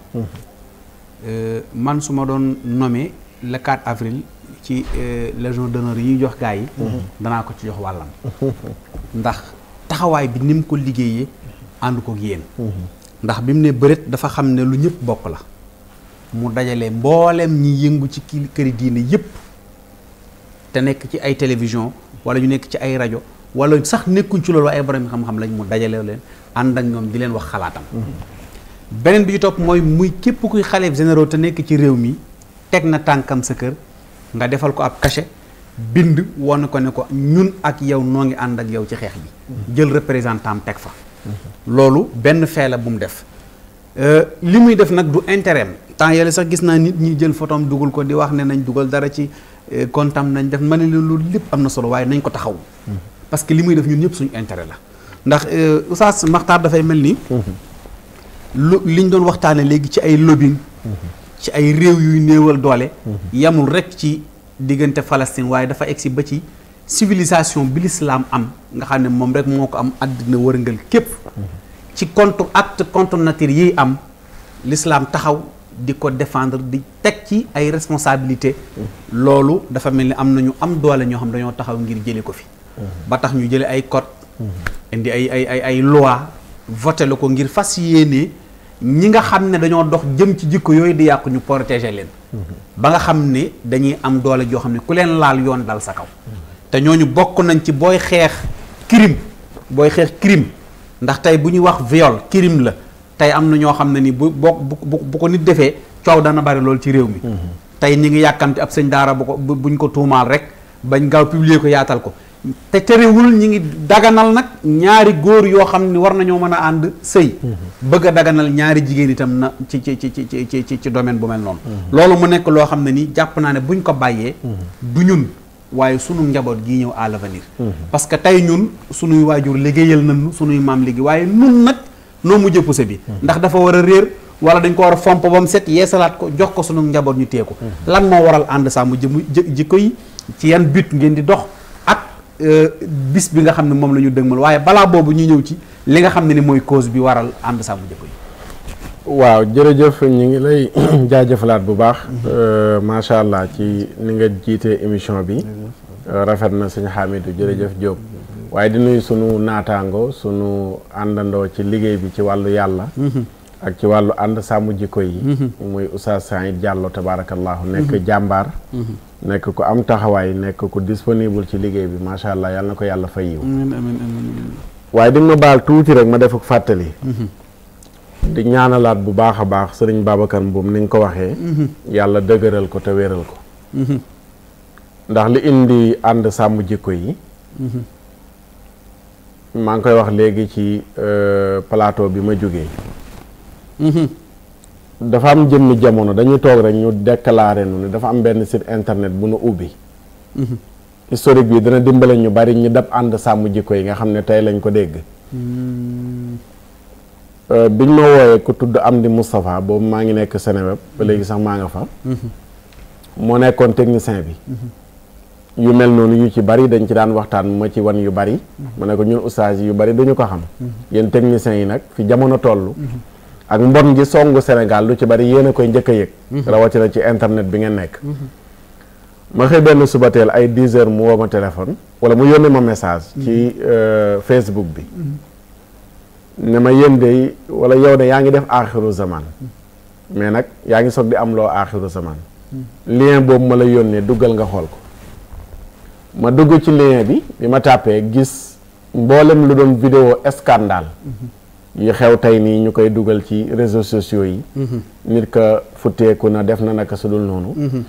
man su ma doon nommé le 4 avril. ci euh, légion d'honneur yi jox gaa yi mhm. danaa ko ci jox wàllam ndax taxawaay bi ni mu ko liggéeyee ànd ko yéen mhm. ndax bi mu ne bëreet dafa xam ne lu ñëpp bokk la mu dajale mboolem ñi yëngu ci kii këri diine yëpp te nekk ci ay télévision wala ñu nekk ci ay rajo wala sax nekkuñ ci loolu ay borom xam-xam lañ mu dajale leen ànd ak ñoom di leen wax xalaatam mhm. beneen bi ci topp mooy muy képp kuy xale généraux te nekk ci réew mi teg na tànkam sa kër nga defal ko ab cachet bind woon ko ne ko ñun ak yow noo ngi ànd ak yow ci xeex yi jël représentant teg fa loolu benn fee bu mu def euh, li muy def nag du intérêt temps yële sax gis naa nit ñi jël photom dugal ko di wax ne nañ dugal dara ci kontam euh, nañ def ma ne leen loolu lépp am na solo waaye nañ ko taxaw parce que li muy def ñun ñëpp suñu intérêt la ndax euh, Oustaz Makhtar dafay mel ni lu liñ doon waxtaane léegi ci ay lobbying ci ay réew yuy néewal doole mhm. yamul rek ci diggante Palestine waaye dafa egsi ba ci civilisation bi l'islam am nga xam ne moom rek moo ko am àddina wërngal képp mhm. ci contre acte contre nature yiy am lislaam taxaw di ko defendre di teg ci ay responsabilité mhm. loolu dafa mel ni am na ñu am doole ñoo xam dañoo taxaw ngir jële ko fi ba tax ñu jële ay code indi ay ay ay ay loi voté ko ngir fas yéene ñi nga xam ne dañoo dox jëm ci jikko yooyu di yàqu ñu protéger leen mm-hmm. ba nga xam ne dañuy am doole joo xam ne ku leen laal yoon dal sa kaw te ñu bokk nañ ci booy xeex crime booy xeex crime ndax tey bu ñuy wax viole kirim la tey am na ñoo xam ne ni bu bu bu ko nit defee coow dana bari lool ci réew mi mm-hmm. tey ñi ngi yàkkamti ab sëñ daara bu ko buñ ko tuumaal rek bañ gaaw publier ko yaatal ko te terewul ñu ngi daganal nag ñaari góor yoo xam ni war nañoo mën a ànd sëy mhm. bëgg a daganal ñaari jigéen itam na ci ci ci ci ci ci domaine bu mel noonu mhm. loolu mu nekk loo xam ne ni jàpp naa ne buñ ko bàyyee mhm. du ñun waaye sunu njaboot gi ñëw à l'avenir parce que tey ñun sunuy waajur liggéeyal nañu sunuy maam liggéey waaye nun nag noo mujjee poussé bi ndax dafa war a réer wala dañ ko war a fomp ba mu set yeesalaat ko jox ko sunu njaboot ñu teeku lan moo waral ànd saa mu jëm jikko yi ci yan but ngeen di dox Euh, bis bi nga xam ne moom la ñu dëgmal waaye balaa boobu ñu ñëw ci li nga xam ne ni mooy cause bi waral ànd sàmm jikko yi. waaw jërëjëf ñu ngi lay (clears throat) jaajëfalaat bu baax. Mm-hmm. Euh, macha allah ci ni nga jiite émission bi. Mm-hmm. Euh, rafet na sëñ Hamidou jërëjëf mm-hmm. Diop. waaye di nuyu sunu naataango sunu àndandoo ci liggéey bi ci wàllu yàlla. ak ci wàllu ànd sàmm jikko yi. muy Oustaz jàlloo Diallo tabaarakallaahu nekk jàmbaar. nekk ko am taxawaay nekk ko disponible ci liggéey bi macha allah yal na ko yàlla fay yiw waaye di ma baal tuuti rek ma def ak fàttali. Mhm. di ñaanalaat bu baax a baax sëriñ Babacar Mboum ni nga ko waxee. Mhm. yàlla dëgëral ko te wéeral ko. Mhm. ndax li indi ànd sàmm jikko yi. maa ngi koy wax léegi ci euh, palaato bi ma jógee. dafa am jëmmi jamono dañuy toog rek ñu déclaré nu ne dafa am benn site internet bu nu ubbi. Mhm. historique bi dana dimbale ñu bari ñu dab ànd sàmm jikko yi nga xam ne tey lañ ko dégg. Hmm. Euh, biñ ma wooyee ku tudd am di Moustapha boobu maa ngi nekk Seneweb ba léegi sax maa nga fa. Mhm. moo nekkoon technicien bi. Mhm. yu mel noonu yu ci bari dañ ci daan waxtaan ma ci wan yu bari. ma ne ko ñun ustaas yu bari dañu ko xam. yéen techniciens yi nag fi jamono toll. ak mbon gi songu Sénégal lu ci bari yéen a koy njëkk a yëg mhm. rawatina ci internet bi ngeen nekk ma xëy benn suba teel ay dix heures mu woo ma téléphone wala mu yónnee ma message ci mhm. euh, Facebook bi mhm. ne ma yéen de wala yow de yaa ngi def aaxiru zaman mais nag yaa ngi soog di am loo aaxiru zaman lien boobu ma la yónnee duggal nga xool ko ma dugg ci lien bi bi ma tàppee gis mboolem lu doon vidéo scandale yu xew tey nii ñu koy dugal ci réseau sociaux yi mhm. nit ka futteeku na def na naka su dul noonu mhm.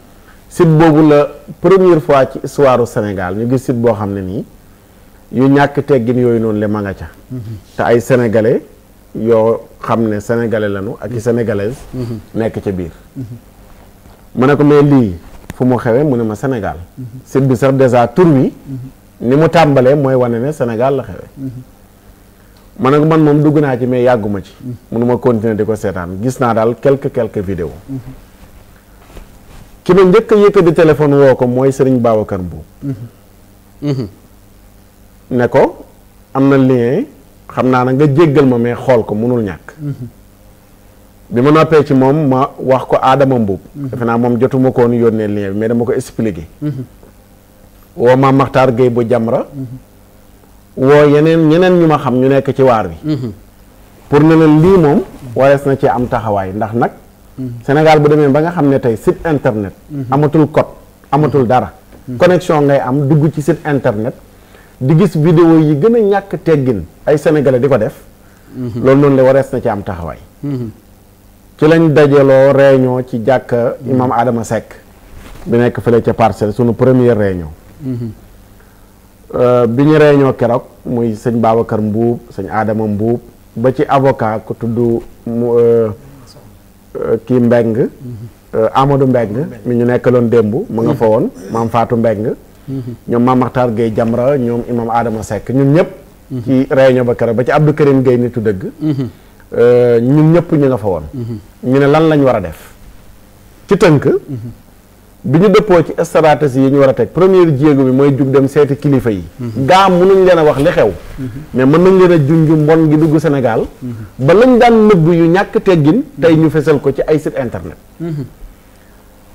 site boobu la première fois ci histoire u Sénégal ñu gis site boo xam ne nii yu ñàkk teggin yooyu noonu la ma nga ca mhm. te ay sénégalais yoo xam ne sénégalais lañu ak i sénégalaise nekk ca biir ma ne ko mais lii fu mu xewee mu ne ma senegal site bi sax dèjà tur wi ni mu tàmbalee mooy wane ne Sénégal la xewee ma ne man moom dugg naa ci mais yàgguma ci. mënuma continuer di ko seetaan gis naa daal quelques quelques vidéos. ki ma njëkk a di téléphone woo ko mooy Serigne Babacar Mbow. ne ko am na lien xam naa na nga jéggal ma mais xool ko mënul ñàkk. bi ma noppee ci moom ma wax ko Adama Mbow. defe naa moom jotuma ko woon yónnee lien bi dama ko expliqué. Mhm. woo ma Makhtar Gueye bu Jamra. Mhm. woo yeneen ñeneen ñu ma xam ñu nekk ci waar bi mhm. pour ne leen lii moom warees na ci am taxawaay ndax nag mhm. Sénégal bu demee ba nga xam ne tey site internet mhm. amatul kot amatul dara connexion ngay am dugg ci site internet di gis vidéo yi gën a ñàkk teggin ay sénégalais di ko def loolu noonu la warees na ci am taxawaay ci lañ dajaloo réunion ci jàkk imam aadama Seck bi nekk fële ca parcelle sunu première réunion Euh, bi ñu réunion keroog muy sëñ Babacar Mbuub sëñ Adama Mbuub ba ci avocat ku tudd euh, euh, kii Mbeng mhm. Amadou Mbeng mi ñu nekkaloon démb mu nga mhm. fa woon maam Faatu Mbeng mhm. ñoom maam Maxtaar Gueye Jamra ñoom imam aadama Seck ñun ñëpp ci réunion ba keroog ba ci Abdou Karim Gueye nitu dëgg ñun ñëpp ñu nga fa woon ñu ne lan lañ war a def ci tënk bi ñu dëppoo ci stratégie yi ñu war a teg première jéego bi mooy jug dem seeti kilifa yi gaa mënuñ leen a wax li xew mais mën nañ leen a junj mbon ngi dugg Sénégal ba lañ daan nëbb yu ñàkk teggin tey ñu fesal ko ci ay site internet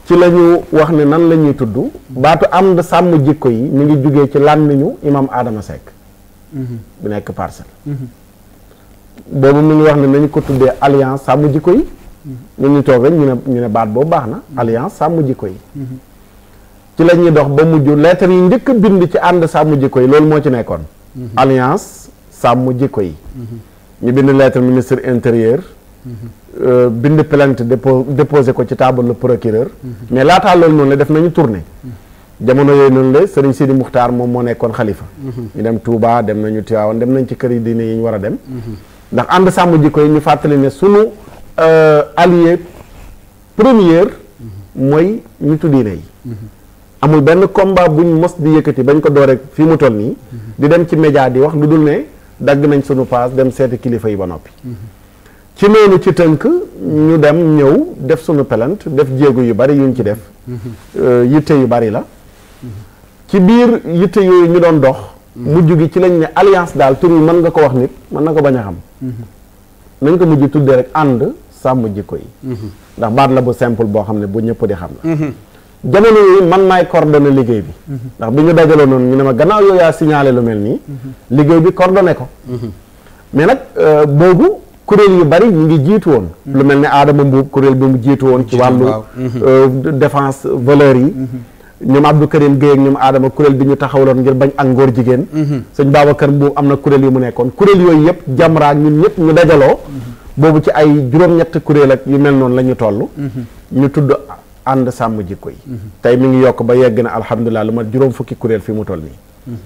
ci la wax ne nan la ñuy tudd baatu am da sàmm jikko yi mi ngi jugee ci làmmiñu imam aadama Seck bu nekk parcelle mhm. boobu mu ngi wax ne nañu ko tuddee alliance sàmm jikko yi ñun ñu ne ñu ne baat boobu baax na mm-hmm. alliance sàmm jikko yi mm-hmm. ci la ñuy dox ba mujj lettre yi njëkk a bind ci ànd sàmm jikko yi loolu moo ci nekkoon mm-hmm. alliance sàmm jikko yi ñu bind lettre ministre intérieur euh, bind plainte dépo déposé ko ci taabal le procureur mais laataa loolu noonu la def nañu tournée jamono yooyu noonu la Serigne Sidi Muxtaar moom moo nekkoon xalifa ñu dem Touba dem nañu Tiwaawan dem nañ ci kër yi diine yi ñu war a dem ndax ànd sàmm jikko yi ñu fàttali Euh, allié première mooy nitu diine yi amul benn combat buñ mos di yëkkati bañ ko door rek fii mu toll nii di dem ci média di wax lu dul ne dagg nañ sunu paas dem seeti kilifa yi ba noppi ci noonu ci tënk ñu dem ñëw def sunu pelent def jéego yu bari yuñ ci def euh, yitte yu bari la ci biir yitte yooyu ñu doon dox mujj gi ci lañ ne alliance daal tur mën nga ko wax nit mën na ko bañ a xam nañ ko mujj tuddee rek ànd sàmm jikko yi mhm. ndax baat la bu simple boo xam ne bu ñëpp di xam la mhm. jamono yi man maay coordonné liggéey bi mhm. ndax bi ñu dajaloo noonu ñu ne ma gannaaw yow yaa signalé lu mel nii liggéey bi coordonné ko mais nag euh, boobu kuréel yu bari ñu ngi jiitu woon lu mel ne Adama Mbuub kuréel bi mu jiitu woon ci wàllu euh, défense valeurs yi ñoom Abdou Karim Gueye ak ñoom Adama kuréel bi ñu taxawaloon ngir bañ ak ngóor jigéen sëñ Babacar Mbuub am na kuréel yi mu nekkoon kuréel yooyu yëpp Jamra boobu ci ay juróom-ñett kuréel ak yu mel noonu lañu ñu toll. Mhm. ñu tudd ànd sàmm jikko yi. Mhm. tey mu ngi yokk ba yegg na alhamdulilah lu ma juróom fukki kuréel fi mu toll nii. Mhm.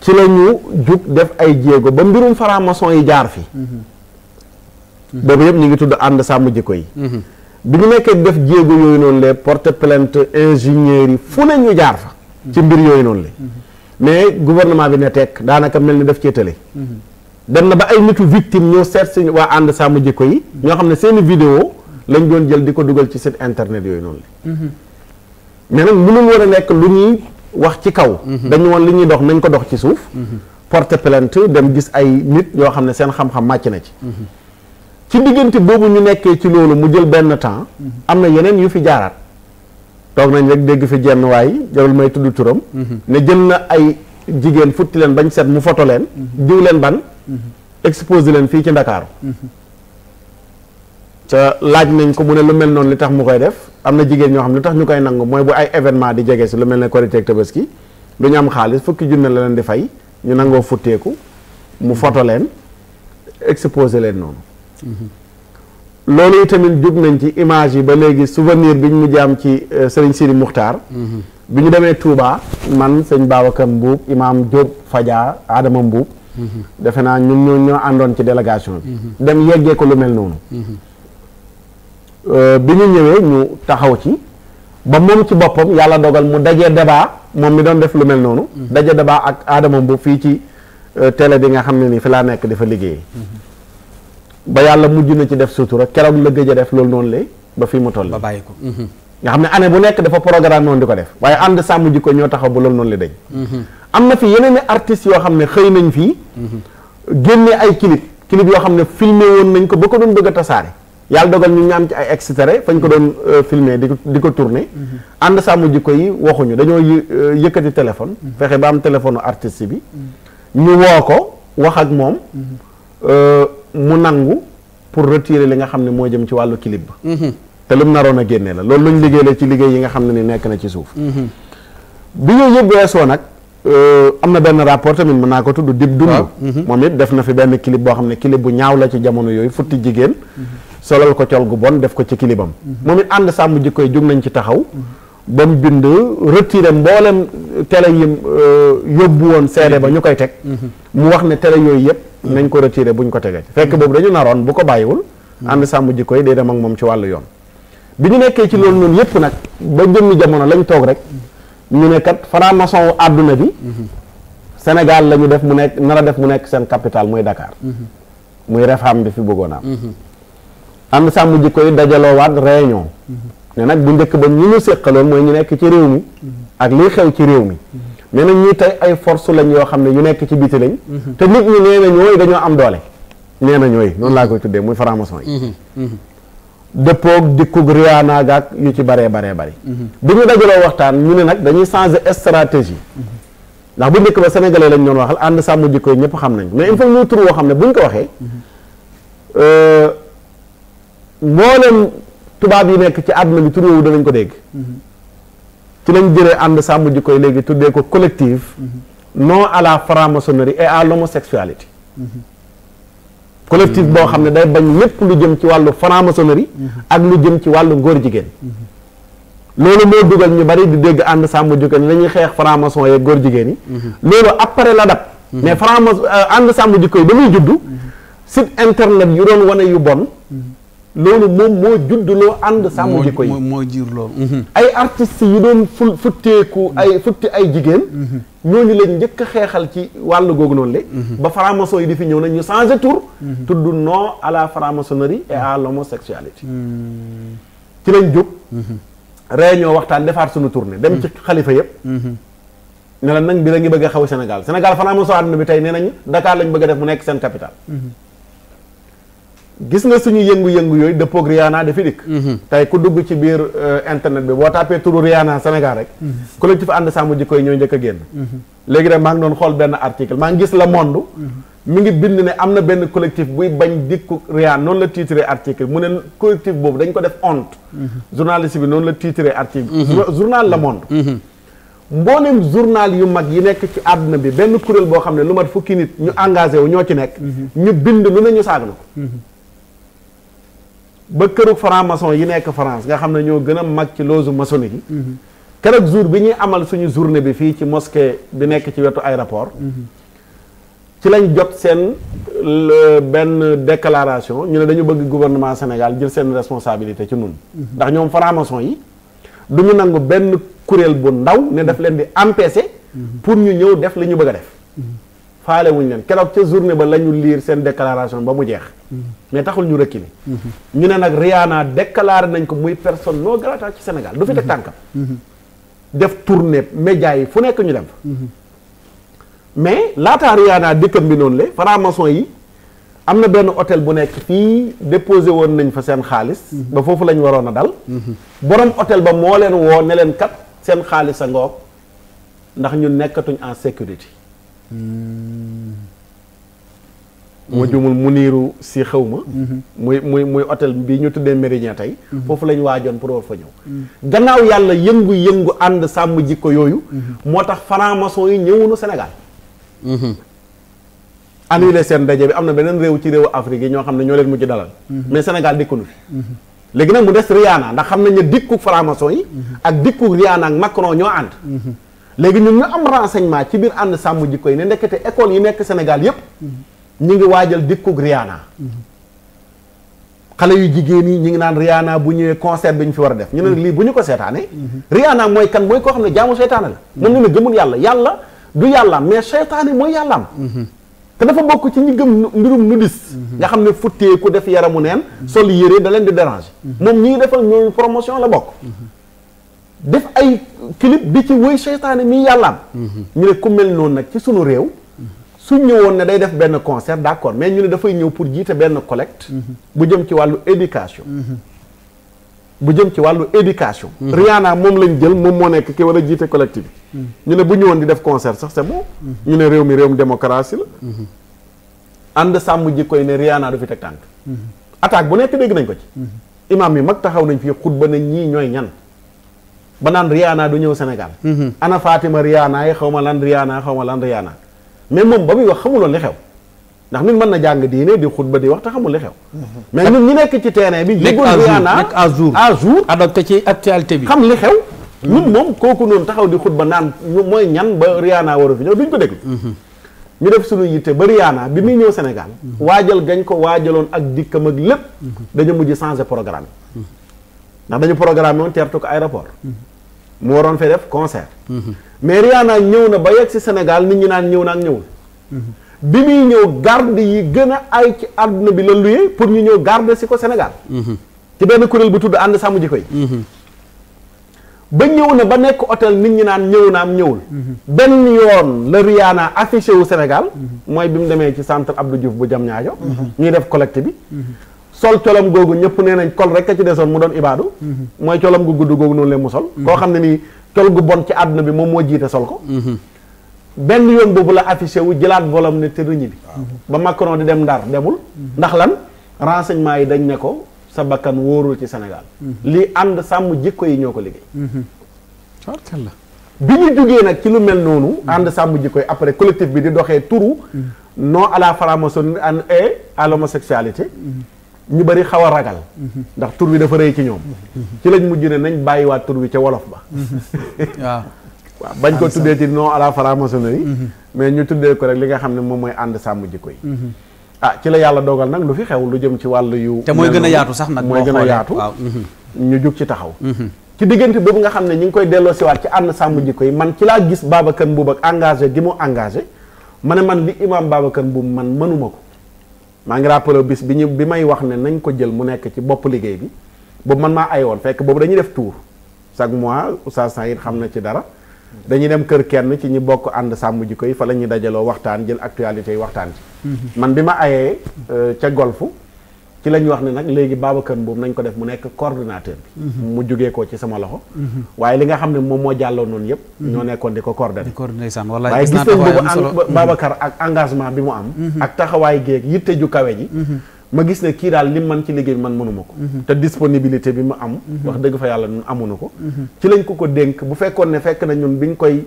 ci la ñu def ay jéego ba mbirum franc yi jaar fi. boobu yëpp ñu ngi tudd ànd sàmm jikko yi. bi ñu nekkee def jéego yooyu noonu la porte plainte ingénieurs yi fu ne ñu jaar fa. ci mbir yooyu noonu la. mais gouvernement bi ne tekk daanaka mel ni def cee tële. dem na ba ay nitu victime ñoo seet si waa ànd sàmm jikko yi ñoo xam ne seeni vidéo lañ doon jël di ko dugal ci site internet yooyu noonu la mhm. mais nag mënul war a nekk lu ñuy wax ci kaw mhm. dañu woon li ñuy dox nañ ko dox ci suuf mhm. porte plainte dem gis ay nit ñoo xam ne seen xam-xam màcc na ci ci diggante boobu ñu nekkee ci loolu mu jël benn temps am na yeneen yu fi jaaraat toog nañ rek dégg fi jenn waay jarul may tudd turam ne jël na ay jigéen futti leen bañ set mu foto leen mhm. diw leen ban mhm. exposé leen fii ci Ndakaaru te mhm. laaj nañ ko mu ne lu mel noonu li tax mu koy def am na jigéen ñoo xam ne lu tax ñu koy nangu mooy bu ay événement di jege si lu mel ne Korité ak Tabaski du ñu am xaalis fukki junne la leen di fay ñu nangoo futteeku mu foto leen exposé leen noonu loolu tamit jóg nañ ci image yi ba léegi souvenir bi ñu mujj am ci euh, Serigne Sidi Muxtaar bi ñu demee Touba man sëñ Babacar Mbuub imaam Diop fajaa Adama Mbuub defe naa ñun ñoo ñoo àndoon ci délégation bi dem yeggee ko lu mel noonu euh, bi ñu ñëwee ñu taxaw ci ba moom ci boppam yàlla dogal mu dajee débat moom mi doon def lu mel noonu daje débat ak Adama Mbuub fii ci euh, télé bi nga xam ne nii fi laa nekk dafa liggéeyee ba yàlla mujj na ci def sutura keroog la gëj a def loolu noonu lay ba fii mu toll ba bàyyi ko nga xam ne année bu nekk dafa programme noonu di ko def waaye ànd sàmm jikko ñoo taxaw ba loolu noonu la dañ mm-hmm. am na fi yeneen artistes yoo xam ne xëy nañ fii mm-hmm. génne ay clip clip yoo xam ne filmé woon nañ ko ba ko doon bëgg a tasaare yàlla dogal ñu ñaam ci ay extrait fañ ko doon euh, filme di ko di ko tourné mm-hmm. ànd sàmm jikko yi waxuñu dañoo euh, yëkkati téléphone fexe ba am téléphone artiste bi ñu woo ko wax ak moom euh, mu nangu pour retire li nga xam ne moo jëm ci wàllu clip ba te lu mu naroon a génne la loolu luñ liggéey la ci liggéey yi nga xam ne ni nekk na ci suuf mhm. bi yooyu yëpp weesoo nag euh, am na benn rapport tamit mën naa ko tudd dib dund mhm. moom it def na fi benn clip boo xam ne clip bu ñaaw la ci jamono yooyu futti jigéen mhm. solal ko col gu bon def ko ci clipam moom it ànd sàmm jikko yi jóg nañ ci taxaw ba mu bind retiré mboolem télé yi euh, yóbbu woon seede ba ñu koy teg mu wax ne télé yooyu yëpp nañ ko retiré buñ ko tegee boobu dañu naroon bu ko bàyyiwul ànd sàmm jikko yi day dem ak moom ci wàllu yoon bi ñu nekkee ci loolu noonu yëpp nag ba jëmmi jamono lañ toog rek ñu ne kat franc-maçon wu àdduna bi Sénégal la ñu def mu nekk nar a def mu nekk seen capital muy Dakar muy refam bi fi bëggoon am ànd sàmm jikko yi dajaloowaat réunion ne nag bu njëkk ba ñu ñu séqaloon mooy ñu nekk ci réew mi ak liy xew ci réew mi nee na ñii tey ay force lañ yoo xam ne ñu nekk ci biti lañ te nit ñi nee na ñooy dañoo am doole nee na ñooy noonu laa koy tuddee muy franc-maçon dëppoog dikkug Rihanna gaak yu ci baree baree bari mhm. bi ñu dajaloo waxtaan ñu ne nag dañuy changer stratégie mhm. ndax bu njëkk ba sénégalais lañ doon waxal ànd sàmm jikko yi ñëpp xam nañ mais il faut ñu tur woo xam ne buñ ko waxee mhm. euh, mboolem tubaab yi nekk ci àdduna bi tur woowu danañ ko dégg ci lañ jëlee ànd sàmm jikko yi léegi tuddee ko collective non à la franc-maçonnerie et à l'homosexualité collectif boo xam ne day bañ lépp lu jëm ci wàllu franc-maçonnerie ak lu jëm ci wàllu ngóor jigéen loolu moo dugal ñu bari di dégg ànd sàmm jikko ñi dañuy xeex franc-maçon yeeg góor jigéen yi loolu après la dab mais franc-maçon euh, ànd sàmm jikko yi ba juddu site internet yu doon wane yu bon loolu moom moo juddloo ànd sàmm jikko yi moo jir loolu mhm. ay artistes yi doon fu futteeku mhm. ay futti ay jigéen mhm. ñooñu lañ njëkk a xeexal ci wàll googu noonu le ba franc yi di fi ñëw nañu ñu changé tour tudd non à la franc-maçonnerie et à l'homosexualité ci lañ jóg réunion waxtaan defaat suñu tournée dem ci xalifa yëpp ne la bi la ngi bëgg a xaw Sénégal Sénégal franc-maçon àdduna bi tey nee nañ Dakar lañ bëgg def mu nekk seen capitale gis nga suñu yëngu-yëngu yooyu dëppoog Rihanna dafi dikk mhm. tey ku dugg ci biir euh, internet bi boo tapé turu Rihanna Sénégal rek mhm. collectif ànd sàmm jikko yi ñoo njëkk a génn mhm. léegi rek maa ngi doon xool benn article maa ngi gis Le Monde mi ngi bind ne am na benn collective buy bañ dikku Rihanna noonu la titré article mu ne collectif boobu dañ ko def honte journaliste bi noonu la titré article journal Le Monde mboolem journal yu mag yi nekk ci àdduna bi benn kuréel boo xam ne lu mat fukki nit ñu engagé wu ñoo ci nekk ñu bind lu ne ñu saaga na ba këru franc-maçon yi nekk France nga xam ne ñoo gën a mag ci loge maçonnique yi keroog jour bi ñuy amal suñu journée bi fii ci mosquée bi nekk ci wetu aéroport ci lañ jot seen benn déclaration ñu ne dañu bëgg gouvernement Sénégal jël seen responsabilité ci nun ndax ñoom franc-maçon yi du nangu benn kuréel bu ndaw ne daf leen di empêcher pour ñu ñëw def li ñu bëgg a def faale wuñ leen keroog ca journée ba la ñu liir seen déclaration ba mu jeex. Mhm. mais taxul ñu reculer. Mhm. ñu ne nag Rihanna déclaré nañ ko muy personne non grata ci Sénégal du fi teg mhm. tànkam. def tournée média yi fu nekk ñu dem fa. mais laataa Rihanna dikkam bi noonu la franc-maçon yi am na benn hôtel bu nekk fii déposé woon nañ fa seen xaalis. ba foofu la ñu waroon a dal. borom hôtel ba moo leen woo ne leen kat seen xaalis a ngoog ndax ñu nekkatuñ en sécurité. Hmm. ma jumul mu niiru si xew ma. Hmm. muy muy muy hôtel bi ñu tuddee Méridien tey. Hmm. foofu lañ waajoon pour war fa ñëw. gannaaw yàlla yëngu-yëngu ànd sàmm jikko yooyu. moo tax franc-maçon yi ñëwunu Sénégal. annulé seen ndaje bi am na beneen réew ci réewu Afrique yi ñoo xam ne ñoo leen mujj dalal. mais Sénégal dikkunu fi. léegi nag mu des Rihanna ndax xam nañ ne dikku franc-maçon yi. ak dikku Rihanna ak Macron ñoo ànd. léegi ñun ñu am renseignement ci biir ànd sàmm jikko yi ne ndekete école yi nekk Sénégal yépp ñu ngi waajal dikkug Rihanna xale yu jigéen yi ñu ngi naan Rihanna bu ñëwee concert bi ñu fi war a def ñu ne lii bu ñu ko seetaanee Rihanna mooy kan mooy koo xam ne jaamu seytaane la moom ne ne gëmul yàlla yàlla du yàllaam mais seytaane mooy yàllaam te dafa bokk ci ñu gëm mbirum nudis nga xam ne futtee ku def yaramu neen sol yére da leen di déranger moom ñi ngi defal ñooñu promotion la bokk def ay clip bi ci wëy seytaane mi yàllaam ñu ne ku mel noonu nag ci suñu réew su ñëwoon ne day def benn concert d'accord mais ñu ne dafay ñëw pour jiite benn collecte bu jëm ci wàllu éducation bu jëm ci wàllu éducation Rihanna moom lañ jël moom moo nekk ki war a jiite collect bi ñu ne bu ñëwoon di def concert sax c'est bon ñu ne réew mi réewum démocratie la ànd sàmm ji koy ne Rihanna du fi teg tànk attaque bu nekk dégg nañ ko ci imam yi mag taxaw nañ fii xutba nañ ñii ñooy ñan ba naan Rihanna du ñëw Sénégal. Mm-hmm. ana Fatima Rihanna yi xaw ma lan Rihanna xaw ma lan Rihanna mais moom ba muy wax xamuloon li xew. ndax nit mën na jàng diine di xutba di wax te xamul li xew. Mm-hmm. mais ñun ñu nekk terrain bi. nekk à jour nekk à jour à jour. adopté bi. xam li xew. Mm-hmm. ñun moom kooku noonu taxaw di ba naan mooy ñan ba Rihanna war a fi ñëw duñ ko déglu. ñu def suñu yitte ba Rihanna bi muy ñëw Sénégal. waajal gañ ko waajaloon ak dikkam ak lépp. dañu mujj changer programme. ndax dañu programme woon teertu ko aéroport. mu waroon fee def concert. mais Rihanna ñëw na ba yegg si Sénégal nit ñi naan ñëw na ak ñëwul. bi muy ñëw garde yi gën a ay ci àdduna bi la luyee pour ñu ñëw garde si ko Sénégal. ci benn kuréel bu tudd ànd sàmm jikko yi. ba ñëw na ba nekk hôtel nit ñi naan ñëw na am ñëwul. benn yoon la Rihanna affiché wu Sénégal. mooy bi mu demee ci centre Abdou Diouf bu Diamniadio. ñuy def collecte bi. sol colom googu ñëpp nee nañ kol rek a ci desoon mu doon ibaadu mhm. mooy colom gu gudd googu noonu leen mu sol mhm. koo xam ne nii col gu bon ci àdduna bi moom moo jiite sol ko mhm. benn yoon boobu la affiché wu jëlaat volom ne te bi ba Macron di dem Ndar demul ndax lan renseignement yi dañ ne ko sa bakkan wóorul ci Sénégal li ànd sàmm jikko yi ñoo ko liggéey bi ñu jugee nag ci lu mel noonu ànd sàmm jikko yi après collectif bi di doxee turu non à la franc-maçonnerie and à ñu bari xaw a ragal mhm. ndax tur bi dafa rëy ci ñoom mhm. ci lañ mujj ne nañ bàyyiwaat tur ca wolof ba mhm. (laughs) waaw bañ ko tuddee ci non à la franc-maçonnerie mais ñu tuddee ko rek li nga xam ne moom mooy ànd sàmm jikko yi ah ci la yàlla dogal nag lu fi xew lu jëm ci wàllu yu te mooy gën a yaatu sax nag mooy gën a yaatu ñu jug ci taxaw ci diggante boobu nga xam ne ñu ngi koy delloo waat ci ànd sàmm jikko yi man ci laa gis Babacar Mbuub ak engagé gi mu engagé ma ne man li imam Babacar Mbuub man mënuma ko maa ngi polo bis bi ñu bi may wax ne nañ ko jël mu nekk ci bopp liggéey bi boobu man maa woon fekk boobu dañuy def tour chaque mois oustaz Saïd xam na ci dara dañuy dem kër kenn ci ñu bokk ànd sàmm ji koy fa la ñuy dajaloo waxtaan jël actualité waxtaan ci mhm. man bi ma ayee euh, ca golfu ci la ñu wax ne nag léegi Babacar Mbuum nañ ko def mu nekk coordonnateur bi mhm. mu jugee ko ci sama loxo mhm. waaye li nga xam ne moom moo jàlloon noonu yëpp mhm. ñoo nekkoon di ko coordonné waaye gis nañ boobu Babacar ak engagement bi mu am ak taxawaay géeg yitte ju kawe ji ma gis ne kii daal li man ci liggéey bi man mënuma ko te disponibilité bi mu am wax dëgg fa yàlla ñun amuñu ko ci lañ ko ko dénk bu fekkoon ne fekk na ñun bi ñu koy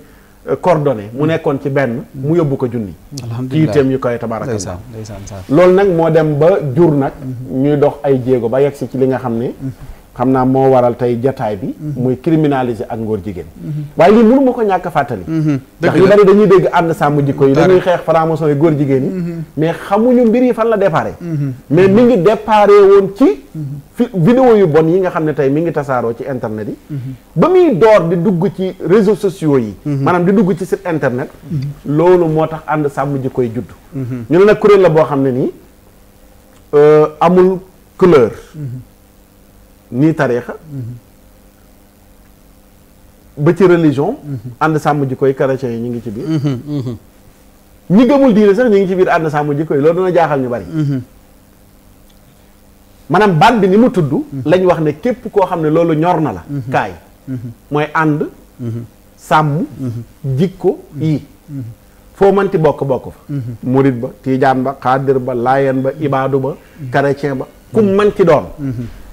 coordonné mu nekkoon ci benn mu yóbbu ko junni ci yitteem yu koy tabaraka loolu nag moo dem ba jur nag mhm. ñuy dox ay jéego ba yegsi ci li nga xam ni xam naa moo waral tey jataay bi mhm. muy criminaliser ak ngóor jigéen mhm. waaye lii mënu ko ñàkk fàttali mhm. ndax ñu bari dañuy dégg ànd sàmm jikko yi dañuy xeex franc-maçon yi góor jigéen yi mais xamuñu mbir yi fan la déparé mais mi ngi déparé woon ci fi vidéo yu bon yi nga xam ne tey mi ngi tasaaroo ci internet yi ba muy door di dugg ci réseaux sociaux yi maanaam di dugg ci site internet loolu moo tax ànd sàmm jikko yi judd ñu ne nag kuréel la boo xam ne nii euh, amul couleur nii tariixa ba ci religion ànd sàmm jikko yi chrétiens yi ñu ngi ci biir ñi gëmul diine sax ñu ngi ci biir ànd sàmm jikko yi loolu dana jaaxal ñu bari maanaam baat bi ni mu tudd lañ wax ne képp koo xam ne loolu ñor na la kaay mooy ànd sàmm jikko yi foo manti bokk-bokk fa murit ba tiijaan ba xaadir ba layen ba ibaadu ba chrétien ba ku manti doon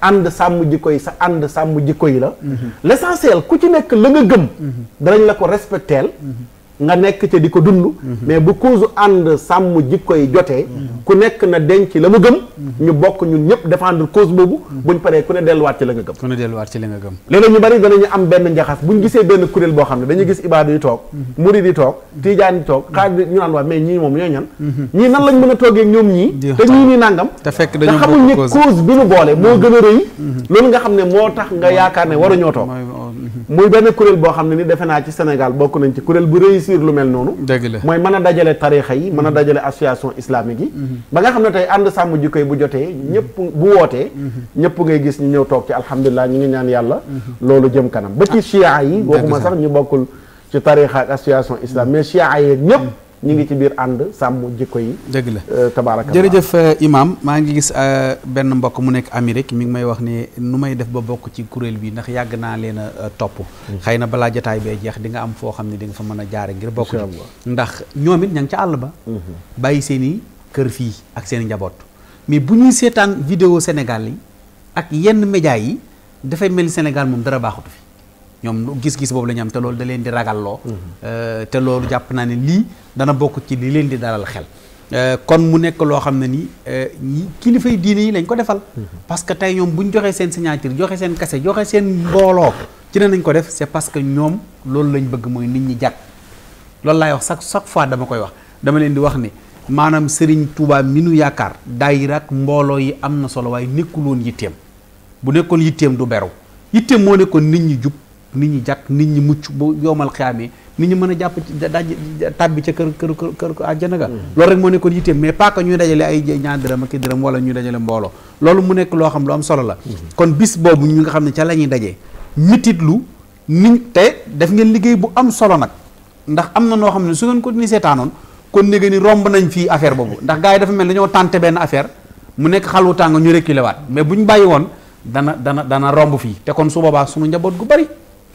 ànd sàmm ji koy sa ànd sàmm ji koy la mhm. l'essentiel ku ci nekk la nga gëm mhm. danañ la ko respecteel mhm. nga nekk ca di ko dund mhm. mais bu cause ànd sàmm jikko koy jotee mhm. ku nekk na denc la mu gëm mhm. ñu bokk ñun ñëpp défendre cause boobu buñ paree ku ne delluwaat ci la nga gëm ku ne delluwaat ci la nga gëm léeg-léeg ñu bari danañu am benn njaxas buñ gisee benn kuréel boo xam ne dañuy gis ibaadu yi toog murid yi toog tijaan yi toog xaar ñu naan mais ñii moom ñoo ñan ñii nan lañ mën a toogee ñoom ñii te ñii fekk dañu xamul ne cause bi nu boole moo gën a rëy loolu nga xam ne moo tax nga yaakaar ne waruñoo toog muy benn kuréel boo xam ne ni defe naa ci Sénégal bokk nañ ci kuréel réussir lu mel noonu mooy mën a dajale tarixa yi mën a mm-hmm. dajale association islamique yi mm-hmm. ba nga xam ne tey ànd sàmm jikko yi bu jotee mm-hmm. ñëpp bu wootee ñëpp ngay gis ñu ñëw toog ci alhamdulilah ñu ngi ñaan yàlla loolu jëm kanam ba ci ah. chia yi waxuma sax ñu bokkul ci tarixa ak association islamique mais chia yeeg ñëpp ñu ngi ci biir ànd sàmm jikko yi. dëgg la euh, tabaaraka jërëjëf euh, Imaam maa ngi gis euh, benn mbokk mu nekk Amérique mi ngi may wax ne nu may def ba bokk ci kuréel bi ndax yàgg naa leen a topp. Mm. xëy na balaa jotaay bee jeex di nga am foo xam ne di nga fa mën a jaare ngir bokk ci ndax ñoom it ña ca àll ba. Mm-hmm. bàyyi seen i kër fii ak seen njaboot. mais bu ñuy seetaan vidéo Sénégal yi ak yenn média yi dafay mel ni Sénégal moom dara baaxutu fi. ñoom gis-gis boobu la ñu am te loolu da di ragalloo euh, te loolu jàpp naa ne lii dana bokk ci li leen di dalal xel euh, kon mu nekk loo xam ne ni euh, kilifay diine yi lañ ko defal parce que tey ñoom bu ñu joxee seen signature joxe seen kase joxe seen mbooloo ci ne nañ ko def c'est parce que ñoom loolu lañ bëgg mooy nit ñi jàkk loolu laay wax chaque chaque fois dama koy wax dama leen di wax ne maanaam Serigne Touba mi nu yaakaar daayira ak mbooloo yi am na solo waaye nekkuloon yitteem bu nekkoon yitteem du beru yitteem moo nekkoon nit ñi jàkk nit ñi mucc bu yoomal xiyaamee nit ñi mën a jàpp daaj tàbbi ca kër kër kër àjjana ga mm. loolu rek moo nekkoon yitteem mais pas que ñuy dajale ay ak i dërëm wala mbooloo loolu mu nekk loo xam lu am solo la mm-hmm. kon bis boobu ñu nga xam ne ca la ñuy dajee lu ni te def ngeen liggéey bu am solo nag ndax am na noo xam ne su ngeen ko ni seetaanoon kon néega ni romb nañ fii affaire boobu ndax gars yi dafa mel ñoo tànte benn affaire mu nekk xalu tàng ñu reculer waat mais bu ñu bàyyi woon dana dana dana romb fii te kon su boobaa suñu njaboot gu bari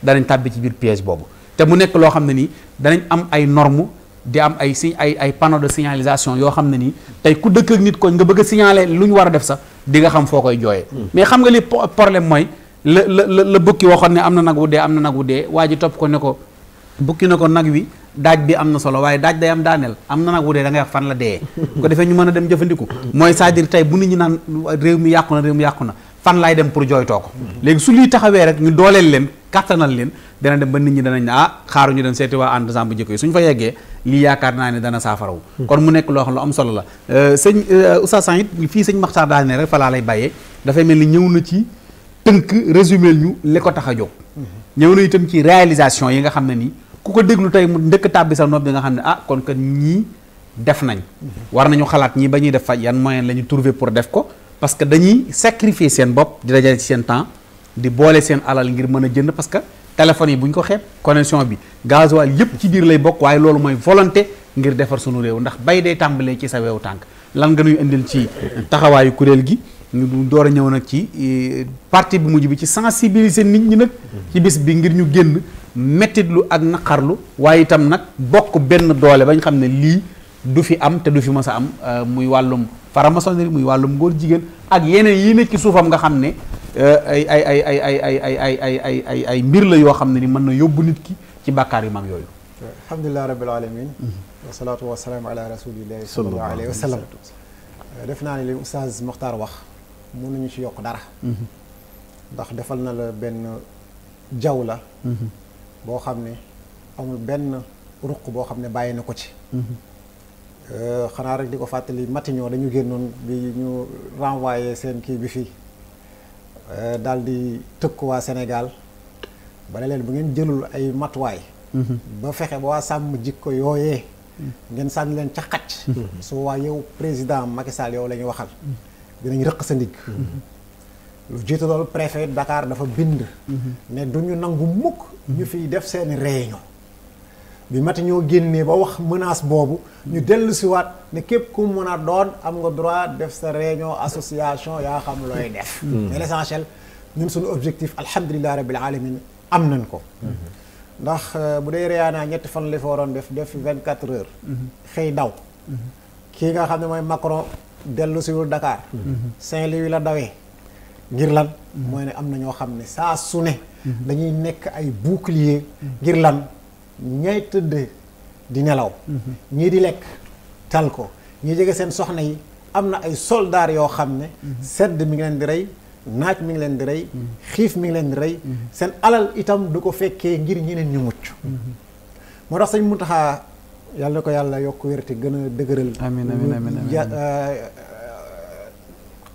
danañ tàbbi ci biir piège boobu te mu nekk loo xam ne nii danañ am ay norme di am ay si ay ay panneaux de signalisation yoo xam ne nii tey ku dëkk nit koñ nga bëgg a lu ñu war a def sax di nga xam foo koy jooyee. Hmm. mais xam nga li problème mooy la la la la bukki waxoon ne am na nag wu dee am na nag wu dee waa ji topp ko ne ko bukki na ko nag wi daaj bi am na solo waaye daaj de am daaneel am na nag wu dee da ngay fan la dee. (laughs) ko defee ñu mën a dem jëfandiku. mooy cest à tey bu nit ñi naan réew mi yàqu na réew mi yàqu na. fan laay dem pour jooytoo ko léegi su lii taxawee rek ñu dooleel leen kattanal leen dana dem ba nit ñi danañ ne ah xaaruñu ñu dem seeti waa ànd Sàmm Jikko Yi suñ fa yeggee lii yaakaar naa ne dana saafarawu hmm. kon mu nekk loo xam lu am solo la euh, sëñ euh, Oustaz Sane it fii sëñ Maxtaar daal ne rek fa laa lay bàyyee dafay mel ni ñëw na ci tënk résumé ñu li ko tax a jóg hmm. ñëw na itam ci réalisation yi nga xam ne nii ku ko déglu tey mu ndëkk tàbbi sa nopp bi nga xam ne ah kon kat ñii def nañ hmm. war nañu xalaat ñii ba ñuy def fa yan moyen la ñu trouver pour def ko parce que dañuy sacrifier seen bopp di dajale ci seen temps di boole seen alal ngir mën a jënd parce que téléphone yi buñ ko xeeb connexion bi gasoil yëpp ci biir lay bokk waaye loolu mooy volonté ngir defar sunu réew ndax bay day tàmbalee ci sa weewu tànk lan nga nuy indil ci taxawaayu kuréel gi ñu door a ñëw nag ci eh, partie bu mujj bi ci sensibiliser nit ñi nag ci bis bi ngir ñu génn mettitlu ak naqarlu waaye itam nag bokk benn doole bañ xam ne lii du fi am te du fi mës a am eh, muy wàllum franc-maçonnerie muy wàllum góor jigéen ak yeneen yi nekk ci suufam nga xam ne ay ay ay ay ay ay ay ay ay ay ay ay mbir la yoo xam ne ni mën na yóbbu nit ki ci bàkkaar yu mag yooyu alhamdulilah rabbil alamin wasalaatu wasalaamu ala rasulillahi sallallahu alayhi wa sallam def naa ne li oustaz Mokhtar wax mun nañu ci yokk dara ndax defal na la benn jaw la boo xam ne amul benn ruq boo xam ne bàyyi na ko ci Euh, xanaa rek di ko fàttali Matignon dañu génnoon bi ñu renvoyé seen kii bi fii euh, dal di tëkk waa Sénégal ba leen bu ngeen jëlul ay matuwaay. Mhm. ba fexe ba waa sàmm jikko yooyee. Mhm. ngeen sànni leen ca xacc mhm. su waa yow président Macky Sall yow la ñuy waxal. dinañ rëq sa ndigg lu jiitu loolu préfet Dakar dafa bind. ne du ñu nangu mukk. ñu fiy def seeni réunion. bi mati ñoo génnee ba wax menace boobu ñu dellu si ne képp ku mën a doon am nga droit def sa réunion association yaa xam looy def mm. Mm. mais l'essentiel ñun suñu objectif alhamdulilah rabbil alamin am nañ ko mm-hmm. ndax euh, bu dee reyaanaa ñetti fan la fa waroon def def vingt quatre heures mm-hmm. xëy daw mm-hmm. kii nga xam ne mooy Macron dellu siwul Dakar Saint-Louis la dawee ngir lan mooy ne am na ñoo xam ne saa su ne dañuy nekk ay bouclier ngir lan ñay tëdd di nelaw mhm. ñii di lekk tal ko ñii jege seen soxna yi am na ay soldaar yoo xam ne mhm. sedd mi ngi leen di rey naaj mi ngi leen di rey mhm. xiif mi ngi leen di rey seen alal itam du ko fekkee ngir ñeneen ñu mucc moo tax sañ sëñ Muntaxa yàlla ko yàlla yokk wérte gën a dëgëral amiin amiin amiin euh,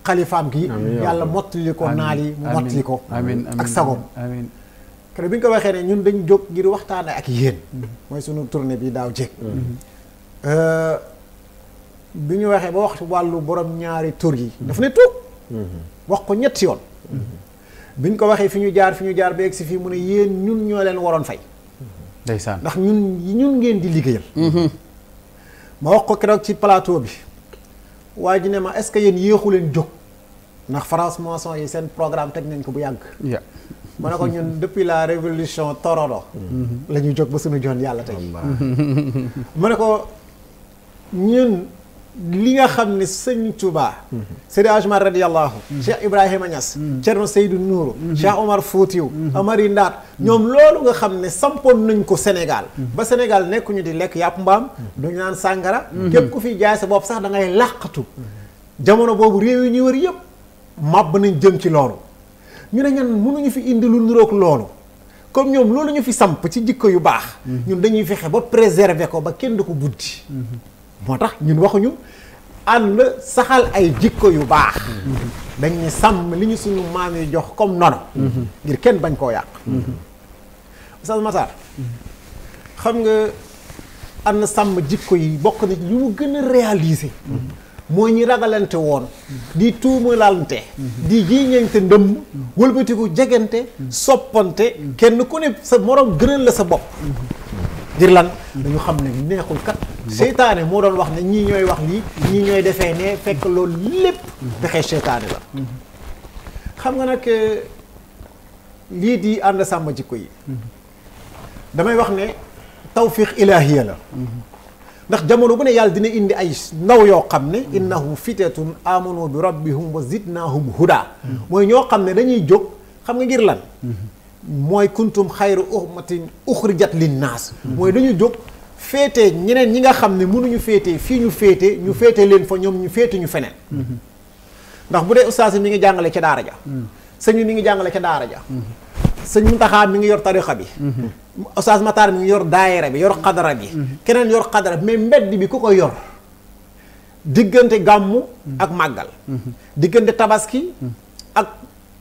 xalifaam gi yàlla mottali ko naal yi mu mottali ko ak sagoom kene bi ñu ko waxee ne ñun dañ jóg ngir waxtaane ak yéen mm-hmm. mooy sunu tournée bi daaw jéeg mm-hmm. mm-hmm. euh, bi ñu waxee ba wax wàllu borom ñaari tur yi dafa ne tuub wax ko ñetti yoon bi ñu ko waxee fi ñu jaar fi ñu jaar ba egg si fii mu ne yéen ñun ñoo leen waroon fay ndeysaan ndax ñun ñun ngeen di liggéeyal ma wax ko keroog ci plateau bi waa ji ne ma est-ce que yéen yéexu leen jóg ndax France maçon yi seen programme teg nañ ko bu yàgg ma ne ko ñun depuis la révolution tororo mm-hmm. lañuy ñuy jóg ba suñu joon yàlla tey (laughs) ma ne ko ñun li nga xam ne sëñ Touba mm-hmm. Seydi Ajmar radiallahu mm-hmm. Cheikh Ibrahima Niass Thierno Seydou Nourou Cheikh Omar Foutiou Amari Ndaat ñoom loolu nga xam ne sampoon nañ ko Sénégal ba Sénégal nekkuñu di lekk yàpp mbaam duñu naan sàngara képp ku fi jaay sa bopp sax dangay ngay làqatu jamono boobu réew yi ñuy wër yëpp màbb nañ jëm ci loolu ñu ne ñan mënuñu fi indi lu niroog loolu comme ñoom loolu ñu fi samp ci jikko yu baax. ñun dañuy fexe ba préserver ko ba kenn du ko buddi. moo tax ñun waxuñu ànd saxal ay jikko yu baax. dañuy sàmm li ñu suñu maam yi jox comme nono ngir kenn bañ koo yàq. Oustaz Massar xam nga ànd sàmm jikko yi bokk na lu mu gën a réaliser. mooy ñi ragalante woon di tuumalante di jiiñante ndëmm wëlbatiku jegante soppante kenn ku ne sa morom gënal la sa bopp ngir dañu xam ne neexul kat seytaane moo doon wax ne ñii ñooy wax lii ñii ñooy defee ne fekk loolu lépp pexe seytaane la xam nga nag eh, lii di ànd sàmm jikko yi damay wax ne tawfiq ilaahiya la ndax jamono bu ne yàlla dina indi ay ndaw yoo xam ne innahum fitatun amanu bi rabbihum wa zidnahum huda mooy ñoo xam ne dañuy jóg xam nga ngir lan mooy kuntum xayru ummatin uxrijat linnaas mooy dañu jóg féete ñeneen ñi nga xam ne mënuñu féete fii ñu féete ñu féete leen fa ñoom ñu féete ñu feneen ndax bu dee ustaas mi ngi jàngale ca daara ja mm. sëñ mi ngi jàngale ca daara ja mm-hmm. sëñ Muntaxa mi ngi yor tarixa bi mm-hmm. Oustaz Matar mi ngi yor daayira bi yor xadara bi mm-hmm. keneen yor xadara bi mais mbedd bi ku ko yor diggante gàmmu mm-hmm. ak màggal diggante tabaski ak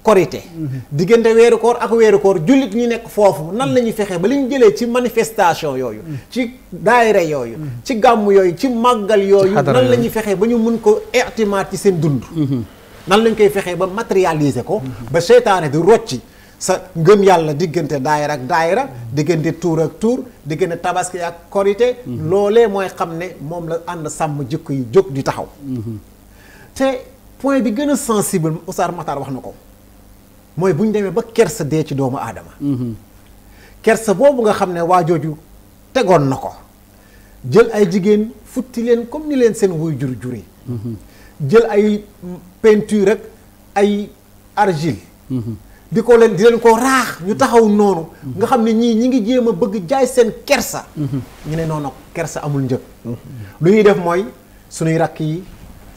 korité diggante weeru koor ak weeru koor jullit ñu nekk foofu nan la ñuy fexee ba li ñu jëlee ci manifestation yooyu ci daayira yooyu ci gàmm yooyu ci màggal yooyu nan la ñuy fexee ba ñu mun ko ictimaat ci seen dund nan lañ koy fexee ba matérialiser ko ba seytaane di rocci sa ngëm yàlla diggante daayira ak daayira diggante tuur ak tuur diggante tabaski ak korité mhm. loole mooy xam ne moom la ànd sàmm jikko yu jóg di taxaw mhm. te point bi gën a sensible Oustaz Makhtar wax na ko mooy bu ñu demee ba kersa dee ci doomu aadama mhm. kersa boobu nga xam ne waa jooju tegoon na ko jël ay jigéen futti leen comme ni leen seen wuy jur juri jël ay peinture ak ay argile di ko leen di leen ko raax ñu taxaw noonu nga xam ne ñii ñi ngi jéem a bëgg jaay seen kersa ñu ne noonu kersa amul njëg lu ñuy def mooy suñuy rakk yi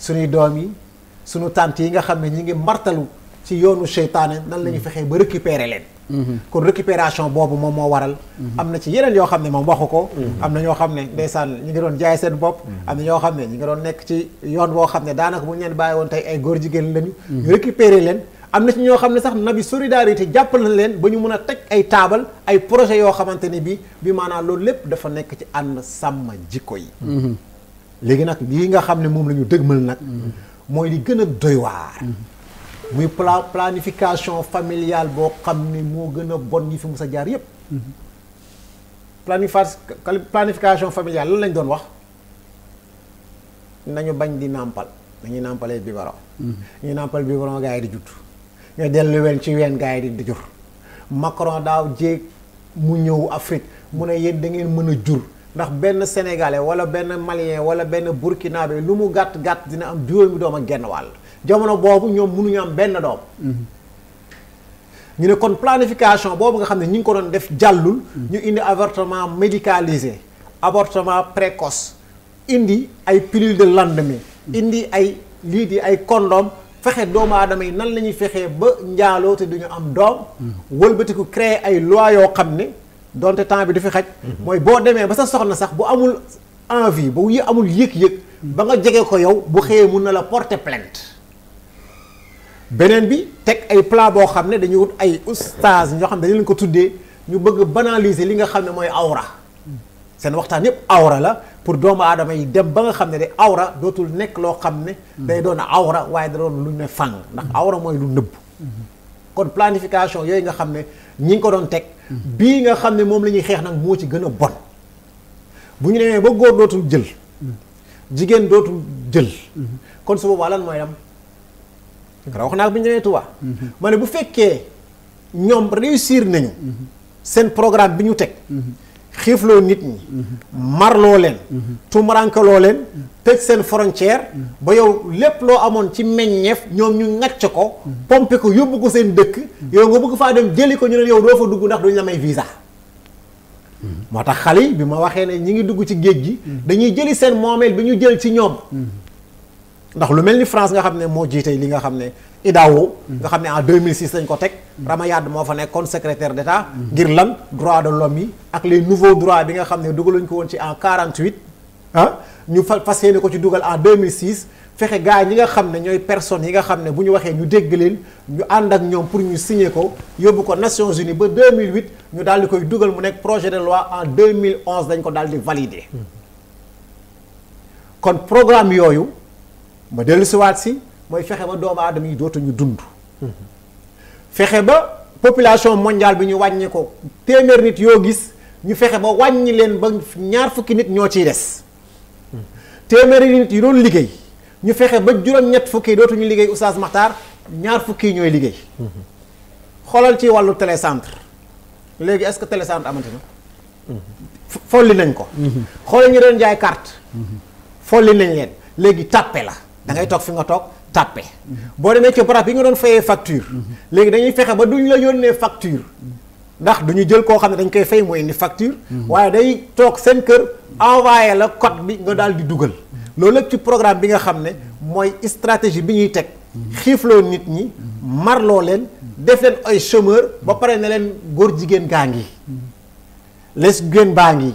suñuy doom yi suñu tànt yi nga xam ne ñu ngi martalu ci yoonu seytaane nan la ñuy fexee ba récupérer leen kon récupération boobu moom moo waral am na ci yeneen yoo xam ne moom waxu ko am na ñoo xam ne ndeysaan ñu ngi doon jaay seen bopp am na ñoo xam ne ñu nga doon nekk ci yoon boo xam ne daanaka bu ñu leen woon tey ay góor jigéen lañu ñu récupérer leen am na ci ñoo xam ne sax nabi solidarité jàppal na leen ba ñu mën a teg ay taabal ay projet yoo xamante ne bi bi maanaa loolu lépp dafa nekk ci ànd sàmm jikko yi mhm. léegi nag lii nga xam ne moom la ñu dëgmal nag mhm. mooy li gën a doy waar mhm. muy pla planification familiale boo xam ne moo gën a bon yi fi mu sa jaar yépp planification familial lan lañ doon wax nañu bañ di nàmpal nañuy nàmpalee biberon ñuy nàmpal biberon gars yi di jutt ñu dellu wen ci ween gars yi di jur Macron daaw jéeg mu ñëw Afrique mu ne yéen da ngeen mën a jur ndax benn sénégalais wala benn malien wala benn burkinabé lu mu gàtt gàtt dina am juróomi doom ak genn wàll jamono boobu ñoom mënuñu am benn doom. ñu ne kon planification boobu nga xam ne ñu ngi ko doon def jàllul. ñu indi avortement médicalisé avortement précoce indi ay pilule de lendemain indi ay lii di ay condom. fexe doomu aadama yi nan la ñuy fexee ba njaaloo te duñu am doom wëlbatiku créer ay loi yoo xam ne donte temps bi du fi xaj mooy boo demee ba sa soxna sax bu amul envie bu yi amul yëg-yëg ba nga jege ko yow bu xëyee mun na la porter plainte beneen bi teg ay plan boo xam ne dañu wut ay oustaz ñoo xam ne dañu lañ ko tuddee ñu bëgg banaliser li nga xam ne mooy awra seen waxtaan yëpp awra la pour doomu aadama yi dem ba nga xam ne de awra dootul nekk loo xam ne day doon awra waaye da doon ne fang ndax awra mooy lu nëbb kon planification yooyu nga xam ne ñi ngi ko doon teg bii nga xam ne moom la ñuy xeex nag moo ci gën a bon bu ñu demee ba góor dootul jël jigéen dootul jël kon su boobaa mooy am wax naa bi ñu demee Touba ma ne bu fekkee ñoom réussir nañu seen programme bi ñu teg xiif xiifloo nit ñi marloo leen tumarankaloo leen tëj seen frontière ba yow lépp loo amoon ci meññeef ñoom ñu ŋàcc ko pompe ko yóbbu ko seen dëkk yow nga bëgg faa dem jëli ko ñu ne yow doo fa dugg ndax duñu la may visa moo tax xale yi bi ma waxee ne ñi ngi dugg ci géej gi dañuy jëli seen moomeel bi ñu jël ci ñoom ndax lu mel ni France nga xam ne moo jiitee li nga xam ne IDAO. nga xam ne en 2006 lañ ko teg. Ramayad moo fa nekkoon secrétaire d'État. ngir lan droit de l'homme yi ak les nouveaux droits bi nga xam ne dugal dugaluñ ko woon ci en 48. ah ñu fa fas yéene ko ci dugal en 2006 fexe gars yi ñi nga xam ne ñooy personne yi nga xam ne bu ñu waxee ñu dégg leen ñu ànd ak ñoom pour ñu signer ko yóbbu ko Nations Unies ba 2008 ñu daal di koy dugal mu nekk projet de loi en 2011 dañ ko daal di valider. Hmm. kon programme yooyu ma dellusiwaat si. mooy fexe ba doomu aadama yi dootuñu dund. Mhm. fexe ba population mondiale bi ñu wàññi ko téeméer nit yoo gis ñu fexe ba wàññi leen ba ñaar fukki nit ñoo ciy des. Mhm. téeméeri nit yi doon liggéey ñu fexe ba juróom-ñett fukki dootuñu liggéey Oustaz Makhtar ñaar fukki ñooy liggéey. Mhm. xoolal ci wàllu télécentre léegi est-ce que télécentre amati na. folli nañ ko. xoolal ñu doon jaay carte. folli nañ leen léegi tàppe la dangay toog fi nga toog. tàppe mhm. boo demee coopérative bi nga doon fayee facture mhm. léegi dañuy fexe ba duñ la yónnee facture mhm. ndax du ñu jël koo xam ne dañ koy fay mooy indi facture waaye day toog seen kër envoyé la code bi nga daal di dugal loolu lépp ci programme bi nga xam ne mooy stratégie bi ñuy teg xiifloo nit ñi marloo leen def leen ay chômeur ba pare ne leen góor jigéen gaa ngi les jigéen baa ngi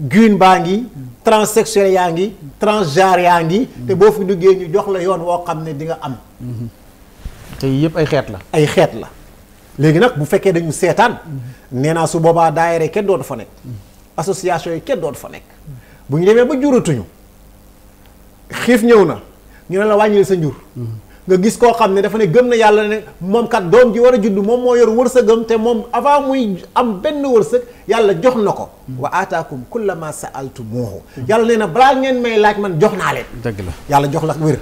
gun baa ngi transsexuel yaa ngi genre yaa ngi te boo fi duggee ñu jox la yoon woo xam ne dinga am te yëpp ay xeet la ay xeet la léegi nag bu fekkee dañu seetaan nee su boobaa daayere kenn du fa nekk association yi kenn du fa nekk bu ñu demee ba juratuñu xiif ñëw na ñu ne la wàññil sa njur nga gis koo xam ne dafa ne gëm na yàlla ne moom kat doom ji war a judd moom moo yor wërsëgam te moom avant muy am benn wërsëg yàlla jox na ko wa aataakum sa ma saaltumuuhu yàlla nee na balaa ngeen may laaj man jox naa leen dëgg la yàlla jox la wér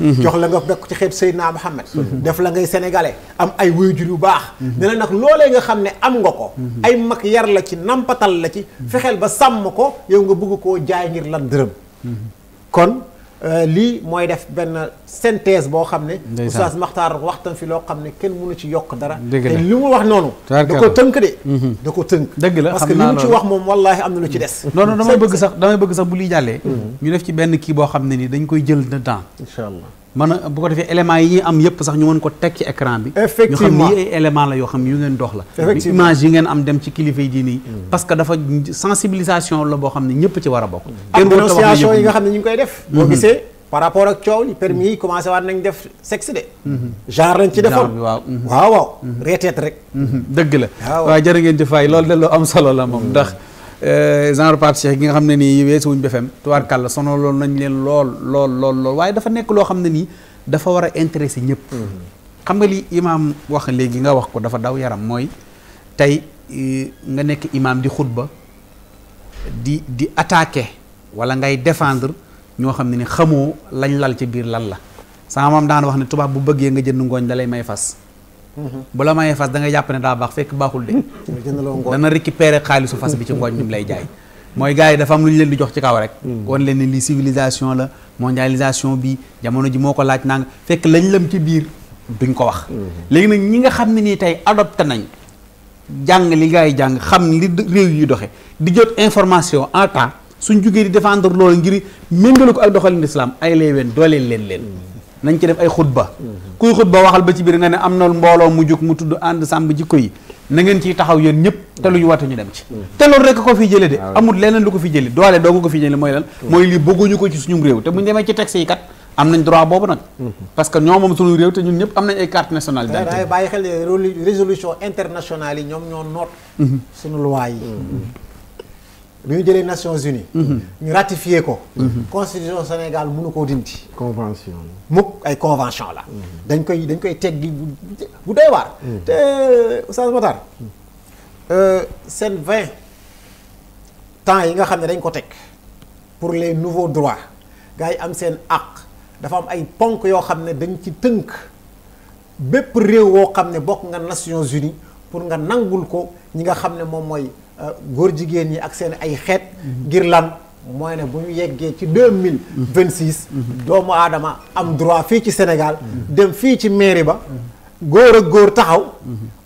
mhm. jox la nga bekk ci xeet Seydina Muhammad mhm. def la ngay sénégalais am ay waajur yu baax mhm. ne la nag loolee nga xam ne am nga ko ay mag yar la ci nàmpatal la ci fexeel ba sàmm ko yow nga bugg koo jaay ngir lan dërëm Euh, lii mooy def benn synthèse boo xam ne Oustaz Makhtar waxtaan fi loo xam ne kenn mënu ci yokk dara te li mu wax noonu da ko tënk de mhm. da ko tënk dëgg la parce que li mu ci wax moom wallaahi am na lu ci des non non damay bëgg sax damay bëgg sax bu lii jàllee mhm. ñu def ci benn kii boo xam ne nii dañ koy jël de temps incha allah mën a bu ko defee éléments yi ñuy am yëpp sax ñu mën ko teg ci écran bi effectivement ñu xam ni ay éléments la yoo xam yu ngeen dox la image yi ngeen am dem ci kilifa yi diine yi hmm. parce que dafa sensibilisation la boo xam ne ñëpp ci war a bokk hmm. ak dénonciation yi ne ñu ngi koy def hmm. boo gisee par rapport ak coow li permis yi commencé waat nañ def sexe de genre lañ ci bi waaw waaw waaw reeteet rek dëgg la waaw jërë jëfaay jëf waay loolu de lu am solo la moom ndax Euh, genre partie yi nga xam ne nii weesu wuñ BFM sono sonaloon nañ leen lool lool lool waaye dafa nekk loo xam ne nii dafa war a intéresser ñëpp. Mm-hmm. xam nga li imaam wax léegi nga wax ko dafa daw yaram mooy tey euh, nga nekk imaam di xutba di di attaquer wala ngay defendre ñoo xam ne ni xamoo lañ lal ci biir lan la sama maam daan wax ne tubaab bu bëggee nga jënd ngooñ dalay may fas. bu la mayee fas da nga jàpp ne daa baax fekk baaxul de dana récupérer xaalisu fas bi ci ngooñ bi lay jaay mooy gars yi dafa am lu ñu leen di jox ci kaw rek mm. won leen ne lii civilisation la mondialisation bi jamono ji moo ko laaj naa nga fekk lañ lam ci biir duñ ko wax mm-hmm. léegi nag ñi nga xam ne nii tey adopté nañ jàng li gars yi jàng xam li réew yi doxe di jot information en temps suñ jugee di défendre loolu ngir méngale ko ak doxalin islam ay lay ween dooleel leen leen mm. nañ ci def ay ba kuy xutba waxal ba ci biir nga ne am na mbooloo mu jóg mu tudd ànd sàmm jikko yi na ngeen ciy taxaw yéen ñëpp te lu ñu watu ñu dem ci te loolu ko fi jële de amul leneen lu ko fi jële doole doogu ko fi jële mooy lan hmm. mooy lii bëgguñu ko su suñu réew te buñu demee ci texte yi kat am nañ droit boobu nag hmm. parce que ñoo moom suñu réew te ñun ñëpp am nañ ay carte nationale d'identité bàyyi xel résolution internationale yi ñoom ñoo noo hmm. suñu loi bi ñu jëlee Nations Unies. Mhm. ñu ratifié ko. Mhm. constitution Sénégal mënu koo dindi. convention mukk ay convention la. Mhm. dañ koy dañ koy teg gi bu doy waar. te Oustaz Matar euh, seen vingt temps yi nga xam ne dañ ko teg pour les nouveaux droits gars yi am seen àq dafa am ay ponk yoo xam ne dañ ci tënk bépp réew woo xam ne bokk nga Nations Unies pour nga nangul ko ñi nga xam ne moom mooy. Euh, góor jigéen ñi ak seen ay xeet ngir lan mooy ne bu ñu yeggee ci deux mille vingt six doomu aadama am droit fii ci Sénégal dem fii ci mairie ba góor ak góor taxaw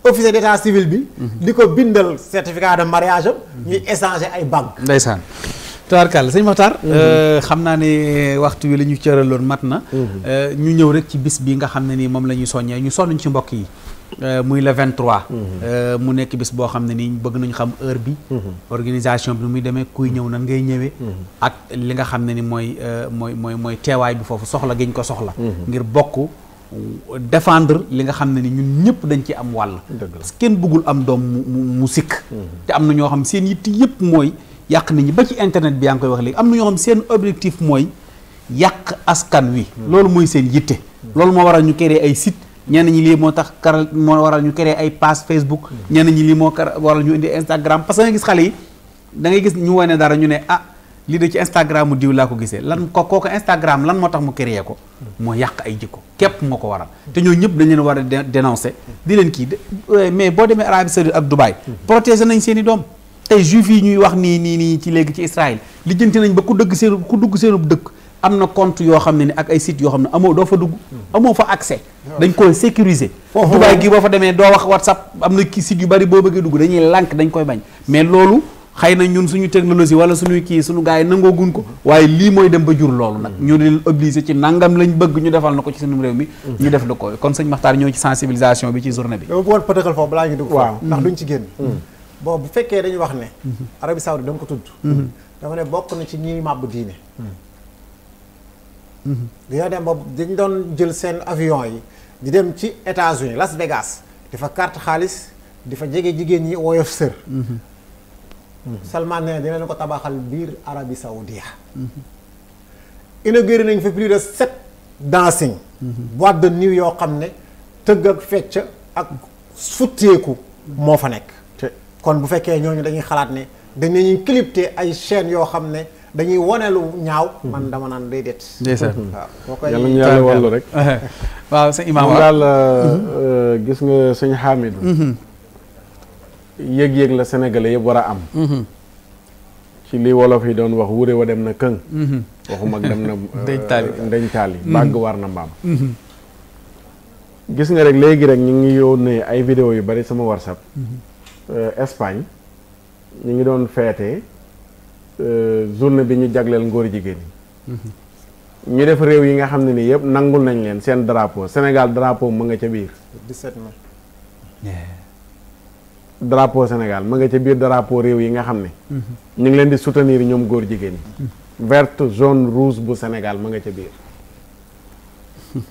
officier d'état civil bi di ko bindal certificat de mariage am ñuy échanger ay banque ndeysaan Tubaarkàlla sëñ Maxtaar mhm. euh, xam naa ne waxtu wi la ñu cëraloon mat na mhm. euh, ñu ñëw rek ci bis bi nga xam ne nii moom la ñuy soññee ñu sonnuñ ci mbokk yi Euh, muy le 23. Mhm. Euh, mu nekk bis boo xam ne nii bëgg nañu xam heure bi. Mhm. organisation bi muy demee kuy ñëw nan ngay ñëwee. Mhm. ak li nga xam ne ni mooy euh, mooy mooy mooy teewaay bi foofu soxla giñ ko soxla. ngir bokk défendre li nga xam ne ni ñun ñëpp dañ ci am wàll. parce kenn bëggul am doom mu mu sikk. te am na ñoo xam seen yitti yëpp mooy yàq nit ñi ba ci internet bi yaa ngi koy wax léegi am na ñoo xam seen objectif mooy yàq askan wi. loolu mooy seen yitte. loolu moo waral ñu créer ñenn ñi lii moo tax karal moo waral ñu créer ay page Facebook ñenn ñi lii moo waral ñu indi Instagram parce que nga gis xale yi da ngay gis ñu wane dara ñu ne ah lii de ci Instagram mu diw laa ko gisee lan ko kooku Instagram lan moo tax mu créer ko moo yàq ay jikko képp moo ko waral te ñoo ñëpp dañ leen war a dénoncer di leen kii euh, mais boo demee Arabie Saoudite ak Dubaï protéger nañ seen i doom tey juif yi ñuy wax nii nii nii ci léegi ci Israël lijjanti nañ ba ku dëgg seen ku dugg seenu dëkk am na compte yoo xam ne ni ak ay sites yoo xam ne amoo doo fa dugg amoo fa accès dañ koy sécuriser Dubaay gi boo fa demee doo wax WhatsApp am na sites yu bari boo bëggee dugg dañuy lànk dañ koy bañ mais loolu xëy na ñun suñu technologie wala suñuy kii suñu gars yi nangoo ko waaye lii mooy dem ba jur loolu nag ñu leen ci nangam lañ bëgg ñu defal na ko ci suñu réew mi ñu def la ko kon sëñ Maxtaar ñëw ci sensibilisation bi ci journée bi dama bëggoon pëtëkal foofu balaa ñu dugg waaw ndax duñ ci génn mm-hmm. bon bu fekkee dañu wax ne mm-hmm. Arabie Saoudite dama ko tudd mm-hmm. dafa ne bokk na ci ñiy màbb diine dañoo dem ba dañ doon jël seen avion yi di dem ci États-Unis Las Vegas di fa carte xaalis di fa jege jigéen ñi woyof sër mm-hmm. Salman ne dina leen ko tabaxal biir Arabie Saoudia inauguré nañ fa plus de sept dancing mm-hmm. boîte de nuit yoo xam ne tëgg ak fecc ak sutteeku moo fa nekk kon bu fekkee ñooñu dañuy xalaat ne dañ nañuy clipté ay chaînes yoo xam ne dañuy wone ñaaw. Mhm. man dama naan déedéet. déedéet waaw boo yàlla ñu yàlla wàllu rek. (laughs) waaw sëñ Imaam euh, mhm. euh, gis nga sëñ Hamidou. Mhm. yëg-yëg la sénégalais yëpp war a am. ci li wolof yi doon wax wure wa dem na këng. waxuma ak dem na. (laughs) Euh, ndeñtaali ndeñtaali bàgg war na mbaam. gis nga rek léegi rek ñu ngi yónnee ay vidéo yu bari sama WhatsApp. Espagne ñu ngi doon feete. Euh, journée bi ñu jagleel ngóor jigéen ñi. ñu def réew yi nga xam ne nii yëpp nangul nañ leen seen drapeau Sénégal drapeau mu nga ca biir. 17 mai. drapeau mu nga ca biir drapeau réew yi nga xam ne. Mm-hmm. ñu ngi leen di soutenir ñoom góor jigéen ñi. Mm-hmm. verte jaune rouge bu Sénégal mu nga ca biir. (laughs)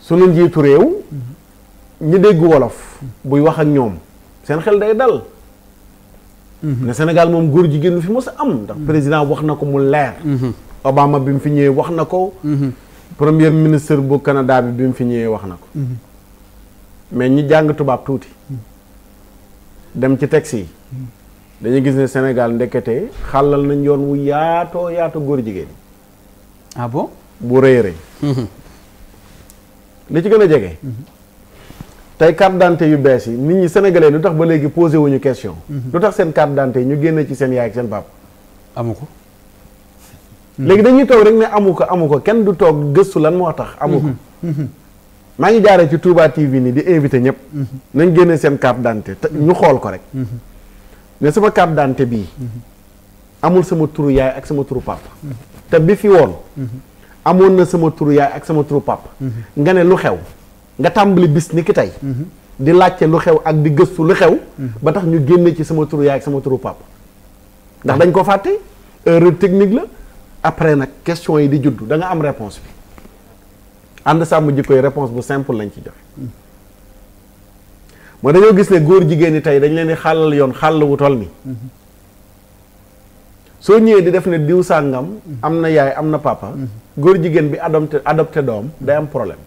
sunu njiitu réew. Mm-hmm. ñu dégg wolof. buy wax ak ñoom seen xel day dal. ne Sénégal moom góor jigéen lu fi mos a am. ndax président wax na ko mu leer. Mhm. Obama bi mu fi ñëwee wax na ko. Mhm. premier ministre bu Canada bi bi mu fi ñëwee wax na ko. Mhm. mais ñu jàng tubaab tuuti. dem ci taxi yi. dañuy gis ne senegal ndekete xàllal nañ yoon wu yaatoo yaatoo góor jigéen. ah bon bu rëy rëy. li ci gën a jege. tey carte d'identité yu bees yi nit ñi sénégalais lu tax ba léegi posé wuñu question. Mhm. lu tax seen carte d'identité yi ñu génne ci seen yaay ak seen papa. amu ko. Hmm. léegi dañuy toog rek ne amu ko amu ko kenn du toog gëstu lan moo tax. amu mhm. Mhm. maa ngi jaaree ci Touba TV nii di invité ñëpp. nañ génne seen carte d'identité ñu xool ko rek. ne sama carte d'identité bii. amul sama turu yaay ak sama turu papa. te bi fi woon. amoon na sama turu yaay ak sama turu papa. nga ne lu xew. nga tàmbali bis ni ki tey di laajte lu xew ak di gëstu lu xew ba tax ñu génne ci sama turu sama turu ndax dañ ko fàtte erreur technique la après nag question yi di juddu danga am réponse bi ànd sàmm jikkoy réponse bu simple lañ ci joxe mooy dañoo gis ne góor jigéen ñi tey dañ leen di xàllal yoon xàll wu toll ni soo ñëwee di def ne diw sàngam am na yaay am na papa góor jigéen bi adopté adopté doom day am problème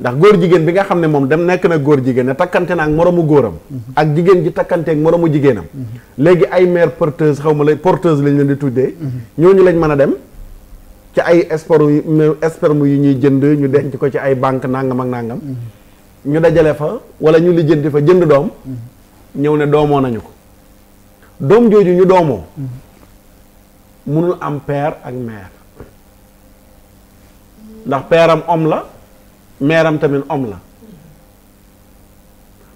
ndax góor jigéen bi nga xam ne moom dem nekk na góor jigéen ne takkante na ak moroomu góoram. ak jigéen ji takkante ak moromu jigéenam. léegi ay mère porteuse xaw ma lay porteuse lañ leen di tuddee. ñooñu lañ mën a dem ci ay sperme sperme yu ñuy jënd ñu denc ko ci ay banque nangam ak nangam. ñu dajale fa wala ñu lijjanti fa jënd doom. ñëw ne doomoo nañu ko. doom jooju ñu doomoo. Mm-hmm. munul am pair ak mère. ndax peeram om la meeram tamit om la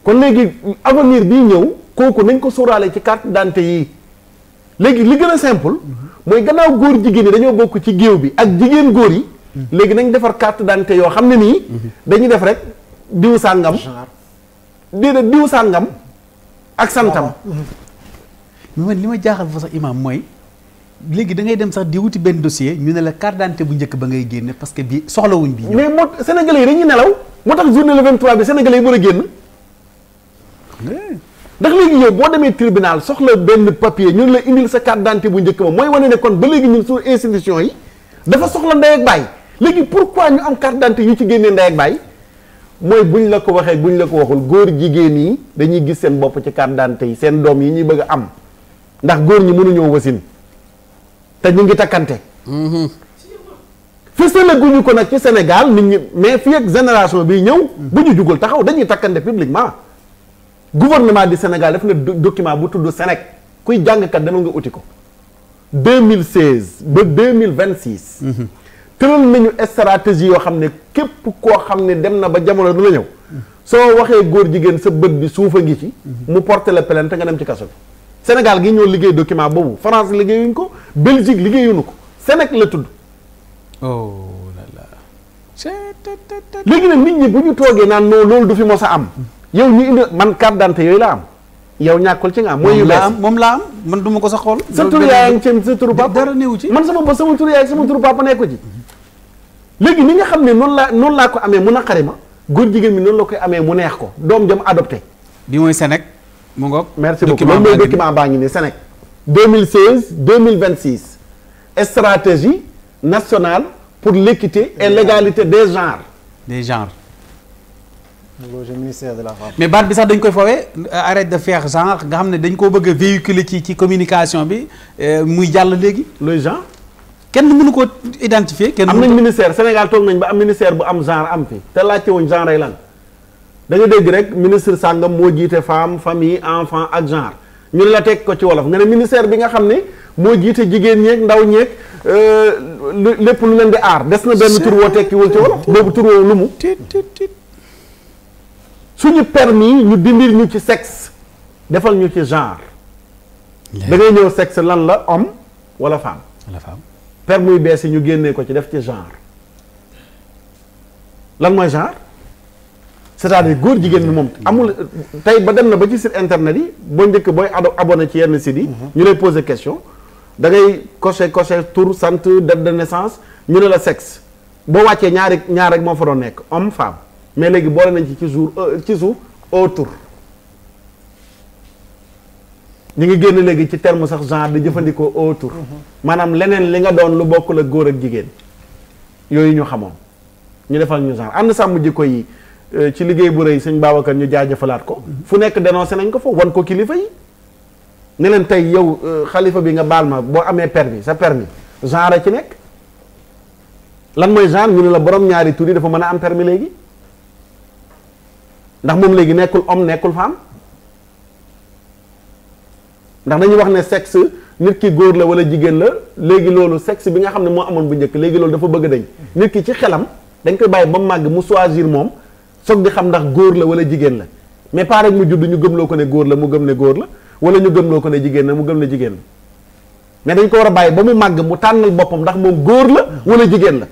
kon léegi avenir bii ñëw kooku nañ ko sóoraale ci carte d'identité yi léegi li gën a simple mooy gannaaw góor jigéen yi dañoo bokk ci géew bi ak jigéen góor yi léegi nañ defar carte d'identité yoo xam ne nii dañuy def rek diw sàngam déedéet diw sàngam ak santam mais man li ma jaaxal fa sax imaam mooy léegi da ngay dem sax di wuti benn dossier ñu ne la carte d'identité bu njëkk ba ngay génne parce que bii soxlawuñ bi mais moo sénégalais yi dañuy nelaw moo tax journée le 23 bi sénégalais yi mën a génn ndax léegi yow boo demee tribunal soxla benn papier ñu ne la indil sa carte d'identité bu njëkk ba mooy wane ne kon ba léegi ñun suñu institution yi dafa soxla ndey ak bàyyi léegi pourquoi ñu am carte d'identité yu ci génnee ndey ak bàyyi mooy buñ la ko waxee buñ la ko waxul góor jigéen yi dañuy gis seen bopp ci carte d'identité yi seen doom yi ñuy bëgg a am ndax góor ñi mënuñoo wasin te ñu ngi takkante. Mm-hmm. fësale guñu ko nag ci Sénégal ni ñi mais fii ak génération bi ñëw. bu ñu jugal taxaw dañuy takkante publiquement gouvernement du Sénégal def na document bu tudd Sénégal kuy jàngkat demal nga uti ko. 2016 ba 2026. Mm-hmm. tëral nañu stratégie yoo xam ne képp koo xam ne dem na ba jamono dina ñëw. soo waxee góor jigéen sa bët bi suufa ngi ci. Mm-hmm. mu porté la plainte nga dem ci kaso bi. Sénégal gi ñoo liggéey document boobu France liggéeyuñ ko Belgique liggéeyuñu ko Sénégal la tudd. oh là là. léegi nag nit ñi bu ñu toogee naan non loolu du fi mos a am. yow ñu indi man carte d'identité yooyu laa am. yow ñàkkul ci nga am. mooy yu bees moom laa am man du ma ko sa xool. sa tur yaay ngi ci sa turu papa ci. man sama ba sama tur yaay sama turu papa nekko ci. léegi ni nga xam ne noonu laa noonu laa ko amee mu naqari ma góor jigéen mi noonu la koy amee mu neex ko doom jam adopté. bi mooy Sénégal. mu ngoog merci beaucoup loolu mooy document baa ngi nii Sénégal 2016 2026 stratégie nationale pour l'équité et l'égalité des genres des ministère de la mais baat bi sax dañ koy fawee arrête de faire genre nga xam ne dañ koo bëgg a véhiculer ci ci communication bi euh, muy jàll léegi le genre kenn mënu ko identifier kenn am nañ ministère Sénégal toog nañ ba am ministère bu am genre am fi te laajte wuñ genre ay lan da dégg rek ministre sàngam moo jiite femme famille enfant ak genre ñu la teg ko ci wolof nga ne ministère bi nga xam ne moo jiite jigéen ñeeg ndaw ñeeg euh, lépp lu leen di aar des na benn tur woo tekkiwul ci wolof boobu tur woo lu mu suñu permis ñu dindir ñu ci sex defal ñu ci genre da ngay ñëw sexe lan la homme wala femme wala bees yi ñu génnee ko ci def ci genre lan mooy genre c'est-à-dire góor jigéen bi moom amul tey ba dem na ba ci site internet yi boo njëkk booy ado abonné ci yenn sites yi. Mhm. ñu lay poser question dangay ngay coché tour tur sant date de naissance ñu ne la sexe boo wàccee ñaari ñaar rek moo fa doon nekk homme femme mais léegi boo nañ ci ci jour euh, ci suuf au tour ñu ngi génn léegi ci terme sax genre di jëfandikoo au tour mhm. maanaam leneen li nga doon lu bokk la góor ak jigéen yooyu ñu xamoon ñu defal ñu genre ànd sàmm jikko yi. Euh, ci liggéey bu rëy sëñ Babacar ñu jaajëfalaat ko fu nekk dénoncé nañ ko fa wan ko kilifa yi ne leen tey yow euh, xalifa bi nga baal ma boo amee permis sa permis genre ci nekk lan mooy genre ñu ne la borom ñaari tur dafa mën a am permis léegi ndax moom léegi nekkul homme nekkul femme ndax dañu wax ne sex nit ki góor la wala jigéen la léegi loolu sexe bi nga xam ne moo amoon bu njëkk léegi loolu dafa bëgg dañ nit ki ci xelam dañ koy bàyyi ba mu màgg mu choisir moom soog di xam ndax góor la wala jigéen la mais pas rek mu judd ñu gëmloo ko ne góor la mu gëm ne góor la wala ñu gëmloo ko ne jigéen la mu gëm ne jigéen la mais dañ ko war a bàyyi ba mu màgg mu tànnal boppam ndax moom góor la wala jigéen la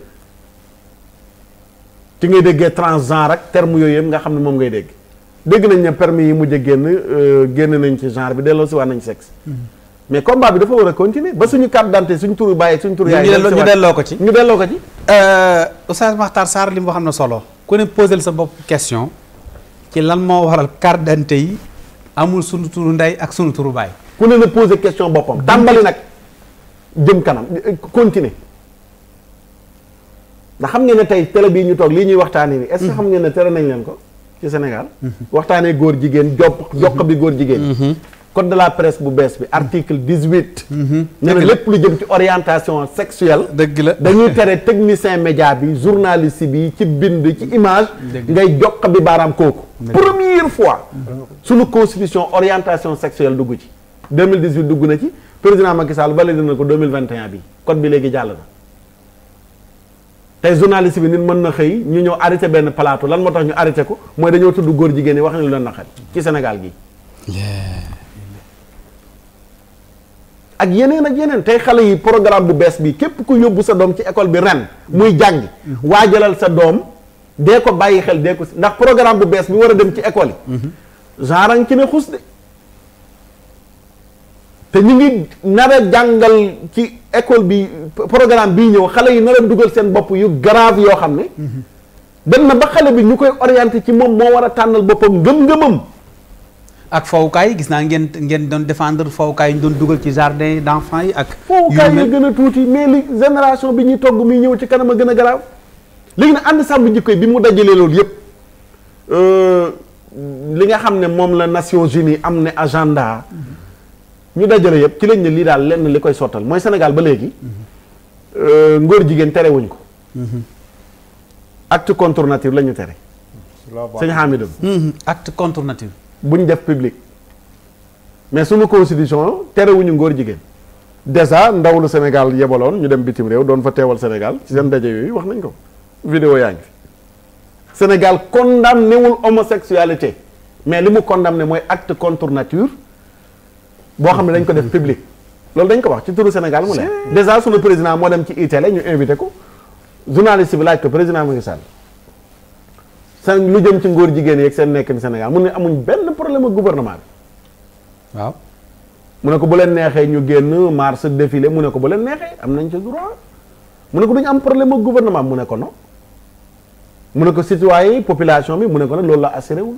ci ngay déggee transgenre ak terme yooyu yëpp nga xam ne moom ngay dégg dégg nañ ne permis yi mujj a génn euh, génn nañ ci genre bi delloo si waat nañ sexe mm-hmm. mais combat bi dafa war a continuer ba suñu carte d'identité suñu turu bàyyi suñu turu yaay ñu delloo ko ci ñu delloo ko ci euh, Oustaz Makhtar Sarr li mu na solo ku ne posel sa bopp question ci lan moo waral carte d'identité yi amul sunu turu ndey ak sunu turu baay. ku ne la poser question boppam. tàmbali nag jëm kanam continuer ndax xam ngeen ne tey télé bii ñu toog lii ñuy waxtaanee nii. est-ce mm-hmm. xam ngeen ne tere nañ leen ko ci Sénégal. Mm-hmm. waxtaanee góor jigéen jopp jox bi mm-hmm. góor jigéen. code de la presse bu bees bi article dix huit. Mhm. nee na lépp lu jëm ci orientation sexuelle. dëgg la dañuy tere technicien média bi journaliste bi ci bind ci image. ngay jox bi baaraam kooku. première fois. Mhm. suñu constitution orientation sexuelle dugg ci. deux mille dix huit dugg na ci président Macky Sall validé na ko deux mille vingt et bi code bi léegi jàll na. tey journaliste bi nit mën na xëy ñu ñëw arrêté benn palaatu lan moo tax ñu arrêté ko mooy dañoo tudd góor jigéen ñi wax ne lu leen naqari ci Sénégal gi ak yeneen ak yeneen tey xale yi programme bu bees bii képp ku yóbbu sa doom ci école bi ren muy jàng mhm. waajalal sa doom dee ko bàyyi xel dee ko si ndax programme bu bees bi war a dem ci école yi mhm. genre nga ci ne xus de te ñu ngi nar jàngal ci école bi programme biy ñëw xale yi nar dugal seen bopp yu grave yoo xam ne mhm. dem na ba xale bi ñu koy orienté ci moom moo war a tànnal boppam ngëm-ngëmam ak fawukaay gis naa ngeen ngeen doon defendre fawukaay yi ñu doon dugal ci jardin d'enfants yi ak. fawukaay yi gën a tuuti mais li génération bi ñu togg muy ñëw ci kanam a gën a garaaw. léegi nag ànd sàmm jikko yi bi mu dajalee loolu yëpp euh, li nga xam ne moom la Nations Unies am ne agenda ñu dajale yëpp ci lañ ne lii daal lenn li koy sottal mooy senegal ba léegi euh, ngóor jigéen terewuñ ko. acte contre nature la ñu tere. sëñ Hamidou acte contre buñ def publique mais sunu constitution terewuñu ngóor jigéen déjà ndaw lu Sénégal yebaloon ñu dem bitim réew doon fa teewal Sénégal ci seen ndaje yooyu wax nañ ko. vidéo yaa ngi fi Sénégal condamné wul homosexualité mais li mu condamné mooy acte contre nature boo xam ne dañ ko def public. loolu dañ ko wax ci turu Sénégal mu ne. déjà sunu président moo dem ci ITL ñu invité ko journaliste bi laaj ko président Macky Sall seen lu jëm ci ngóor jigéen yeeg seen nekkin Sénégal mu ne amuñ benn problème ak gouvernement bi waaw mu ne ko bu leen neexee ñu génn mars défilé mu ne ko bu leen neexee am nañ ci droit mu ne ko duñu am problème ak gouvernement mu ne ko non mu ne ko citoyen yi population bi mu ne ko nag loolu la assuré wul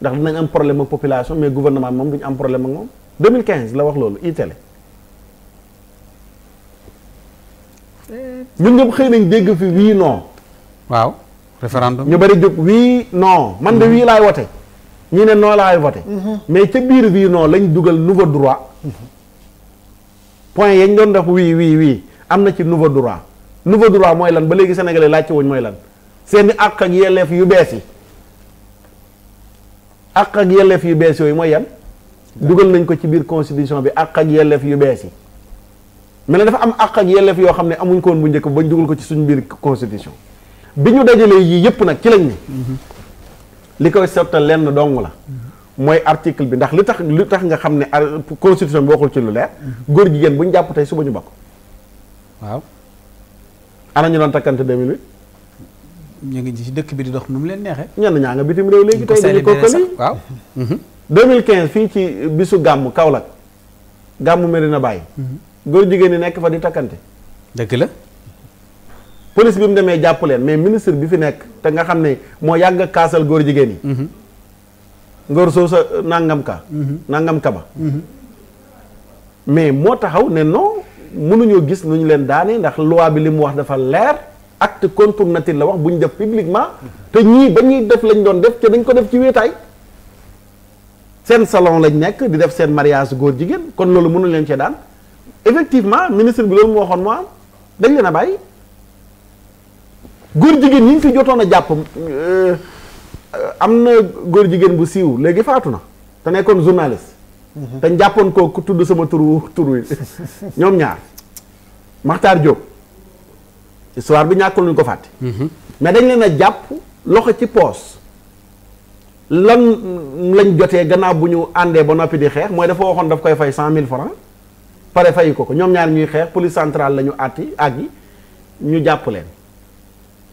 ndax dinañ am problème ak population mais gouvernement bi moom duñu am problème ak moom 2015 la wax loolu itélé euh. ñun ñëpp xëy nañ dégg fi wii non waaw référendum ñu bari jóg wii non man de mm-hmm. wii laay wote ñi ne non laay voté mm-hmm. mais ca biir wii non lañ dugal nouveau droit mm-hmm. point yañ doon def wii wii wii am na ci nouveau droit nouveau droit mooy lan ba léegi sénégalais laaj ci wuñ mooy lan seeni àq ak yelleef yu bees yi àq ak yu bees yooyu mooy dugal nañ ko ci biir constitution bi ak yelleef yu bees yi mais dafa am àq ak yelleef yoo xam ne amuñ ko woon bu njëkk bañ dugal ko ci suñ biir constitution bi ñu dajalee yii yëpp nag ci lañ ni mhm. li koy settal lenn dong la mooy article bi ndax li tax li tax nga xam ne constitution bi waxul ci lu leer mhm. góor jigéen bu ñu jàpp tey suba ñu bokk waaw ana ñu doon takkante 2008 ñu ngi ci dëkk bi di dox nu leen neexee ñenn ñaa nga bitim réew léegi tey dañu ko këli waaw mhm. quinze fii ci bisu gàmm Kaolack gàmm Medina Baye góor jigéen yi nekk fa di takkante dëgg la police bi mu demee jàpp leen mais ministre bi fi nekk te nga xam ne moo yàgg kaasal góor jigéen yi mhm. ngóor soo sa euh, nangam ka mhm. nangam ka ba mhm. mais moo taxaw ne non mënuñoo gis nu ñu leen daane ndax loi bi li mu wax dafa leer acte contre la wax bu ñu def pibliquement te ñii ba ñuy def lañ doon def te dañ ko def ci wéetaay seen salon lañ nekk di def seen mariage góor jigéen kon loolu mënuñ leen cee daan effectivement ministre bi loolu mu waxoon moo dañ leen a bàyyi góor jigéen ñi ñu fi jotoon a jàpp euh, am na góor jigéen bu siiw léegi faatu na te nekkoon journaliste. Mhm. te jàppoon kooku ku tudd sama turu turu (laughs) ñoom ñaar Makhtar Diop histoire bi ñàkkul ñu ko fàtte. Mhm. mais dañ leen a jàpp loxo ci poos lan lañ jotee gannaaw bu ñu àndee ba noppi di xeex mooy dafa waxoon daf koy fay cent mille francs pare fayu ko ko ñoom ñaar ñuy xeex police centrale la ñu àtti àgg yi ñu jàpp leen.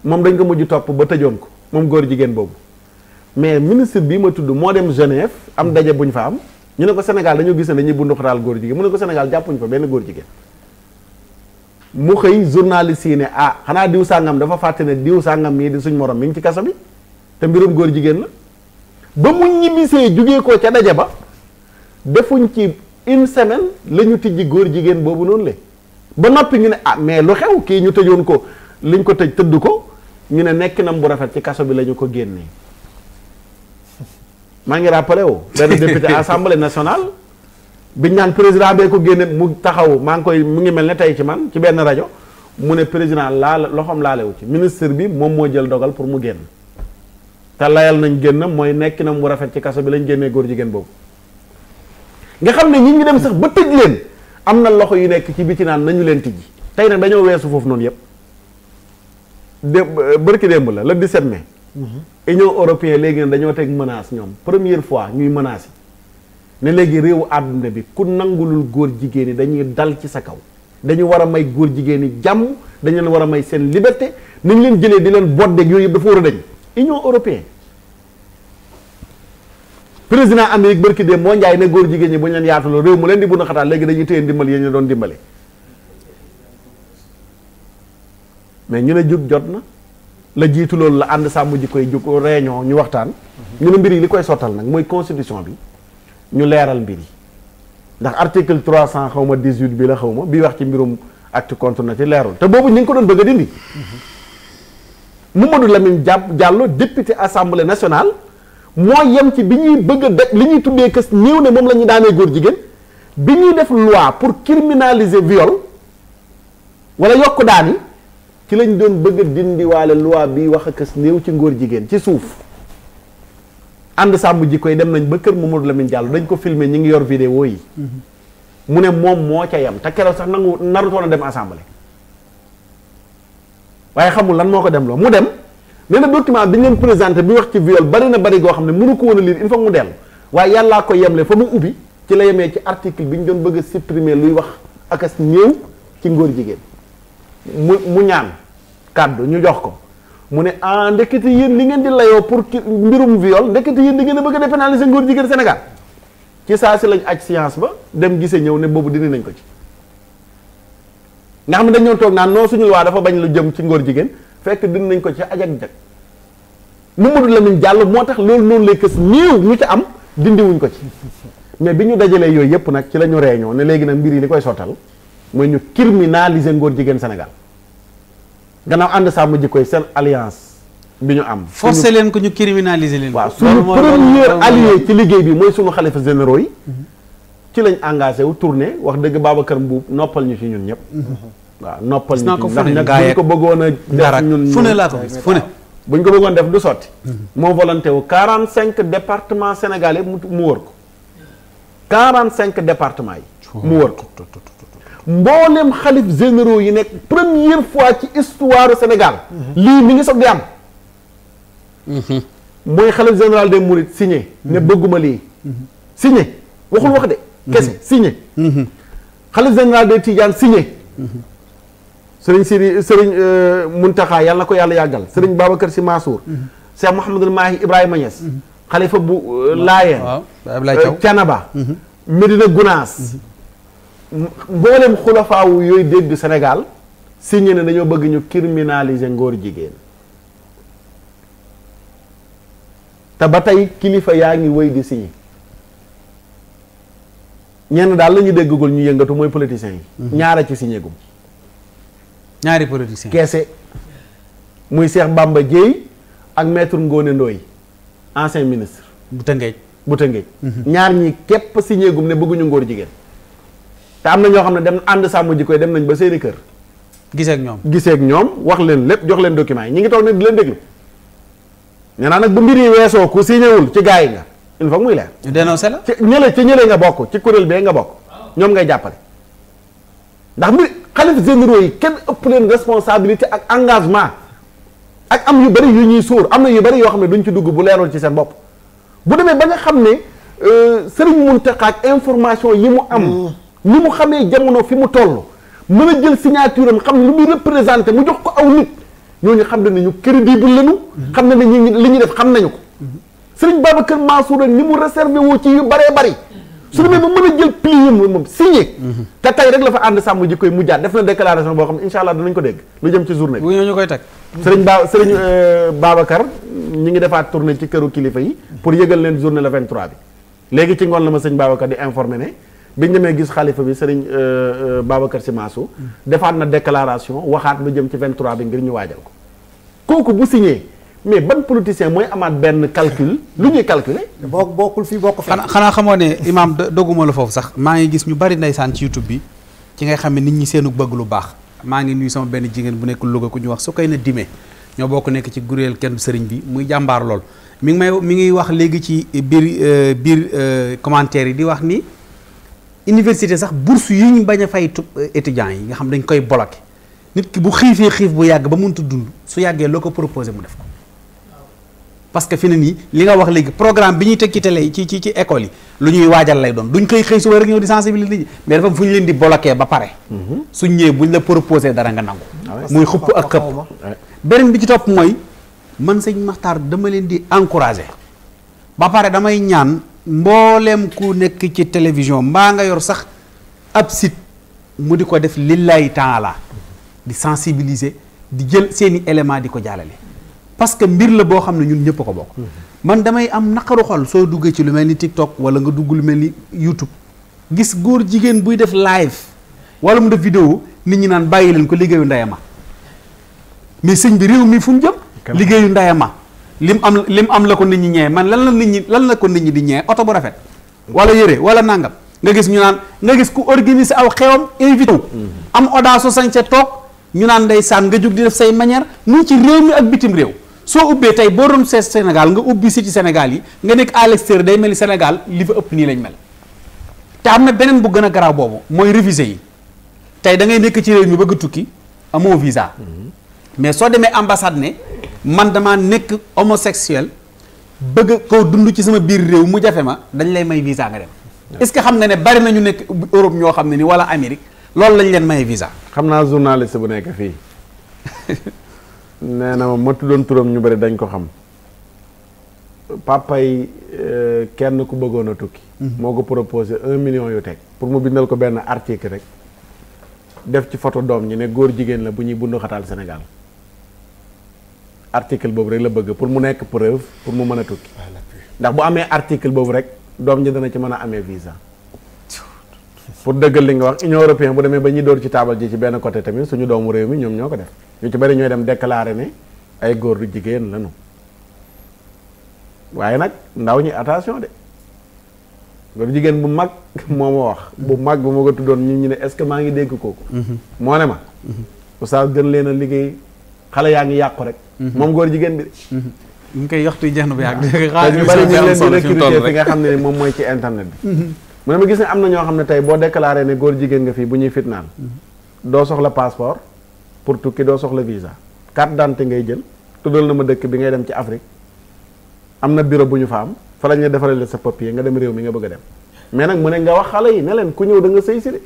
moom dañ ko mujj topp ba tëjoon ko moom góor jigéen boobu mais ministre bii ma tudd moo dem Genève am daje buñ fa am ñu ne ko Sénégal dañoo gis ne dañuy bunduxataal góor jigéen mu ne ko Sénégal jàppuñ fa benn góor jigéen mu xëy journaliste yi ne ah xanaa diw sàngam dafa fàtte ne diw sàngam mii di suñ morom mi ngi ci kaso bi te mbirum góor jigéen la ba mu ñibbisee jugee ko ca daje ba defuñ ci une semaine la ñu tijji góor jigéen boobu noonu le ba noppi ñu ne ah mais lu xew kii ñu tëjoon ko liñ ko tëj tëdd ko ñu ne nekkinam bu rafet ci kaso bi lañu ko génnee maa ngi rappelé wu benn député assemblée national biñ naan président bee ko génne mu taxaw maa ngi koy mu ngi mel ne tey ci man ci benn rajo mu ne président laal loxoom laalewu ci ministre bi moom moo jël dogal pour mu génn te layal nañ génn mooy nekkinam bu rafet ci kaso bi lañ génnee góor jigéen boobu nga xam ne ñi ngi dem sax ba tëj leen am na loxo yu nekk ci biti naan nañu leen tijji tey nag dañoo weesu foofu noonu yépp dé bërki démb la le 17 mai. Union européenne léegi dañoo teg menace ñoom première fois ñuy menace yi ne léegi réewu àdduna bi ku nangulul góor jigéen ñi dañuy dal ci sa kaw dañu war a may góor jigéen ñi jàmm dañu leen war a may seen liberté ni ñu leen jëlee di leen boot boddeeg yooyu yëpp dafa war a dañ Union européenne président Amérique bërki démb moo njaay ne góor jigéen ñi bu ñu leen yaataloo réew mu leen di bu na léegi dañuy téye ndimbal doon dimbale mais ñu ne jóg jot na la jiitu loolu la ànd sàmm ji koy jóg réunion ñu waxtaan ñu ne mbir yi li koy sottal nag mooy constitution bi ñu leeral mbir yi ndax article 300 xawma ma 18 bi la xaw ma bi wax ci mbirum acte contre ci leerul te boobu ñu ngi ko doon bëgg a dindi Mamadou Lamine Diallo député assemblée nationale moo yem ci bi ñuy bëgg a def li ñuy tuddee kës néew ne moom la ñu daanee góor jigéen bi ñuy def loi pour criminaliser viol wala yokk daan ci lañu doon bëgg a dindiwaale loi bi wax ak néew ci ngóor jigéen ci suuf ànd sàmm jikko yi dem nañ ba kër Mamadou Lamine Diallo dañ ko filmer ñi ngi yor vidéo yi mu ne moom moo ca yam te keroog sax nangu narutoon a dem assemblée waaye xamul lan moo ko dem loo mu dem nee na document bi ñu leen présenté bi wax ci viol bari na bari goo xam ne mënu ko woon a lire il faut mu dellu waaye yàllaa ko yemle fa mu ubbi ci la yemee ci article bi ñu doon bëgg a supprimer luy wax akas néew ci ngóor jigéen mu mu ñaan kàddu ñu jox ko mu ne ah ndekete yéen li ngeen di layoo pour mbirum viol ndekete yéen di ngeen a bëgg a dépénaliser ngóor jigéen Sénégal ci saa si lañ aj science ba dem gisee ñëw ne boobu dindi nañ ko ci nga xam ne dañoo toog naan noo suñu waa dafa bañ lu jëm ci ngóor jigéen fekk dindi nañ ko ci aj ak jag Mamadou Lamine Diallo moo tax loolu noonu lay kës néew ñu ci am dindiwuñ ko ci mais bi ñu dajalee yooyu yëpp nag ci la ñu réunion ne léegi nag mbir yi li koy sottal mooy ñu criminaliser ngoor jigéen senegal gannaaw ànd sàmm jikkoy seen alliance bi ñu am. forcé leen ko ñu criminaliser leen. waa suñu premier allié ci liggéey bi mooy suñu xalifa généro yi. Mhm. ci lañ engagé wu tourné wax dëgg Babacar Mbuub noppal ñu ci ñun ñëpp. Mhm. waaw noppal ñu ci ndax nag buñ ko bëggoon a. def ñun fu ne laa ko gis buñ ko bëggoon def du sotti. Mhm. moo volonté wu cinq département sénégalais mu wër ko. 45 département yi. mu wër ko. mboolem xalif généraux yi nekk première fois ci histoire Sénégal. lii mi ngi soog di am. mooy xalif général des Mourides signé. ne bëgguma lii. signé waxul wax de. kese signé. xalif général des Tidiane signé. sëriñ Siri sëriñ euh, Muntaxa yàlla na ko yàlla yàggal sëriñ Babacar Si Mansour. Cheikh Mouhamadul Mahi Ibrahima Niass. xalifa mm-hmm. bu euh, Laayeen. Canaba. Medina Gunaas. mboolem xulafaawu yooyu dégg Sénégal signé ne dañoo bëgg ñu criminaliser ngóor jigéen te ba tey kilifa yaa ngi wéy di signé ñenn daal la ñu déggagul ñu yëngatu mooy politiciens yi. Mhm. ñaara ci signé gum ñaari politiciens keese muy Cheikh Bamba Dièye ak maître ngoone Ndoye ancien ministre. bu Tëngéej bu Tëngéej. Mhm. ñaar ñi képp signé gum ne bëgguñu ngóor jigéen. te am na ñoo xam ne dem ànd sàmm ji koy dem nañ ba seeni kër. giseek ñoom giseek ñoom wax leen lépp jox leen documents yi ñi ngi toog nag di leen déglu. nee naa nag bu mbir yi weesoo ku signéwul ci gaa yi nga il faut muy leer. ñu dénoncé la ci ñële ci ñële nga bokk ci kuréel bee nga bokk. ñoom ngay jàppale. ndax mbir xalif généraux yi kenn ëpp leen responsabilité ak engagement ak am yu bari ñuy sóor am na yu yoo xam ne duñ ci dugg bu leerul ci seen bopp bu demee ba nga xam ne euh, sëriñ Mountakha ak information yi mu am. Mm. ni mu xamee jamono fi mu tollu mën a jël signature am xam lu muy représenté mu jox ko aw nit ñooñu xam nañ ne ñu crédible lañu. xam nañ ne ñu li ñuy def xam nañu ko. sëriñ Babacar Mansour ni mu réservé woo ci yu baree bari. su demee ba mën a jël pli yi moom signé. te tey rek la fa ànd sàmm ji koy mujjaat def na déclaration boo xam ne incha allah danañ ko dégg lu jëm ci journée bi. bu ñu koy teg. sëriñ Ba sëriñ euh, Babacar ñu ngi defaat tournée ci këru kilifa yi. pour yëgal leen journée le 23 bi. léegi ci ngoon la ma sëriñ Babacar di informé ne. biñ demee gis xalifa bi sëriñ euh, euh, Babacar Sy Mansour defaat na déclaration waxaat lu jëm ci 23 bi ngir ñu waajal ko kooku bu signé mais ban politicien mooy amaat benn calcul lu ñuy calculer. boo bokkul fii bokk fii. xanaa xamoo ne imaam dogguma la foofu sax maa ngi gis ñu bari ndeysaan ci YouTube bi ci ngay xam ne nit ñi seenu bëgg lu baax maa ngi nuyu sama benn jigéen bu nekk Louga ku ñu wax su koy na dimee ñoo bokk nekk ci guréel kenn sëriñ bi muy jàmbaar lool mi mi ngi wax léegi ci biir euh, biir commentaire yi di wax ni université sax bourse yu ñu bañ a fay euh, étudiants yi nga xam dañ koy bloqué nit ki bu xiifee xiif bu yàgg ba mun tu dund su yàggee loo ko proposé mu def ko parce que fi ne nii li nga wax léegi programme bi ñuy teg ci télé ci ci ci école yi lu ñuy waajal lay doon duñ koy xëy suba rek ñëw di sensibiliser nit ñi mais dafa fu ñu leen di bloqué ba pare. Mm-hmm. suñ ñëwee buñ la proposé dara nga nangu. Ah muy xëpp ak xëpp. beneen bi ci topp mooy man sëñ Maxtaar dama leen di encouragé ba pare damay mboolem ku nekk ci télévision mbaa nga yor sax ab mu di ko def lillahi taala di sensibiliser di jël seeni élément di ko jàllale parce que mbir la boo xam ne ñun ñëpp ko bokk man damay am naqaru xol soo duggee ci lu mel ni TikTok wala nga dugg lu mel ni YouTube gis góor jigéen buy def live wala mu def vidéo nit ñi naan bàyyi leen ko liggéeyu ndeyama mais sëñ bi réew mi fu mu jëm liggéeyu ndeyama lim am lim am la ko nit ñi ñee man lan la nit ñi lan la ko nit ñi di ñee oto bu rafet. wala yére wala nangam nga gis ñu naan nga gis ku organiser aw xewam invité mhm. am audace su sañse toog ñu naan day ndeysaan nga jug di def say manière mu ci réew mi ak bitim réew. soo ubbee tey boo doon seet Sénégal nga ubbi si ci Sénégal yi nga nekk à l'extérieur day mel ni li fa ëpp nii lañ mel te am na beneen bu gën a garaaw boobu mooy révisé yi tey dangay nekk ci réew bëgg tukki amoo visa. Mhm. mais soo demee ambassade ne man dama nekk homosexuel bëgg koo dund ci sama biir réew mu jafe ma dañ lay may visa nga dem est-ce que xam nga ne bari na ñu nekk Europe ñoo xam ne ni wala Amérique loolu lañu leen maye visa. xam naa journaliste bu nekk fii (laughs) nee na ma tuddoon turam ñu bari dañ ko xam papay euh, kenn ku bëggoon a tukki. Mm-hmm. moo ko proposé un million yu teg pour mu bindal ko benn article rek def ci photo doom ñi ne góor jigéen la bu ñuy bundu xataal Sénégal. article boobu rek la bëgg pour mu nekk preuve pour mu mën a tukki ah, ndax bu amee article boobu rek doom ñi dana ci mën a amee visa pour dëggal li nga wax union européenne bu demee ba ñuy dóor ci taabal ji ci benn côté tamit suñu doomu réew mi ñoom ñoo ko def ñu ci bari ñooy dem déclarer ne ay góor du jigéen lañu waaye nag ndaw ñi attention de góor jigéen bu mag (laughs) moo ma wax bu mag bu ma ko tuddoon ñu ñu ne est-ce maa ngi dégg kooku mhm. moo ne ma mhm. oustaz gën xale yaa ngi yàqu rek mhm. moom góor jigéen bi mhm. ñu koy waxtu jeex na bu yàgg (laughs) ñu bari ñu leen di recruter fi nga xam ne moom mooy ci internet bi mhm. mu ne ma gis ne am na ñoo xam ne boo déclaré ne góor jigéen nga fii bu ñuy fitnaal doo soxla passeport pour tukki doo soxla visa carte ngay jël tuddal na ma dëkk bi ngay dem ci Afrique am na bureau bu ñu fa am fa lañ la defaree sa papier nga dem réew mi nga bëgg a dem mais nag mu ne nga wax xale yi ne leen ku ñëw danga nga sëy si de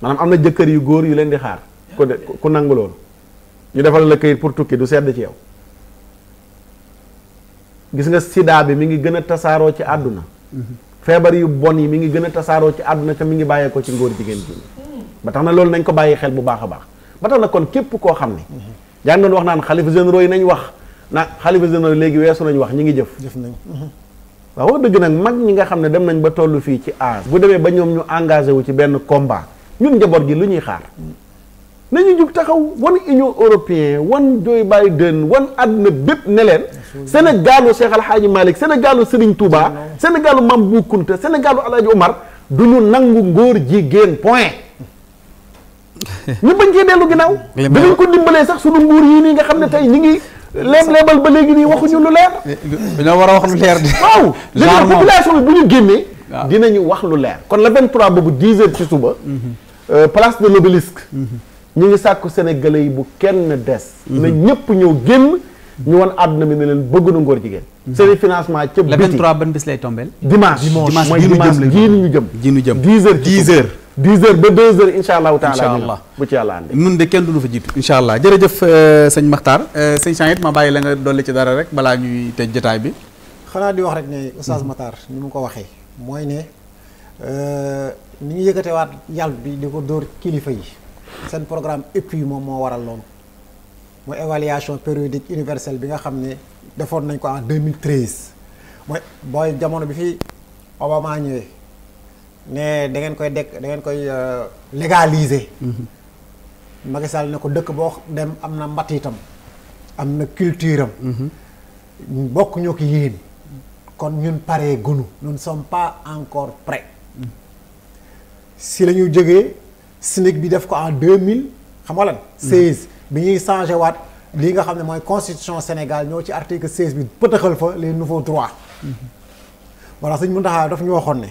maanaam am na jëkkër yu góor yu leen di xaar ko ku nangu loolu ñu defal la këyit pour tukki du sedd ci yow gis nga sida bi mi ngi gën a tasaaroo ci àdduna feebar yu bon yi mi ngi gën a tasaaroo ci àdduna te mi ngi bàyyee ko ci ngóor jigéen ji ba tax na loolu nañ ko bàyyi xel bu baax a baax ba tax na kon képp koo xam ne yaa ngi doon wax naan xalifa généraux yi nañ wax na xalifa généraux léegi weesu nañ wax ñi ngi jëf jëf nañ waaw dëgg nag mag ñi nga xam ne dem nañ ba tollu fii ci âge bu demee ba ñoo ñu engagé wu ci benn combat ñun njaboot gi lu ñuy xaar nañu jug taxaw wan union européen wan Joe Biden wan àdduna bépp ne leen sénégalu Cheikh Al Hadji Malick sénégalu Serigne Touba sénégalu Mame Bou Kounta sénégalu Alaaji Omar du ñu nangu ngóor jigéen point ñu bañ cee dellu ginnaaw dinañ ko dimbalee sax suñu nguur yii nii nga xam ne tey ñi ngi leem leebal ba léegi nii waxuñu lu leer dañoo war a wax lu leer de waaw léegi population bi bu ñu génnee dinañu wax lu leer kon la 23 boobu 10 heures ci suba mhm. euh, place de l'obélisque mhm. ñu ngi sàkku sénégalais yi bu kenn des. na mhm. ñëpp ñëw génn. ñu won àdduna bi ne leen bëgg na ngóor jigéen. Mhm. seen financement ca biti le 23 ban bis lay tombé. dimanche dimanche ñu jëm. jii ñu jëm 10 heures 10 heures. 10 heures ba 2 heures incha allahu taala. incha allah bu ci yàlla ande. nun de kenn du lu fa jiitu. incha allah jërëjëf euh, sëñ Makhtar. Euh, sëñ Changit ma bàyyi la nga dolli ci dara rek balaa ñuy tëj jotaay bi. xanaa di wax rek ne Oustaz mhm. Makhtar ni mu ko waxee mooy ne euh, ni ñu yëkkatewaat yàlla bi di ko dóor kilifa yi seen programme EPI moom moo waral loolu mooy évaluation périodique universelle bi nga xam ne defoon nañ ko en 2013 mooy booy jamono bi fii Obama ñëwee ne da ngeen koy dekk da ngeen koy euh, légaliser. Mm-hmm. Macky Sall ne ko dëkk boo dem am na mbatt itam am na culture am. Mm-hmm. bokk ñoo ko yéen. kon ñun paree gunu nous ne pas encore prêts. Mm-hmm. si la jógee SNIC bi def ko en deux mille xam nga lan. seize bi ñuy changé waat lii nga xam ne mooy constitution Sénégal ñoo ci article seize bi pëtëxal fa les nouveaux droits. voilà sëñ Mountakha daf ñu waxoon ne.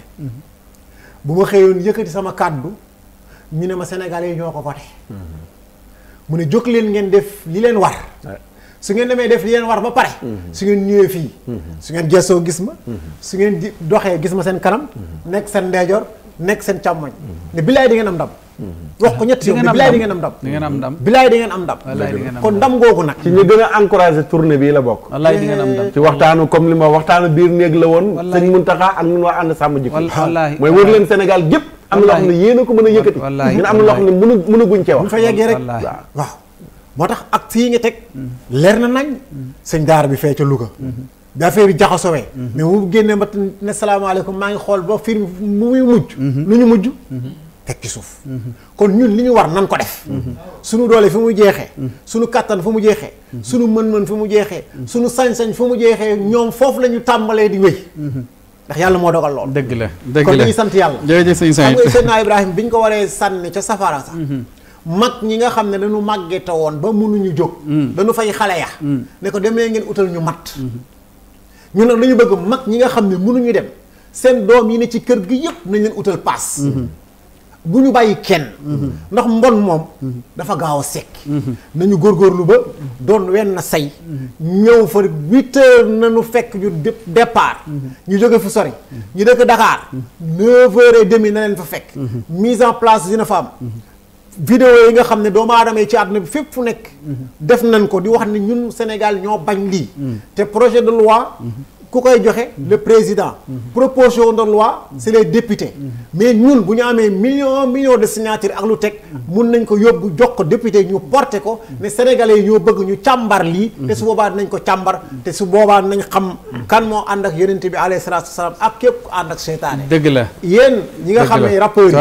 bu ma xëyoon yëkkati sama kàddu ñu ne ma sénégal yi ñoo ko voté. mu ne jóg leen ngeen def li leen war. su ngeen demee def li leen war ba pare. su ngeen ñëwee fii. su ngeen gëstoo gis ma. su ngeen doxee gis ma seen kanam. nekk seen ndeyjoor nekk seen càmmoñ ne bilaay di ngeen am ndam wax ko ñett yow bilaay di ngeen am ndam di ngeen am ndam bilaay di am ndam kon ndam googu nag ci ñu gën a encouragé tournée bii la bokk wallaay di ngeen ci waxtaanu comme li ma waxtaanu biir néeg la woon sëñ Muntaxa ak ñun waa ànd sàmm jikko mooy wër leen Sénégal gépp am na loo xam ne yéen a mën a yëkkati ñun am na loo xam ne mënu mën a guñ cee wax bu fa yeggee rek waaw moo tax ak fii nga teg mm. leer na nañ mm. sëñ daara bi fee ca Louga mm-hmm. bi affaire bi jaxasowee mais bu génnee ba ne salaamaaleykum maa ngi xool ba firme bu muy mujj lu ñu mujj teg ci suuf kon ñun li ñu war nan ko def suñu doolee fi mu jeexee suñu kàttan fi mu jeexee suñu mën-mën fi mu jeexee suñu sañ-sañ fi mu jeexee ñoom foofu la ñu tàmbalee di wéy ndax yàlla moo dogal lool dëgg la dëgg la kon dañuy sant yàlla jërëjëf sëñ Saïd xam nga Ibrahima bi ñu ko waree sànni ca safara sax mhm. mag ñi nga xam ne dañu màggete woon ba mënuñu jóg mhm. dañu fay xale ya mhm. ne ko demee ngeen utal ñu matt ñu nag dañu bëgg mag ñi nga xam ne mënuñu dem seen doom yi ne ci kër gi yëpp nañ leen utal paas mm-hmm. bu ñu bàyyi kenn mm-hmm. ndax mbon moom mm-hmm. dafa gaaw a sekk nañu góor góor lu ba doon wenn na say ñëw fa huit na nañu fekk ñu départ ñu jóge fu sore ñu dëkk Dakar neuf heures et demi na leen fa fekk mise en place dina fa am vidéo yi nga xam ne doomu aadama yi ci àdduna bi fépp fu nekk. def nañ ko di wax ne ñun Sénégal ñoo bañ lii. te projet de loi. ku koy joxe le président. proposition de loi c'est les député mais ñun bu ñu amee million million de signatures ak lu teg. mun nañ ko yóbbu jox ko député ñu porté ko. mais sénégalais yi ñoo bëgg ñu càmbar lii. te su boobaa nañ ko càmbar. te su boobaa nañ xam. kan moo ànd ak yonent bi alayhi salaatu wasalaam ak képp ku ànd ak seytaane. dëgg la yéen ñi nga xam ne rappeurs yi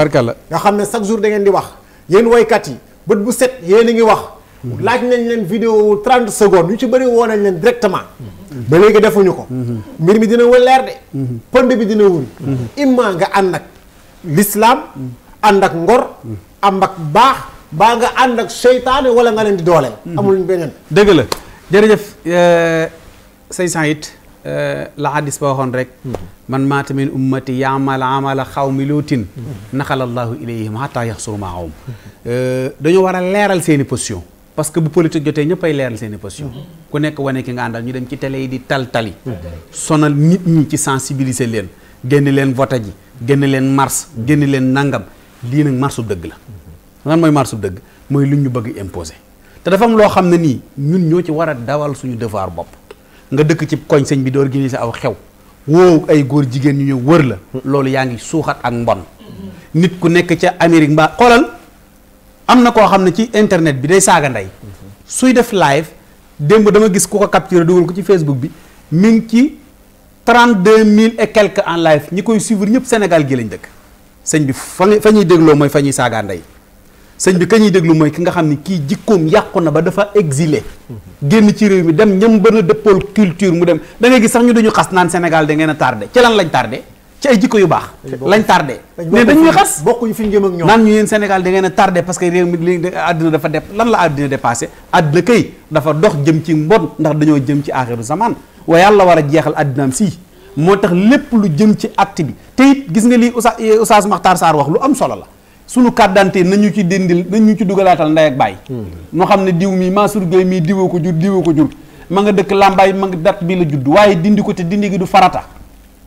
nga xam ne chaque jour da ngeen di wax. yéen woykat yi bët bu set yéen a ngi wax. Mm-hmm. laaj nañ leen vidéo 30 secondes yu ci bëri woo nañ leen directement. Mm-hmm. ba léegi defuñu ko. Mm-hmm. mbir mi dina wër leer de. pënd bi dina wuri imma nga ànd ak lislaam ànd ak ngor. ànd ak baax. baa nga ànd ak seytaane wala nga leen di dooleel. amul beneen. dëgg la jërëjëf euh, say sant it la xadis ba waxoon rek man maa min ummati yaamal amala xawmi luutin naxalallahu ilayhim hatta yaxsuru maahum euh, dañoo war a leeral seeni position parce que bu politique jotee ñëppay leeral seeni position ku nekk wane ki nga àndal ñu dem ci télé yi di tal-tali sonal nit ñi ci sensibiliser leen génn leen vote ji génn leen mars génn leen nangam lii nag marsu dëgg la lan mooy marsu dëgg mooy lu ñu bëgg imposer te dafa am loo xam ne nii ñun ñoo ci war a dawal suñu devoir bopp nga dëkk ci koñ sëñ bi di organiser aw xew woo ay góor jigéen ñu ñëw wër la loolu yaa ngi suuxat ak mbon nit ku nekk ca Amérique mbaa xoolal am na koo xam ne ci internet bi day saaga ndey suy def live démb dama gis ku ko capturé dugal ko ci Facebook bi mi ngi ci trente deux mille et quelques en live ñi koy suivre ñëpp Sénégal gi lañ dëkk sëñ bi fa ñuy dégloo mooy fa ñuy saaga ndey sëñ bi ka ñuy déglu mooy ki nga xam ni kii jikkoom yàqu na ba dafa exile génn ci réew mi dem ñam bën a dëppool culture mu dem da ngay gis sax ñu dañu xas naan Sénégal da ngeen a tardé ci lan lañ tardé ci ay jikko yu baax lañ tardé ne dañuy xas bokkuñu fi ñu jëm ak ñoom naan ñu yéen Sénégal da ngeen a tardé parce que réew mi li àddina dafa def lan la àddina dépassé àddina kay dafa dox jëm ci mbon ndax dañoo jëm ci aaxiru zaman waaye yàlla war a jeexal àddinaam sii moo tax lépp lu jëm ci acte te it gis nga lii Oustaz Makhtar Sarr wax lu am solo la sunu carte d'identité nañu ci dindil nañu ci dugalaatal ndey ak baay. Hmm. noo xam ne diw mii Mansour Gueye mii diwoo ko jur diwoo ko jur ma nga dëkk Lambaye ma nga dat bi la judd waaye dindi ko te dindi gi du farata.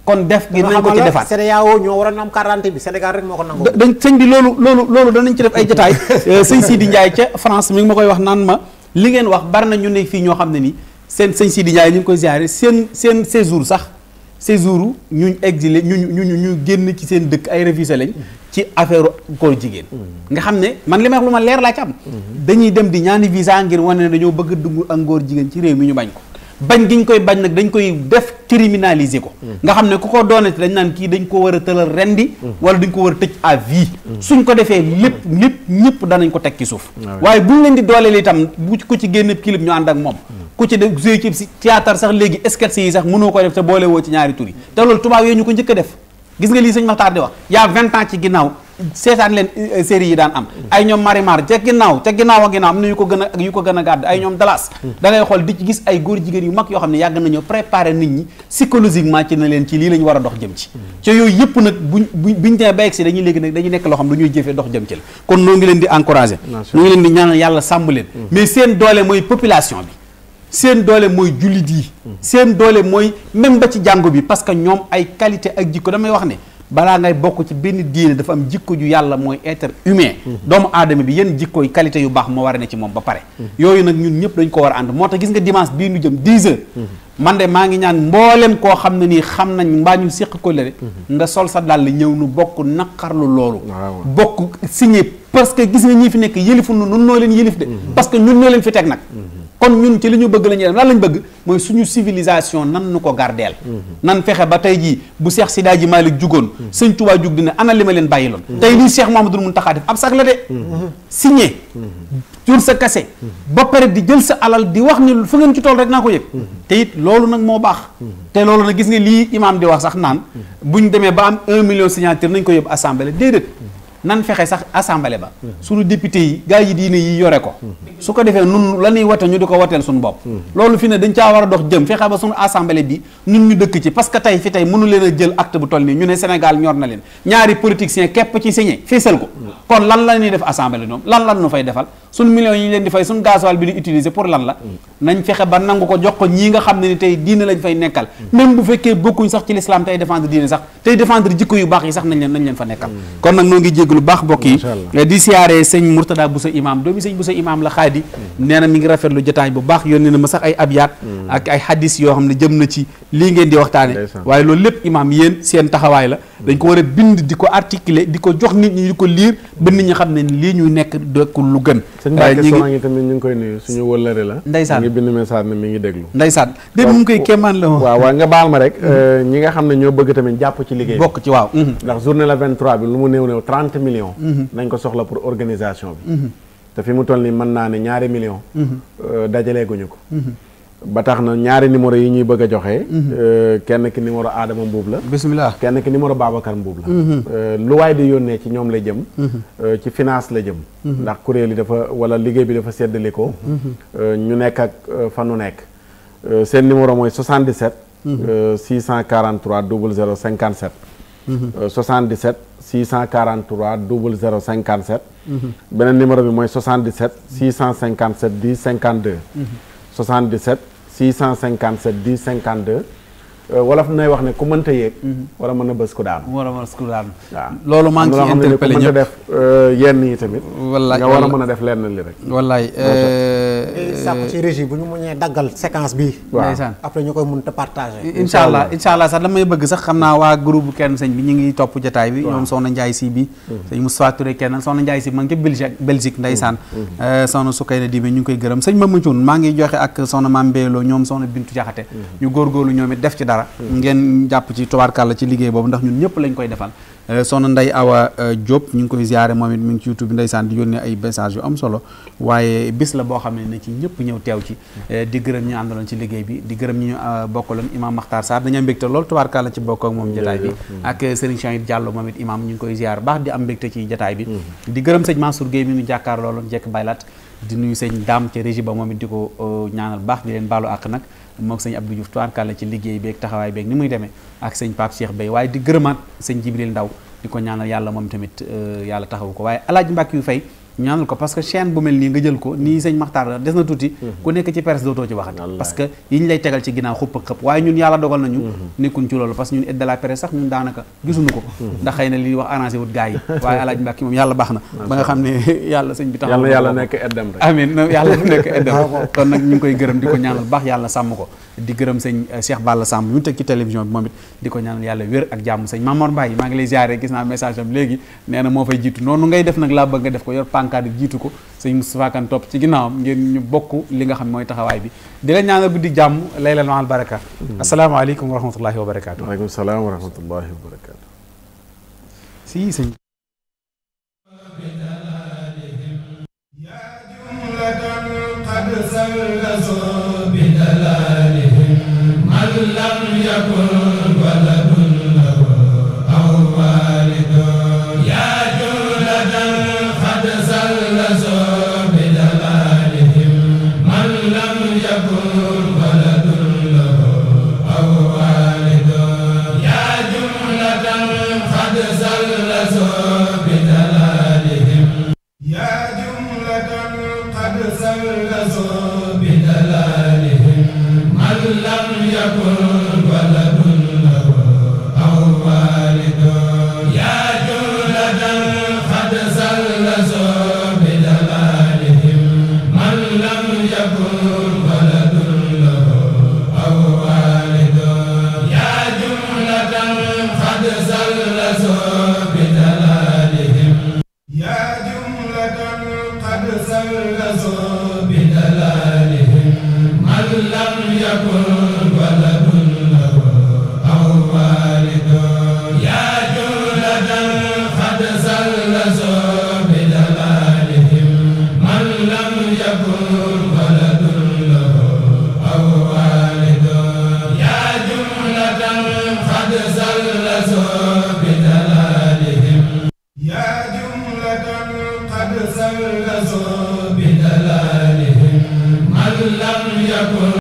kon def gi nañ ko ci defaat CEDEAO ñoo waroon am quarante bi Sénégal rek moo ko nangoo dañ sëñ bi loolu loolu loolu danañ ci def ay jotaay (laughs) euh, sëñ Sidi Ndiaye ca France mi ngi koy wax naan ma li ngeen wax bari na ñu ne fii ñoo xam ne nii seen sëñ Sidi Ndiaye ni ngi koy ziare seen seen séjour sax séjour ñu exilé ñu ñu ñu ñu génn ci seen dëkk ay réfugié lañ ci affaire góor jigéen. Mm-hmm. nga xam ne man li may lu ma leer laa ci mm-hmm. dañuy dem di ñaani visa ngir wane ne dañoo bëgg dugg ak góor jigéen ci réew mi ñu bañ ko. bañ gi ñu koy bañ nag dañ koy def criminaliser ko hmm. nga xam ne ku ko doonati dañ naan kii dañ ko war a tëral rendi hmm. wala dañ ko war a tëj à vie hmm. suñ ko defee lépp lépp ñëpp danañ ko tekki suuf ah waaye buñ leen di dooleel itam bu ku ci génn clip ñu ànd ak moom ku ci def joué ci théâtre sax léegi sketch yi sax mënoo ko def te boole woo ci ñaari tur te loolu tubaab yooyu ñu ko njëkk a def gis nga lii sëñ Maxtaar di wax y'a vingt ans ci ginnaaw seetaan leen euh, euh, série yi daan am mm. ay ñoom Marimar ca ginnaaw ca ginnaaw ak ginnaaw am na yu ko gën a yu ko gën a gàdd ay mm. ñoom Dalas mm. da ngay xool di ci gis ay góor jigéen yu mag yoo xam ne yàgg nañoo préparer nit ñi psychologiquement ci na leen ci lii la war a dox jëm ci ca yooyu yëpp nag buñ buñ tee ba egsi dañuy léegi nag dañuy nekk loo xam ñuy jëfee ndox jëm ci la kon noo ngi leen di encourager noo leen di ñaanal yàlla sàmm mooy population bi seen doole mooy jullit yi. Hmm. seen doole mooy même ba ci jàngu bi parce que ñoom ay qualité ak jikko damay wax ne balaa ngay bokk ci benn diine dafa am jikko ju yàlla mooy être humain. Hmm. doomu aadama bi yenn jikko yi qualité yu baax moo war a ne ci moom ba pare. Hmm. yooyu nag ñun ñëpp dañ ko war a ànd moo te gis nga dimance bii nu jëm 10 heures. man de maa ngi ñaan mboolem koo xam ne ni xam nañ mbaa ñu séq ko lële. nga sol sa dàll ñëw nu bokk naqarlu loolu. Ah, bokk signé parce que fi nekk yëlifu nu nun noo leen que ñun ñoo fi teg nag. kon ñun ci li ñu bëgg la ñuy def lan lañ bëgg mooy suñu civilisation nan nu ko gardeel mhm. nan fexe ba tey jii bu Cheikh Sida ji Malick jugoon mhm. sëñ Touba jug dina ana li ma leen bàyyi loon mhm. tey lii Cheikh Mouhamadoul Mountakha def ab sac la de signé jël sa kase ba pare di jël sa alal di wax ni fu ngeen ci tool rek naa ko yëg te it loolu nag moo baax te loolu nag gis nga lii imaam di wax sax naan buñ demee ba am un million signature nañ ko yóbbu assemblée déedéet nan fexe sax assemblée ba suñu député yi gars yi diine yi yore ko su ko defee nun la ñuy wate ñu di ko wateel suñu bopp loolu fi ne dañ caa war a dox jëm fexe ba suñu assemblée bi nun ñu dëkk ci parce que tey fi tey mënu leen a jël acte bu toll nii ñu ne Sénégal ñor na leen ñaari politiciens képp ci signé fésal ko kon lan la ñuy def assemblée ñoom lan lan nu fay defal suñ millions yi ñu leen di fay suñ gasoil bi ñu utiliser pour lan la mm. nañ fexe ba nangu ko jox ko ñii nga xam ne ni tey diine lañ fay nekkal mm. même bu fekkee bokkuñ sax ci l'islam tey défendre diine sax tey défendre jikko yu baax yi sax nañ leen nañ leen fa nekkal mm. kon nag noo ngi jéggalu baax mbokk yi eh, di siyaare sëñ imaam doom Imam doomi bu sa imaam la xaadi nee na mi ngi rafetlu jotaay bu baax yónnee na ma sax ay abyaat ak ay hadis yoo xam ne jëm na ci lii ngeen di waxtaane waaye loolu lépp imaam yéen seen taxawaay la dañ ko war a bind di ko articuler di ko jox nit ñi di ko liir ba nit ñi xam ne lii ñuy nekk dekkul lu gën sëñ eh, Mbacke Soxna tamit ñu ngi koy nuyu suñu wëllëre la ndeysaan ngi bind message ne mi ngi déglu ndeysaan dé mu ngi koy kéemaan la waaw waaw nga baal ma rek mm-hmm. euh, ñi nga xam ne ñoo bëgg tamit jàpp ci liggéey bokk ci waaw mm-hmm. ndax journée la 23 bi lu mu néew néew trent millions mm-hmm. nañ ko soxla pour organisation bi te fi mu toll nii mën naa ne ñaari millions euh, ñu ko ba tax na ñaari numéro yi ñuy bëgg a joxe. Mhm. Euh, kenn ki numéro Adama Mbuub la. bisimilah kenn ki numéro Babacar Mbuub la. Mhm. Euh, lu waay di yónnee ci ñoom la jëm. Mhm. Euh, ci finance la jëm. ndax kuréel yi dafa wala liggéey bi dafa séddale ko. ñu nekk ak fa nu nekk. seen numéro mooy 77. 643 00 57. 77 643 00 57. beneen numéro bi mooy 77 657 10 52. 77. 657 10 52 Euh, wolof nay wax ne ku mënta yéeg. Mhm. war a mën a bës ku daanu. war a mën a bës ku daanu. waaw loolu maa ngi ciy interpellé euh, tamit. wallaay nga war mën a def lenn li rek. wallaay. Euh, eh, sàkku ci régie bu ñu mënee daggal séquence bi. waaw après ñu koy mun a partager. incha allah incha allah sax damay bëgg sax xam naa waa groupe kenn sëñ bi ñu ngi topp jotaay bi. ñoom Soxna Ndiaye si bi. Mhm. sëñ Moustapha Touré kenn Soxna Ndiaye si ma ngi ca Belgique Belgique ndeysaan. Mhm. soxna Soukayna Dibe ñu ngi koy gërëm sëñ ma Mamadou maa ngi joxe ak soxna Mame Bello ñoom soxna Bintu Jaxate ñu ñoom it def ci dara daara ngeen jàpp ci tubaarkàlla ci liggéey boobu ndax ñun ñëpp lañ koy defal eh, soxna Ndeye Awa eh, Diop ñu ngi ko fi ziare moom it mi ngi ci YouTube bi ndeysaan di yónnee ay message yu am solo waaye teew ci eh, di gërëm ñi àndaloon ci bi di gërëm ñi bokkaloon imam Makhtar Sarr dañu am mbégte lool tubaarkàlla ci bokk ak moom jataay bi ak Serigne ñu jàkkaar looloon jekk baylat di sëñ daam ca régie ba moom it di ko ñaanal baax di leen baalu àq nag moog sëñ Abdou Diouf la ci liggéey beeg taxawaay beeg ni muy demee ak sëñ Pape Cheikh Bey waaye di gërëmaat sëñ Jibril Ndaw di ko ñaanal yàlla moom tamit euh, yàlla taxawu ko waaye alaaj mbàkk yu fay ñaanal ko parce que chaîne bu mel nii nga jël ko nii sëñ Maxtaar la des na tuuti mhm. ku nekk ci presse dootoo ci waxati parce que yi ñu lay tegal ci ginnaaw xupp xëpp waaye ñun yàlla dogal nañu mhm. nekkuñ ci loolu parce ñu koy gërëm di ko ñaanal baax yàlla sàmm ko di gërëm sëñ eh, Cheikh Balla Samb ñu teg ci télévision bi moom it di ko ñaanal yàlla wér ak jàmm sëñ Mamor Mbaye maa ngi lay ziare gis naa message am léegi nee moo fay jiitu noonu ngay def nag laa bëgg nga def encadré jiitu ko sëñ Moustapha Kane topp ci ginnaawam ngeen ñu bokk li nga xam mooy taxawaay bi di la ñaanal guddi jàmm laylan mahal baraka asalaamaaleykum wa rahmatullahi wa barakaatu waaleykum salaam wa rahmatullahi wa barakaatu si sëñ قد زلزل